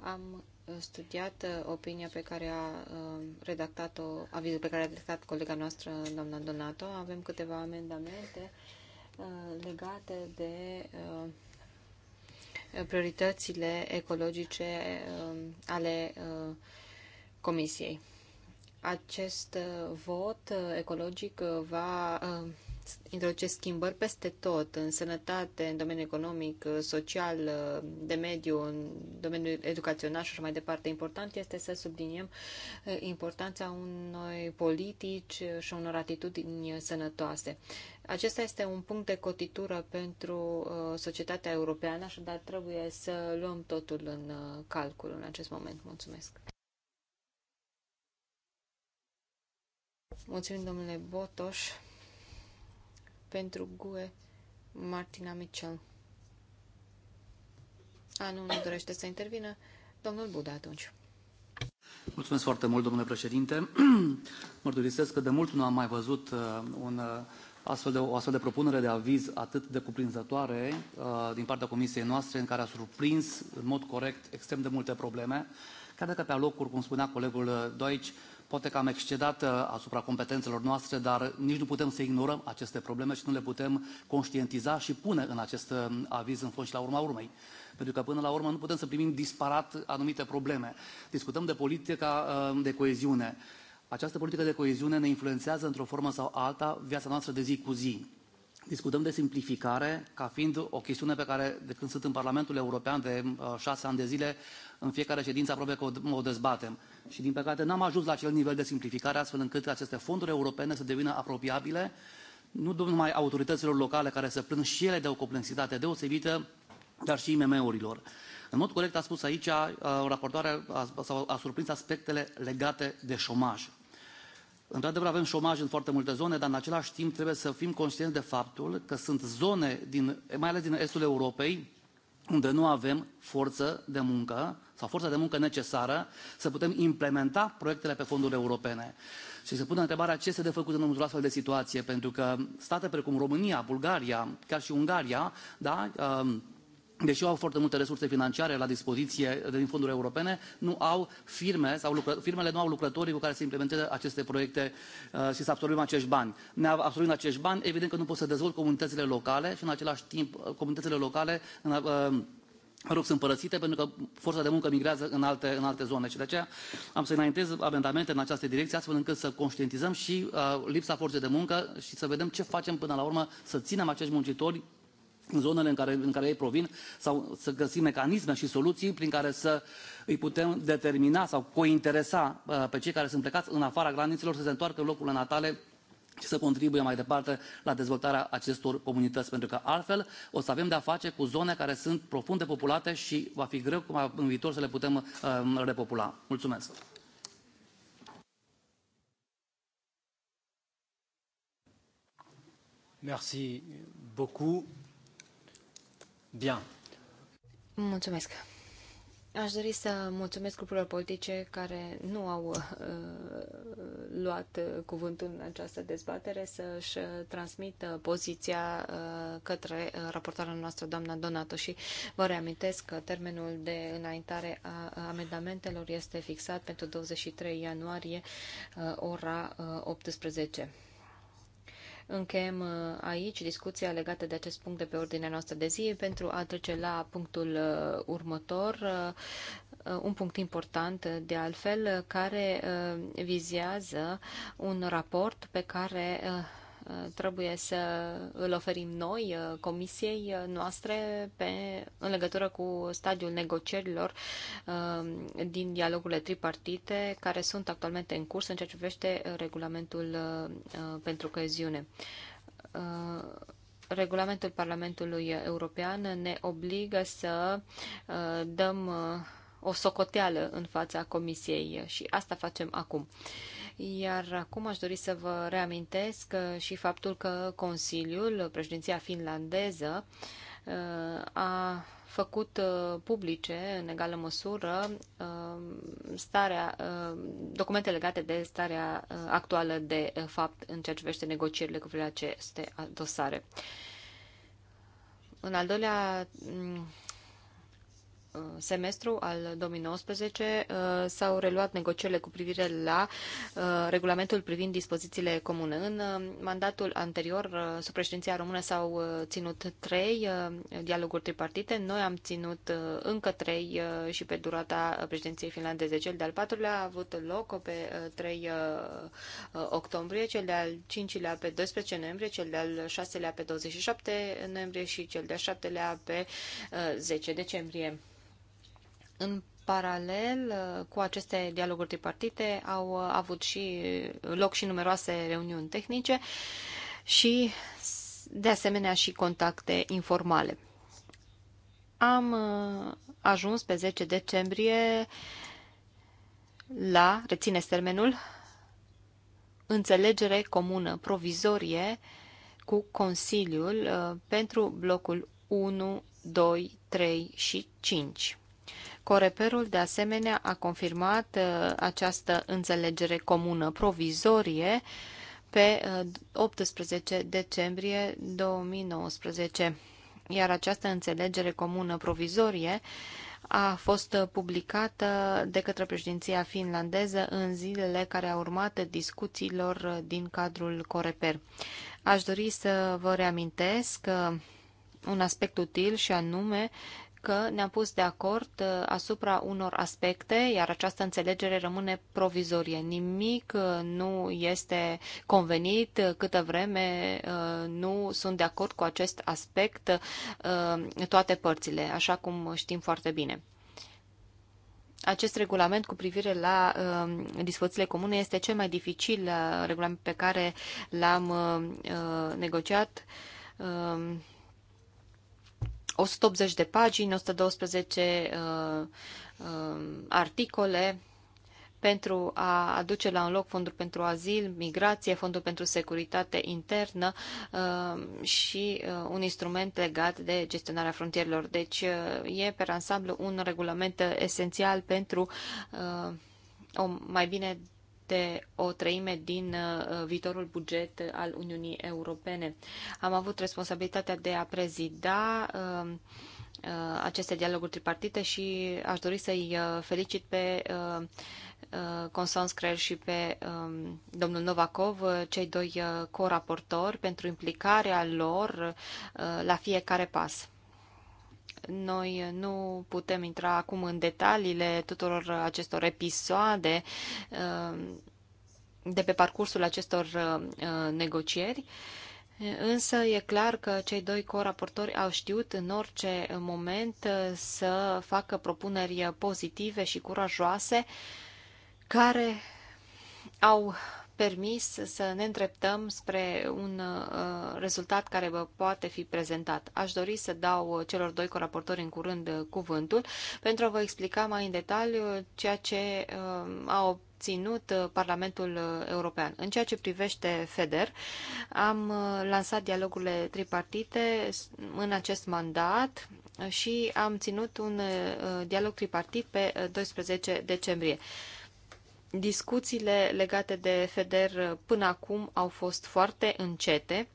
Am studiat uh, opinia pe care a uh, redactat-o, avizul pe care a redactat colega noastră, doamna Donato. Avem câteva amendamente uh, legate de prioritățile ecologice ale Comisiei. Acest vot ecologic va introduce schimbări peste tot, în sănătate, în domeniul economic, social, de mediu, în domeniul educațional și așa mai departe. Important este să subliniem eh, importanța unui politici și unor atitudini sănătoase. Acesta este un punct de cotitură pentru eh, societatea europeană, așadar trebuie să luăm totul în eh, calcul în acest moment. Mulțumesc! Mulțumim, domnule Botoș pentru GUE Martina Mitchell. A, nu, nu dorește să intervină. Domnul Buda atunci. Mulțumesc foarte mult, domnule președinte. Mărturisesc că de mult nu am mai văzut uh, un uh, astfel de, o astfel de propunere de aviz atât de cuprinzătoare uh, din partea comisiei noastre, în care a surprins în mod corect extrem de multe probleme. Chiar dacă pe alocuri, cum spunea colegul Doici, Poate că am excedat uh, asupra competențelor noastre, dar nici nu putem să ignorăm aceste probleme și nu le putem conștientiza și pune în acest uh, aviz în fond și la urma urmei. Pentru că până la urmă nu putem să primim disparat anumite probleme. Discutăm de politica uh, de coeziune. Această politică de coeziune ne influențează într-o formă sau alta viața noastră de zi cu zi. Discutăm de simplificare ca fiind o chestiune pe care, de când sunt în Parlamentul European de șase ani de zile, în fiecare ședință aproape că o, o dezbatem. Și din păcate n-am ajuns la acel nivel de simplificare astfel încât aceste fonduri europene să devină apropiabile nu numai autorităților locale care se plâng și ele de o complexitate deosebită, dar și IMM-urilor. În mod corect a spus aici, raportoarea a, a, a surprins aspectele legate de șomaj. Într-adevăr, avem șomaj în foarte multe zone, dar în același timp trebuie să fim conștienți de faptul că sunt zone, din, mai ales din estul Europei, unde nu avem forță de muncă sau forța de muncă necesară să putem implementa proiectele pe fonduri europene. Și se pune întrebarea ce este de făcut în într-o astfel de situație, pentru că state precum România, Bulgaria, chiar și Ungaria, da, um, deși au foarte multe resurse financiare la dispoziție din fonduri europene nu au firme sau firmele nu au lucrătorii cu care să implementeze aceste proiecte uh, și să absorbim acești bani. Absorbând acești bani evident că nu pot să dezvolt comunitățile locale și în același timp uh, comunitățile locale uh, mă rog, sunt părăsite pentru că forța de muncă migrează în alte, în alte zone și de aceea am să înaintez amendamente în această direcție astfel încât să conștientizăm și uh, lipsa forței de muncă și să vedem ce facem până la urmă să ținem acești muncitori în zonele în care, în care ei provin sau să găsim mecanisme și soluții prin care să îi putem determina sau cointeresa uh, pe cei care sunt plecați în afara granițelor să se întoarcă în locurile natale și să contribuie mai departe la dezvoltarea acestor comunități, pentru că altfel o să avem de-a face cu zone care sunt profund depopulate și va fi greu cum în viitor să le putem uh, repopula. Mulțumesc! beaucoup. Bien. Mulțumesc. Aș dori să mulțumesc grupurilor politice care nu au uh, luat uh, cuvântul în această dezbatere să-și uh, transmită poziția uh, către uh, raportarea noastră, doamna Donato. Și vă reamintesc că termenul de înaintare a amendamentelor este fixat pentru 23 ianuarie, uh, ora uh, 18 încheiem uh, aici discuția legată de acest punct de pe ordinea noastră de zi pentru a trece la punctul uh, următor, uh, un punct important de altfel, care vizează un raport pe care trebuie să îl oferim noi, uh, comisiei uh, noastre, pe, în legătură cu stadiul negocierilor uh, din dialogurile tripartite care sunt actualmente în curs în ceea ce privește regulamentul pentru coeziune regulamentul Parlamentului European ne obligă să dăm o socoteală în fața comisiei și asta facem acum. Iar acum aș dori să vă reamintesc uh, și faptul că Consiliul, uh, președinția finlandeză, uh, a făcut publice, în egală măsură, starea, documente legate de starea actuală de fapt în ceea ce privește negocierile cu privire la aceste dosare. În al doilea mm, semestru al 2019 uh, s-au reluat negocierile cu privire la uh, regulamentul privind dispozițiile comune. În uh, mandatul anterior, sub președinția română s-au ținut trei dialoguri tripartite. Noi am ținut încă trei și pe durata președinției finlandeze. Cel de-al patrulea a avut loc pe 3 octombrie, cel de-al cincilea pe 12 noiembrie, cel de-al șaselea pe 27 noiembrie și cel de-al șaptelea pe 10 decembrie. În paralel uh, cu aceste dialoguri tripartite au uh, avut și uh, loc și numeroase reuniuni tehnice și de asemenea și contacte informale. Am ajuns pe 10 decembrie la, rețineți termenul, înțelegere comună provizorie cu Consiliul pentru blocul 1, 2, 3 și 5. Coreperul, de asemenea, a confirmat uh, această înțelegere comună provizorie pe 18 uh, decembrie 2019, iar această înțelegere comună provizorie a fost publicată de către președinția finlandeză în zilele care au urmat discuțiilor din cadrul Coreper. Aș dori să vă reamintesc uh, un aspect util și anume că ne-am pus de acord uh, asupra unor aspecte, iar această înțelegere rămâne provizorie. Nimic uh, nu este convenit uh, câtă vreme nu sunt de acord cu acest aspect toate părțile, așa cum știm foarte bine acest regulament cu privire la uh, dispozițiile comune este cel mai dificil uh, regulament pe care l-am uh, negociat. Uh, 180 de pagini, 112 uh, uh, articole pentru a aduce la un loc fonduri pentru azil, migrație, fonduri pentru securitate internă uh, și uh, un instrument legat de gestionarea frontierelor. Deci uh, e, pe ansamblu, un regulament esențial pentru uh, o mai bine de o treime din uh, viitorul buget al Uniunii Europene. Am avut responsabilitatea de a prezida um, uh, aceste dialoguri tripartite și aș dori să-i uh, felicit pe Constans Crel și pe um, domnul Novakov, cei doi coraportori, pentru implicarea lor la fiecare pas. Noi nu putem intra acum în detaliile tuturor acestor episoade uh, de pe parcursul acestor uh, negocieri, însă e clar că cei doi coraportori au știut în orice moment uh, să facă propuneri pozitive și curajoase care au permis să ne îndreptăm spre un uh, rezultat care vă poate fi prezentat. Aș dori să dau uh, celor doi coraportori în curând uh, cuvântul pentru a vă explica mai în detaliu ceea ce a obținut Parlamentul European. În ceea ce privește FEDER, am lansat dialogurile tripartite în acest mandat și am ținut un dialog tripartit pe 12 decembrie discuțiile legate de FEDER până acum au fost foarte încete,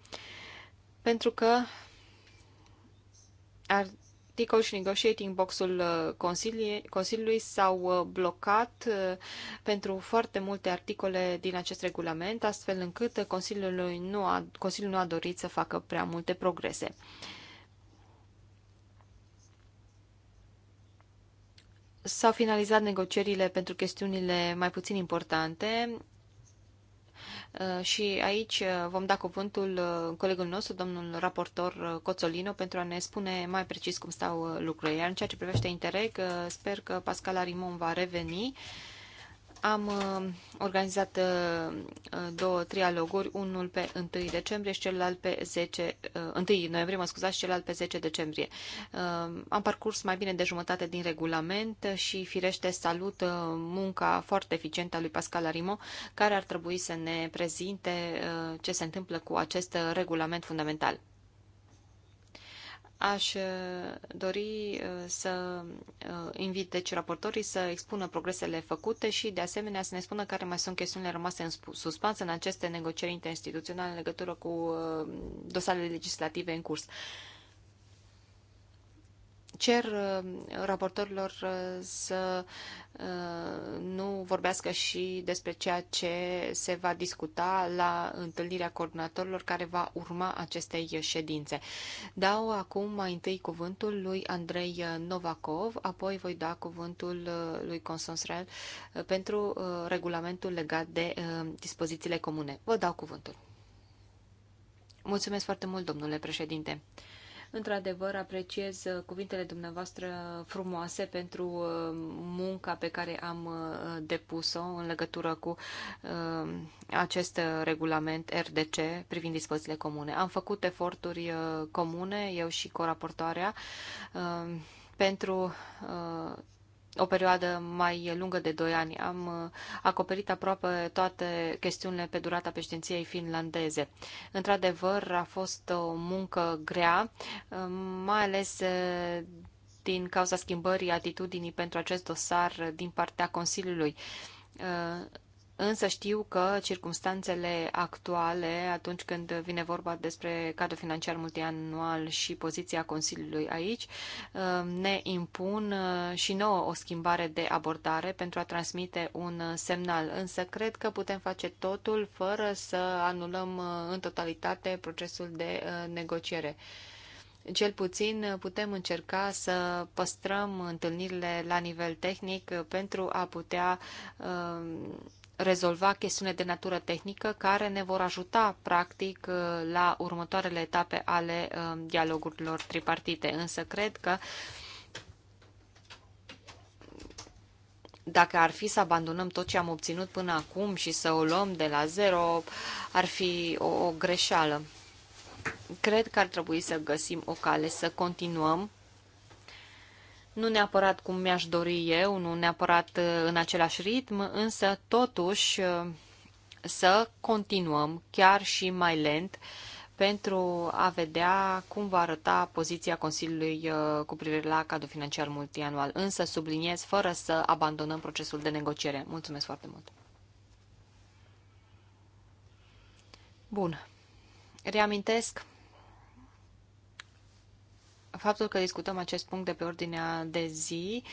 pentru că articol și negotiating boxul uh, Consiliului s-au uh, blocat uh, pentru foarte multe articole din acest regulament, astfel încât Consiliul nu a, Consiliul nu a dorit să facă prea multe progrese. S-au finalizat negocierile pentru chestiunile mai puțin importante uh, și aici uh, vom da cuvântul uh, colegul nostru, domnul raportor Coțolino, pentru a ne spune mai precis cum stau lucrurile. Iar în ceea ce privește Interreg, sper că Pascal Arimon va reveni am uh, organizat uh, uh, două trialoguri, unul pe 1 decembrie și celălalt pe 10, 1 noiembrie, mă scuzați, celălalt pe 10 decembrie. Am parcurs mai bine de jumătate din regulament și firește salut munca foarte eficientă a lui Pascal Arimo, care ar trebui să ne prezinte ce se întâmplă cu acest regulament fundamental. Aș uh, dori uh, să uh, invit deci raportorii să expună progresele făcute și de asemenea să ne spună care mai sunt chestiunile rămase în suspans în aceste negocieri interinstituționale în legătură cu dosarele legislative în curs cer uh, raportorilor uh, să uh, nu vorbească și despre ceea ce se va discuta la întâlnirea coordonatorilor care va urma acestei ședințe. Dau acum mai întâi cuvântul lui Andrei Novakov, apoi voi da cuvântul lui Constanțel pentru regulamentul legat de dispozițiile comune. Vă dau cuvântul. Mulțumesc foarte mult, domnule președinte. Într-adevăr, apreciez uh, cuvintele dumneavoastră frumoase pentru uh, munca pe care am uh, depus-o în legătură cu acest regulament RDC privind dispozițiile comune. Am făcut eforturi comune, eu și coraportoarea, pentru o perioadă mai lungă de 2 ani. Am uh, acoperit aproape toate chestiunile pe durata președinției finlandeze. Într-adevăr, a fost o muncă grea, um, mai ales uh, din cauza schimbării atitudinii pentru acest dosar din partea Consiliului uh, însă știu că circumstanțele actuale, atunci când vine vorba despre cadrul financiar multianual și poziția Consiliului aici, uh, ne impun uh, și nouă o schimbare de abordare pentru a transmite un semnal. Însă cred că putem face totul fără să anulăm uh, în totalitate procesul de negociere cel puțin putem încerca să păstrăm întâlnirile la nivel tehnic pentru a putea uh, rezolva chestiune de natură tehnică care ne vor ajuta, practic, uh, la următoarele etape ale uh, dialogurilor tripartite. Însă cred că dacă ar fi să abandonăm tot ce am obținut până acum și să o luăm de la zero, ar fi o, o greșeală. Cred că ar trebui să găsim o cale să continuăm nu neapărat cum mi-aș dori eu, nu neapărat uh, în același ritm, însă totuși uh, să continuăm chiar și mai lent pentru a vedea cum va arăta poziția Consiliului uh, cu privire la cadrul financiar multianual, însă subliniez fără să abandonăm procesul de negociere. Mulțumesc foarte mult! Bun. Reamintesc faptul că discutăm acest punct de pe ordinea de zi,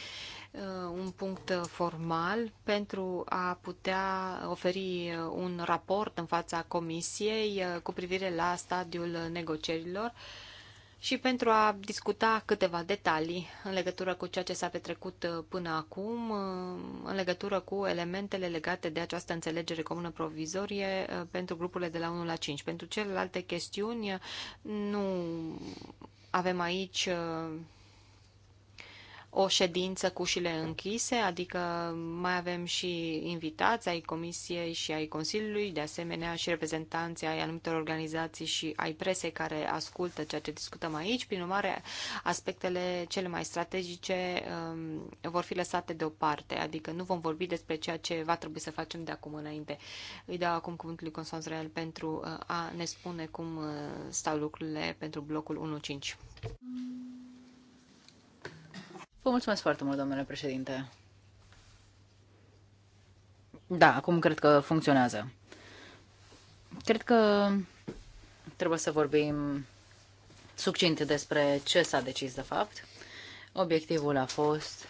uh, un punct formal pentru a putea oferi uh, un raport în fața comisiei uh, cu privire la stadiul negocierilor și pentru a discuta câteva detalii în legătură cu ceea ce s-a petrecut până acum, în legătură cu elementele legate de această înțelegere comună provizorie pentru grupurile de la 1 la 5. Pentru celelalte chestiuni nu avem aici uh, o ședință cu ușile închise, adică mai avem și invitați ai Comisiei și ai Consiliului, de asemenea și reprezentanții ai anumitor organizații și ai presei care ascultă ceea ce discutăm aici. Prin urmare, aspectele cele mai strategice um, vor fi lăsate deoparte, adică nu vom vorbi despre ceea ce va trebui să facem de acum înainte. Îi dau acum cuvântul lui Constanț Real pentru uh, a ne spune cum uh, stau lucrurile pentru blocul 1.5. Vă mulțumesc foarte mult, domnule președinte. Da, acum cred că funcționează. Cred că trebuie să vorbim succint despre ce s-a decis de fapt. Obiectivul a fost...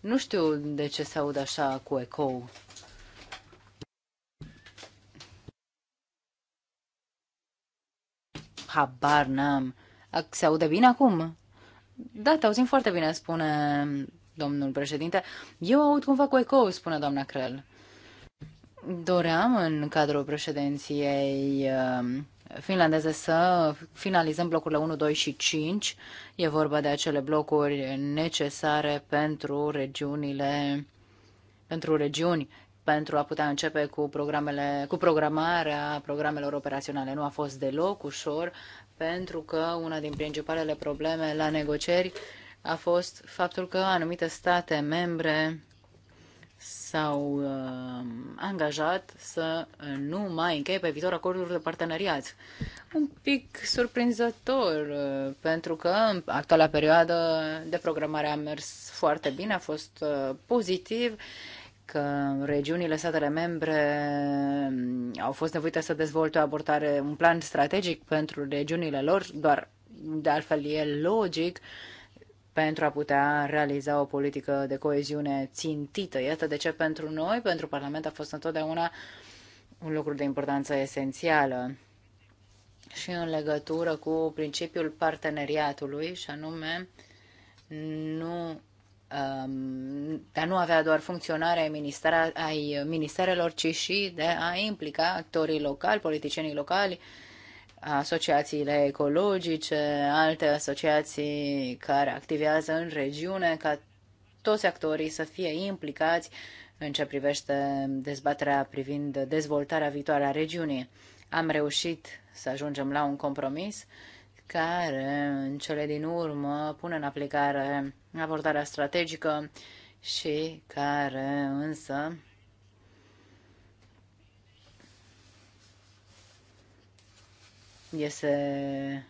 Nu știu de ce se aud așa cu ecou. Habar n-am. Se aude bine acum? Da, te auzim foarte bine, spune domnul președinte. Eu aud cumva cu ecou, spune doamna Crel. Doream în cadrul președinției um, finlandeze să finalizăm blocurile 1, 2 și 5. E vorba de acele blocuri necesare pentru regiunile, pentru regiuni, pentru a putea începe cu programele, cu programarea programelor operaționale. Nu a fost deloc ușor pentru că una din principalele probleme la negocieri a fost faptul că anumite state membre s-au uh, angajat să nu mai încheie pe viitor acorduri de parteneriat. Un pic surprinzător, uh, pentru că în actuala perioadă de programare a mers foarte bine, a fost uh, pozitiv, că regiunile, statele membre mm, au fost nevoite să dezvolte o abordare, un plan strategic pentru regiunile lor, doar de altfel e logic pentru a putea realiza o politică de coeziune țintită. Iată de ce pentru noi, pentru Parlament, a fost întotdeauna un lucru de importanță esențială și în legătură cu principiul parteneriatului și anume nu Um, de a nu avea doar funcționarea ai ministerelor, ci și de a implica actorii locali, politicienii locali, asociațiile ecologice, alte asociații care activează în regiune, ca toți actorii să fie implicați în ce privește dezbaterea privind dezvoltarea viitoare a regiunii. Am reușit să ajungem la un compromis care în cele din urmă pune în aplicare abordarea strategică și care însă este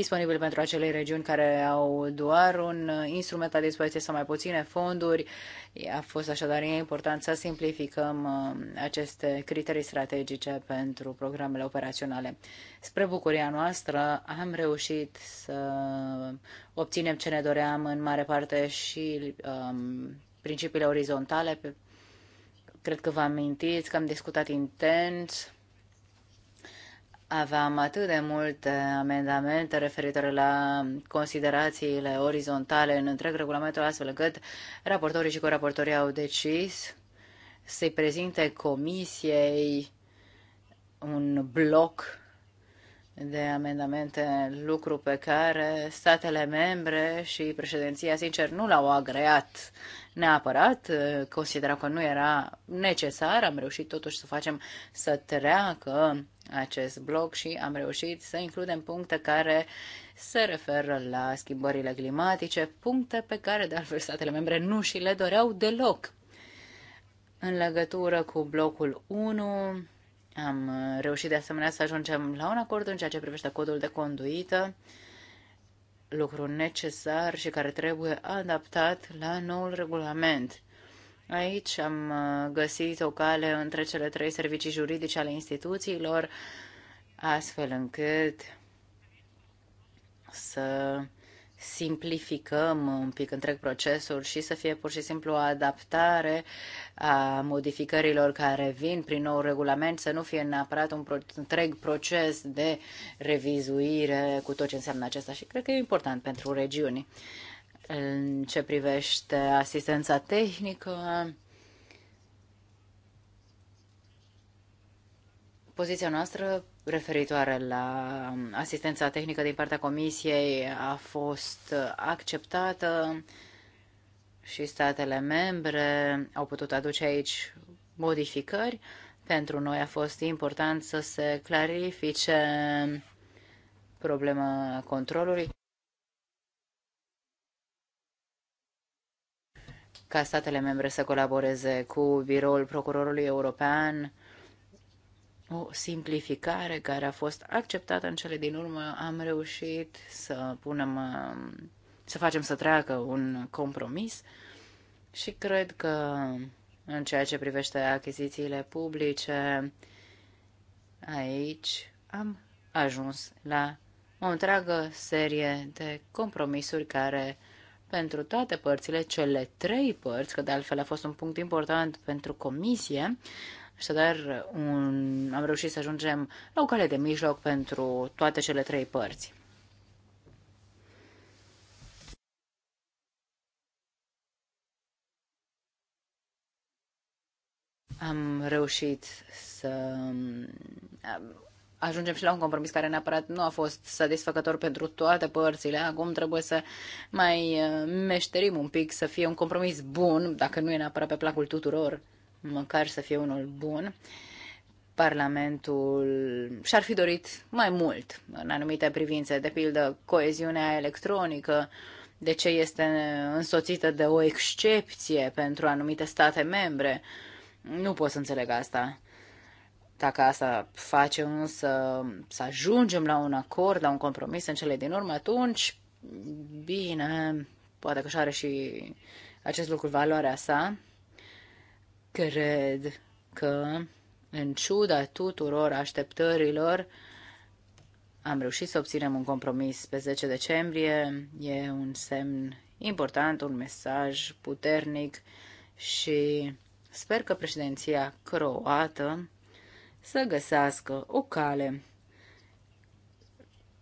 disponibil pentru acele regiuni care au doar un uh, instrument la dispoziție sau mai puține fonduri. A fost așadar important să simplificăm uh, aceste criterii strategice pentru programele operaționale. Spre bucuria noastră am reușit să obținem ce ne doream în mare parte și um, principiile orizontale. Cred că vă amintiți că am discutat intens aveam atât de multe amendamente referitoare la considerațiile orizontale în întreg regulamentul, astfel încât raportorii și coraportorii au decis să-i prezinte comisiei un bloc de amendamente, lucru pe care statele membre și președinția, sincer, nu l-au agreat neapărat, uh, considera că nu era necesar, am reușit totuși să facem să treacă acest bloc și am reușit să includem puncte care se referă la schimbările climatice, puncte pe care de altfel statele membre nu și le doreau deloc. În legătură cu blocul 1, am reușit de asemenea să ajungem la un acord în ceea ce privește codul de conduită lucru necesar și care trebuie adaptat la noul regulament. Aici am uh, găsit o cale între cele trei servicii juridice ale instituțiilor, astfel încât să simplificăm un pic întreg procesul și să fie pur și simplu o adaptare a modificărilor care vin prin nou regulament, să nu fie neapărat un întreg proces de revizuire cu tot ce înseamnă acesta și cred că e important pentru regiuni. În ce privește asistența tehnică, Poziția noastră referitoare la asistența tehnică din partea Comisiei a fost acceptată și statele membre au putut aduce aici modificări. Pentru noi a fost important să se clarifice problema controlului. ca statele membre să colaboreze cu biroul procurorului european o simplificare care a fost acceptată în cele din urmă. Am reușit să punem, um, să facem să treacă un compromis și cred că în ceea ce privește achizițiile publice, aici am ajuns la o întreagă serie de compromisuri care pentru toate părțile, cele trei părți, că de altfel a fost un punct important pentru comisie, Așadar, un, am reușit să ajungem la o cale de mijloc pentru toate cele trei părți. Am reușit să ajungem și la un compromis care neapărat nu a fost satisfăcător pentru toate părțile. Acum trebuie să mai uh, meșterim un pic, să fie un compromis bun, dacă nu e neapărat pe placul tuturor măcar să fie unul bun. Parlamentul și-ar fi dorit mai mult în anumite privințe, de pildă coeziunea electronică, de ce este însoțită de o excepție pentru anumite state membre. Nu pot să înțeleg asta. Dacă asta face însă să ajungem la un acord, la un compromis în cele din urmă, atunci, bine, poate că și are și acest lucru valoarea sa, Cred că, în ciuda tuturor așteptărilor, am reușit să obținem un compromis pe 10 decembrie. E un semn important, un mesaj puternic și sper că președinția croată să găsească o cale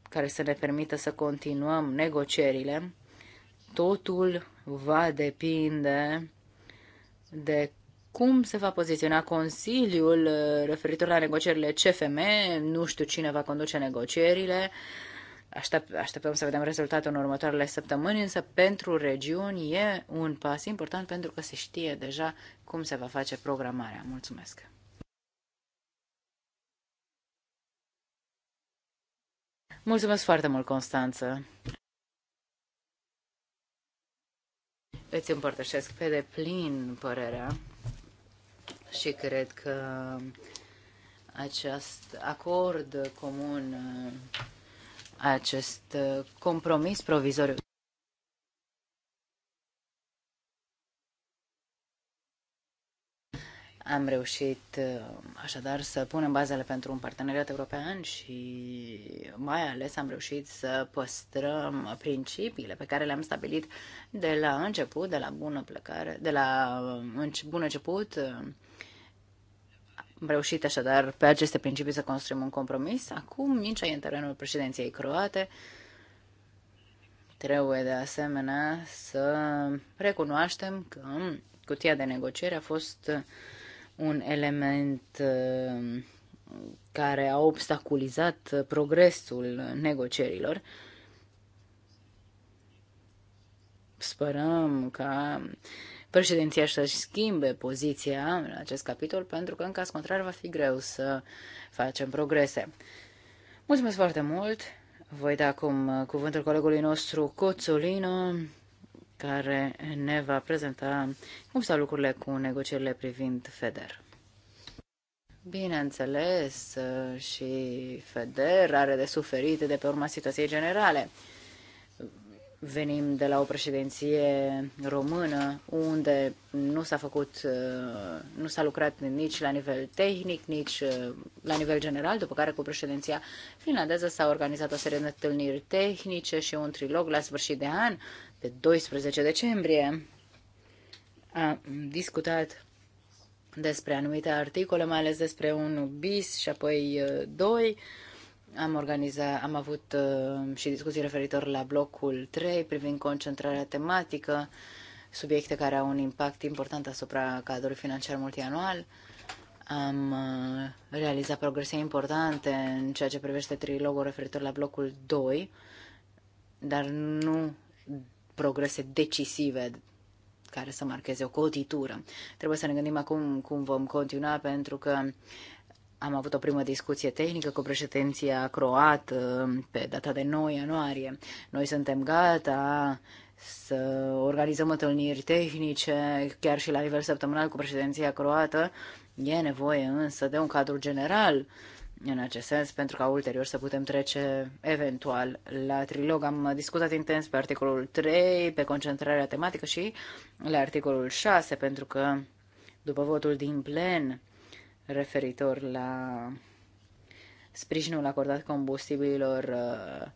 care să ne permită să continuăm negocierile. Totul va depinde de cum se va poziționa Consiliul uh, referitor la negocierile CFM? Nu știu cine va conduce negocierile. Aștept, așteptăm să vedem rezultatul în următoarele săptămâni, însă pentru regiuni e un pas important pentru că se știe deja cum se va face programarea. Mulțumesc! Mulțumesc foarte mult, Constanță! Îți împărtășesc pe deplin părerea și cred că acest acord comun, acest compromis provizoriu Am reușit așadar să punem bazele pentru un parteneriat european și mai ales am reușit să păstrăm principiile pe care le-am stabilit de la început, de la bună plecare, de la bună început, am reușit așadar pe aceste principii să construim un compromis. Acum Mincea e în terenul președinției croate. Trebuie de asemenea să recunoaștem că cutia de negociere a fost un element uh, care a obstaculizat progresul negocierilor. Sperăm că președinția să-și schimbe poziția în acest capitol, pentru că în caz contrar va fi greu să facem progrese. Mulțumesc foarte mult! Voi da acum cuvântul colegului nostru Coțolino, care ne va prezenta cum stau lucrurile cu negocierile privind FEDER. Bineînțeles, și FEDER are de suferit de pe urma situației generale venim de la o președinție română unde nu s-a făcut, uh, nu s-a lucrat nici la nivel tehnic, nici uh, la nivel general, după care cu președinția finlandeză s-a organizat o serie de întâlniri tehnice și un trilog la sfârșit de an, pe 12 decembrie. a discutat despre anumite articole, mai ales despre un bis și apoi uh, doi am, organizat, am avut uh, și discuții referitor la blocul 3 privind concentrarea tematică, subiecte care au un impact important asupra cadrului financiar multianual. Am uh, realizat progrese importante în ceea ce privește trilogul referitor la blocul 2, dar nu progrese decisive care să marcheze o cotitură. Trebuie să ne gândim acum cum vom continua, pentru că am avut o primă discuție tehnică cu președinția croată uh, pe data de 9 ianuarie. Noi suntem gata să organizăm întâlniri tehnice, chiar și la nivel săptămânal cu președinția croată. E nevoie însă de un cadru general în acest sens, pentru ca ulterior să putem trece eventual la trilog. Am discutat intens pe articolul 3, pe concentrarea tematică și la articolul 6, pentru că după votul din plen, referitor la sprijinul acordat combustibililor uh,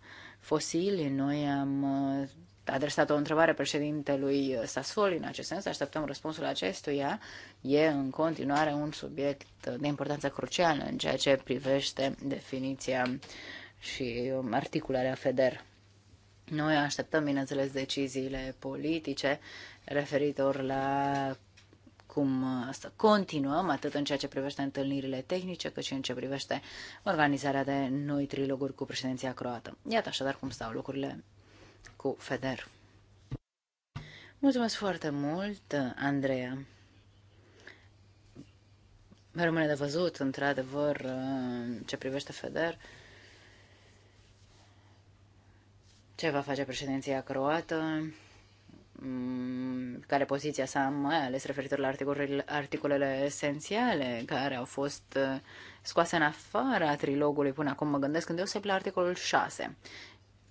fosili. Noi am uh, adresat o întrebare președintelui Sassoli în acest sens, așteptăm răspunsul acestuia. E în continuare un subiect de importanță crucială în ceea ce privește definiția și articularea FEDER. Noi așteptăm, bineînțeles, deciziile politice referitor la cum uh, să continuăm, atât în ceea ce privește întâlnirile tehnice, cât și în ce privește organizarea de noi triloguri cu președinția croată. Iată așadar cum stau lucrurile cu FEDER. Mulțumesc foarte mult, Andreea. Rămâne de văzut, într-adevăr, uh, ce privește FEDER. Ce va face președinția croată? Mm, care poziția sa, mai ales referitor la articolele, articolele esențiale care au fost uh, scoase în afara trilogului până acum, mă gândesc deosebit la articolul 6.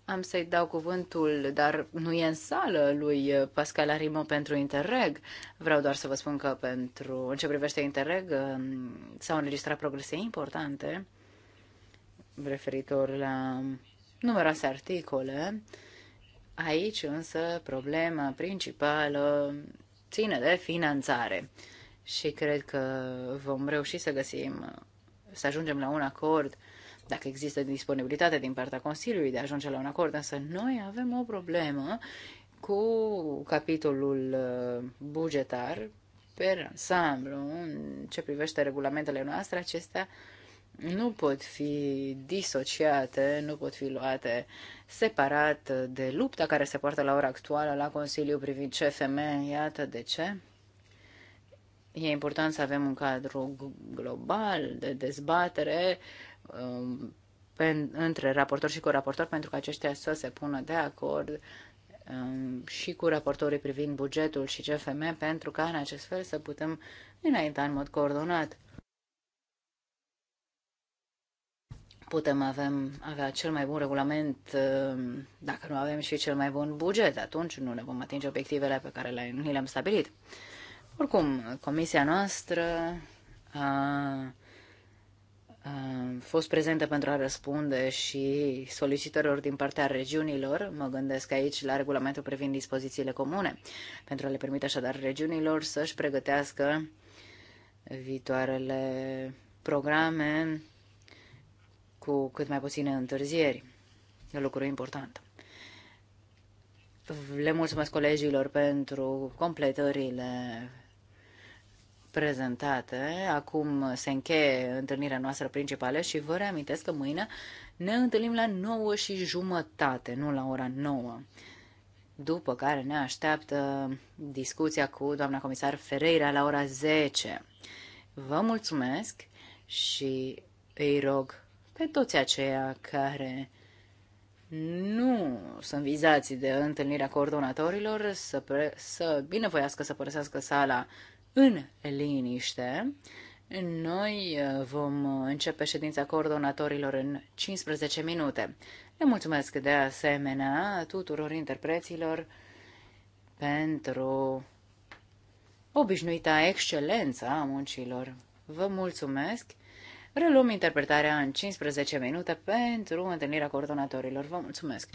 Am să-i dau cuvântul, dar nu e în sală lui uh, Pascal Arimo pentru Interreg. Vreau doar să vă spun că pentru, în ce privește Interreg um, s-au înregistrat progrese importante referitor la numeroase articole Aici însă problema principală ține de finanțare și cred că vom reuși să găsim, să ajungem la un acord dacă există disponibilitate din partea Consiliului de a ajunge la un acord, însă noi avem o problemă cu capitolul uh, bugetar per ansamblu, în ce privește regulamentele noastre, acestea nu pot fi disociate, nu pot fi luate uh, separat de lupta care se poartă la ora actuală la Consiliu privind CFM. Iată de ce. E important să avem un cadru global de dezbatere um, pe, între raportor și coraportor pentru că aceștia să se pună de acord um, și cu raportorii privind bugetul și CFM pentru ca în acest fel să putem înainta în mod coordonat. putem avem, avea cel mai bun regulament, uh, dacă nu avem și cel mai bun buget, atunci nu ne vom atinge obiectivele pe care le, ni le-am stabilit. Oricum, comisia noastră a, a fost prezentă pentru a răspunde și solicitărilor din partea regiunilor, mă gândesc aici la regulamentul privind dispozițiile comune, pentru a le permite așadar regiunilor să-și pregătească viitoarele programe cu cât mai puține întârzieri. E lucru important. Le mulțumesc colegilor pentru completările prezentate. Acum se încheie întâlnirea noastră principală și vă reamintesc că mâine ne întâlnim la 9 și jumătate, nu la ora 9. După care ne așteaptă discuția cu doamna comisar Ferreira la ora 10. Vă mulțumesc și îi rog pe toți aceia care nu sunt vizați de întâlnirea coordonatorilor să, pre- să binevoiască să părăsească sala în liniște. Noi uh, vom începe ședința coordonatorilor în 15 minute. Le mulțumesc de asemenea tuturor interpreților pentru obișnuita excelență a muncilor. Vă mulțumesc Reluăm interpretarea în 15 minute pentru întâlnirea coordonatorilor. Vă mulțumesc!